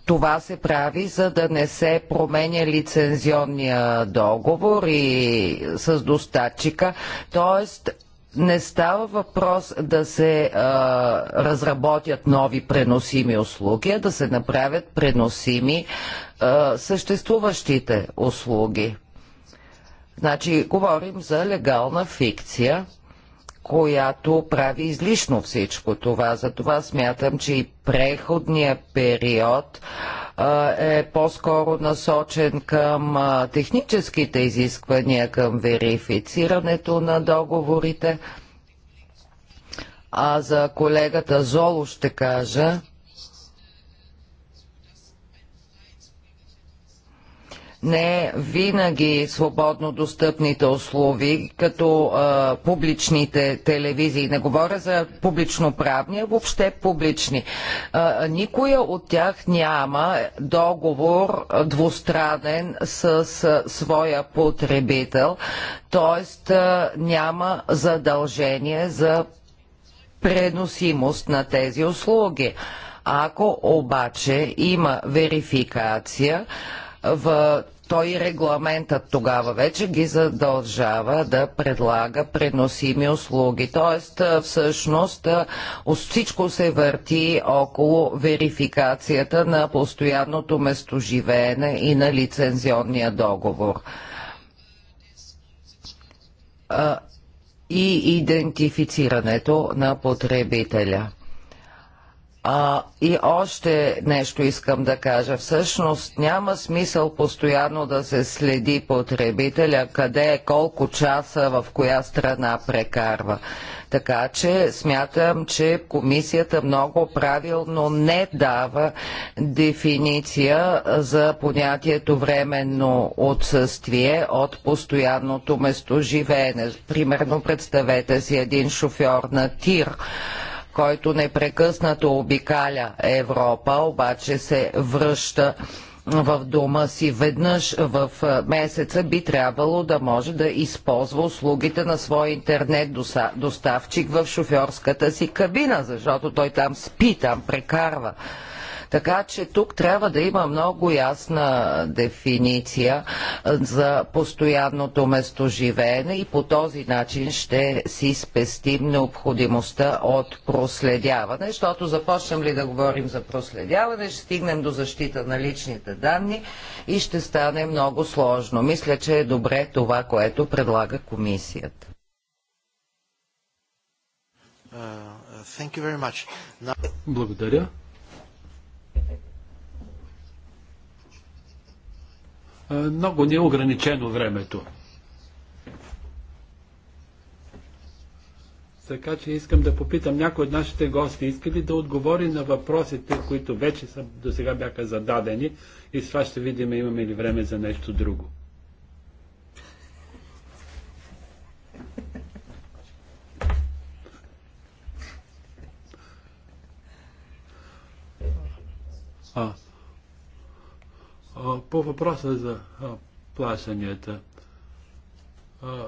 това се прави, за да не се променя лицензионния договор и с доставчика. Тоест, не става въпрос да се а, разработят нови преносими услуги, а да се направят преносими а, съществуващите услуги. Значи, говорим за легална фикция, която прави излишно всичко това. Затова смятам, че и преходния период а, е по-скоро насочен към техническите изисквания, към верифицирането на договорите. А за колегата Золо ще кажа, не винаги свободно достъпните услуги, като а, публичните телевизии, не говоря за публично-правни, а въобще публични, а, никоя от тях няма договор двустранен с, с своя потребител, т.е. няма задължение за преносимост на тези услуги. Ако обаче има верификация, в той регламентът тогава вече ги задължава да предлага преносими услуги. Тоест, всъщност, всичко се върти около верификацията на постоянното местоживеене и на лицензионния договор. И идентифицирането на потребителя. А, и още нещо искам да кажа. Всъщност няма смисъл постоянно да се следи потребителя, къде е, колко часа, в коя страна прекарва. Така че смятам, че комисията много правилно не дава дефиниция за понятието временно отсъствие от постоянното местоживеене. Примерно представете си един шофьор на тир който непрекъснато обикаля Европа, обаче се връща в дома си веднъж в месеца би трябвало да може да използва услугите на свой интернет доставчик в шофьорската си кабина, защото той там спи, там прекарва така че тук трябва да има много ясна дефиниция за постоянното местоживеене и по този начин ще си спестим необходимостта от проследяване, защото започнем ли да говорим за проследяване, ще стигнем до защита на личните данни и ще стане много сложно. Мисля, че е добре това, което предлага комисията. Uh, uh, Благодаря. Е, много ни е ограничено времето. Така че искам да попитам някой от нашите гости, иска ли да отговори на въпросите, които вече са, до сега бяха зададени и с това ще видим имаме ли време за нещо друго. А, а, по въпроса за а, плащанията. А,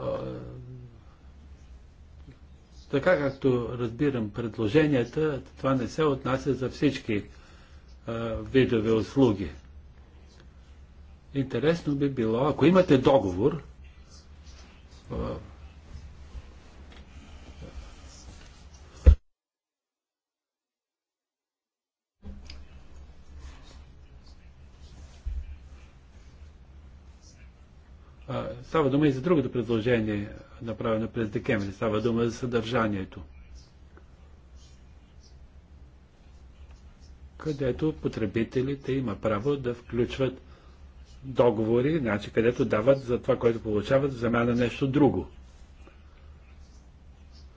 така както разбирам предложенията, това не се отнася за всички а, видове услуги. Интересно би било, ако имате договор, а, Става дума и за другото предложение, направено през декември. Става дума за съдържанието. Където потребителите има право да включват договори, значи където дават за това, което получават, в на нещо друго.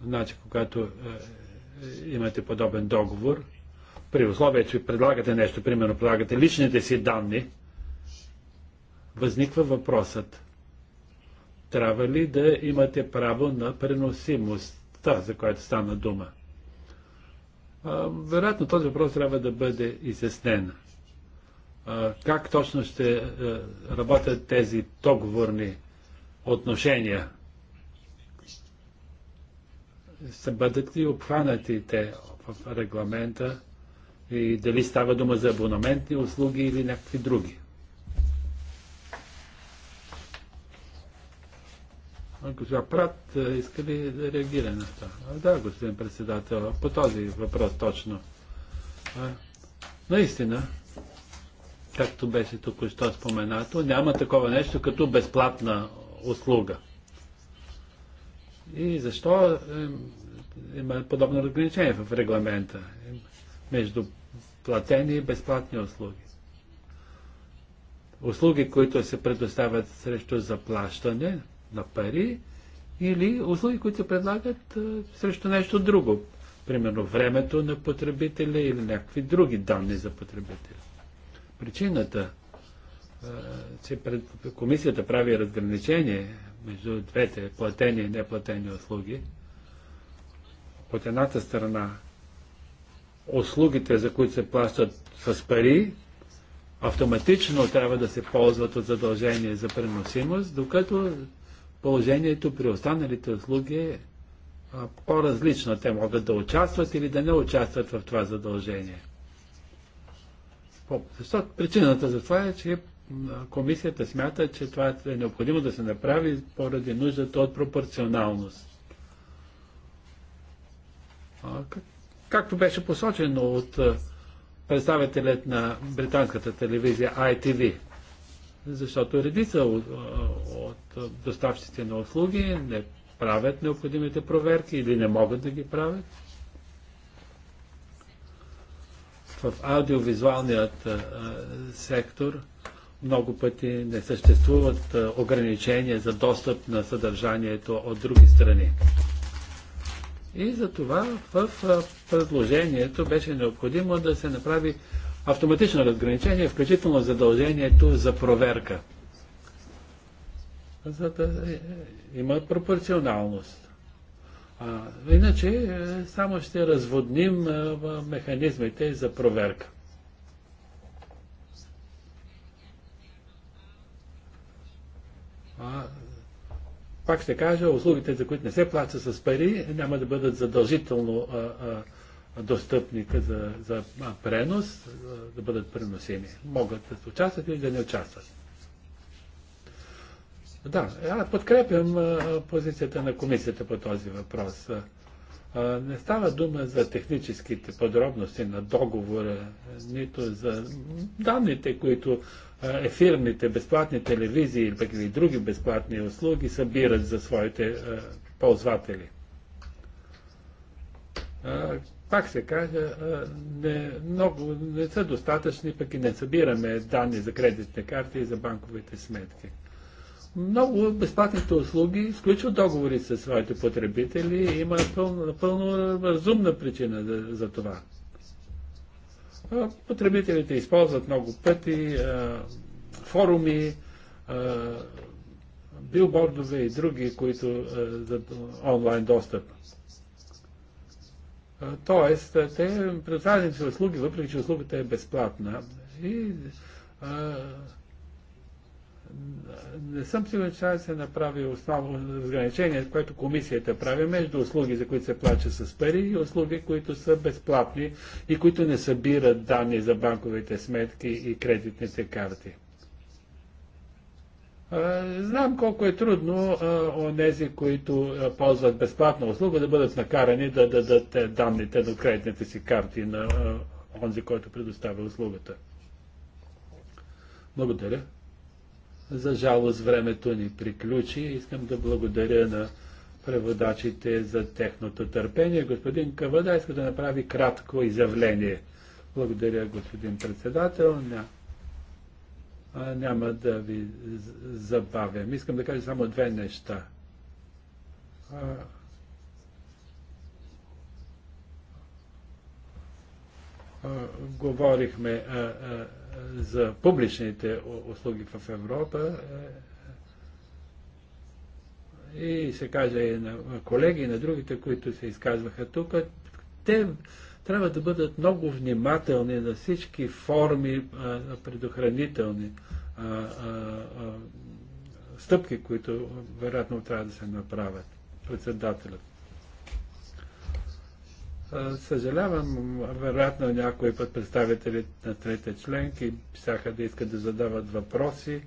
Значи, когато е, е, имате подобен договор, при условие, че предлагате нещо, примерно предлагате личните си данни, възниква въпросът трябва ли да имате право на преносимостта, за която стана дума? А, вероятно този въпрос трябва да бъде изяснен. А, как точно ще а, е, работят тези договорни отношения? Ще бъдат ли обхванати те в регламента и дали става дума за абонаментни услуги или някакви други? Госпожа Прат е, иска ли да реагира на това? Да, господин председател, по този въпрос точно. Наистина, както беше тук що споменато, няма такова нещо като безплатна услуга. И защо е, има подобно разграничение в регламента е, между платени и безплатни услуги? Услуги, които се предоставят срещу заплащане, на пари или услуги, които се предлагат а, срещу нещо друго. Примерно времето на потребителя или някакви други данни за потребителя. Причината, а, че пред, комисията прави разграничение между двете платени и неплатени услуги, от едната страна услугите, за които се плащат с пари, автоматично трябва да се ползват от задължение за преносимост, докато положението при останалите услуги е по-различно. Те могат да участват или да не участват в това задължение. Защото причината за това е, че комисията смята, че това е необходимо да се направи поради нуждата от пропорционалност. Както беше посочено от представителят на британската телевизия ITV, защото редица от, от доставчиците на услуги не правят необходимите проверки или не могат да ги правят. В аудиовизуалният сектор много пъти не съществуват ограничения за достъп на съдържанието от други страни. И затова в предложението беше необходимо да се направи автоматично разграничение, включително задължението за проверка. За да има пропорционалност. А, иначе е, само ще разводним а, е, механизмите за проверка. А, пак ще кажа, услугите, за които не се плаца с пари, няма да бъдат задължително а, а, достъпника за, за пренос, да бъдат преносими. Могат да участват или да не участват. Да, е, аз подкрепям позицията на комисията по този въпрос. не става дума за техническите подробности на договора, нито за данните, които ефирните безплатни телевизии или пък и други безплатни услуги събират за своите ползватели пак се каже, не, много, не са достатъчни, пък и не събираме данни за кредитните карти и за банковите сметки. Много безплатните услуги сключват договори с своите потребители и има пълно, напълно разумна причина за, за това. Потребителите използват много пъти форуми, билбордове и други, които за онлайн достъп. Тоест, те предоставят си услуги, въпреки че услугата е безплатна. И а, не съм сигурен, че да се направи основно разграничение, което комисията прави между услуги, за които се плача с пари и услуги, които са безплатни и които не събират данни за банковите сметки и кредитните карти. Знам колко е трудно онези, които ползват безплатна услуга, да бъдат накарани да дадат е, данните до кредитните си карти на онзи, който предоставя услугата. Благодаря. За жалост времето ни приключи. Искам да благодаря на преводачите за техното търпение. Господин Кавада иска да направи кратко изявление. Благодаря, господин председател няма да ви забавям. Искам да кажа само две неща. говорихме а, а, за публичните услуги в Европа е, и се каже и на колеги, и на другите, които се изказваха тук, те трябва да бъдат много внимателни на всички форми а, предохранителни а, а, а, стъпки, които вероятно трябва да се направят. Председателят. Съжалявам, вероятно някои път представители на трите членки всяка да искат да задават въпроси.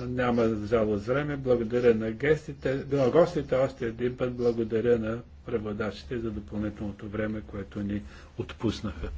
Няма жалост време. Благодаря на гостите. На гостите още един път благодаря на преводачите за допълнителното време, което ни отпуснаха.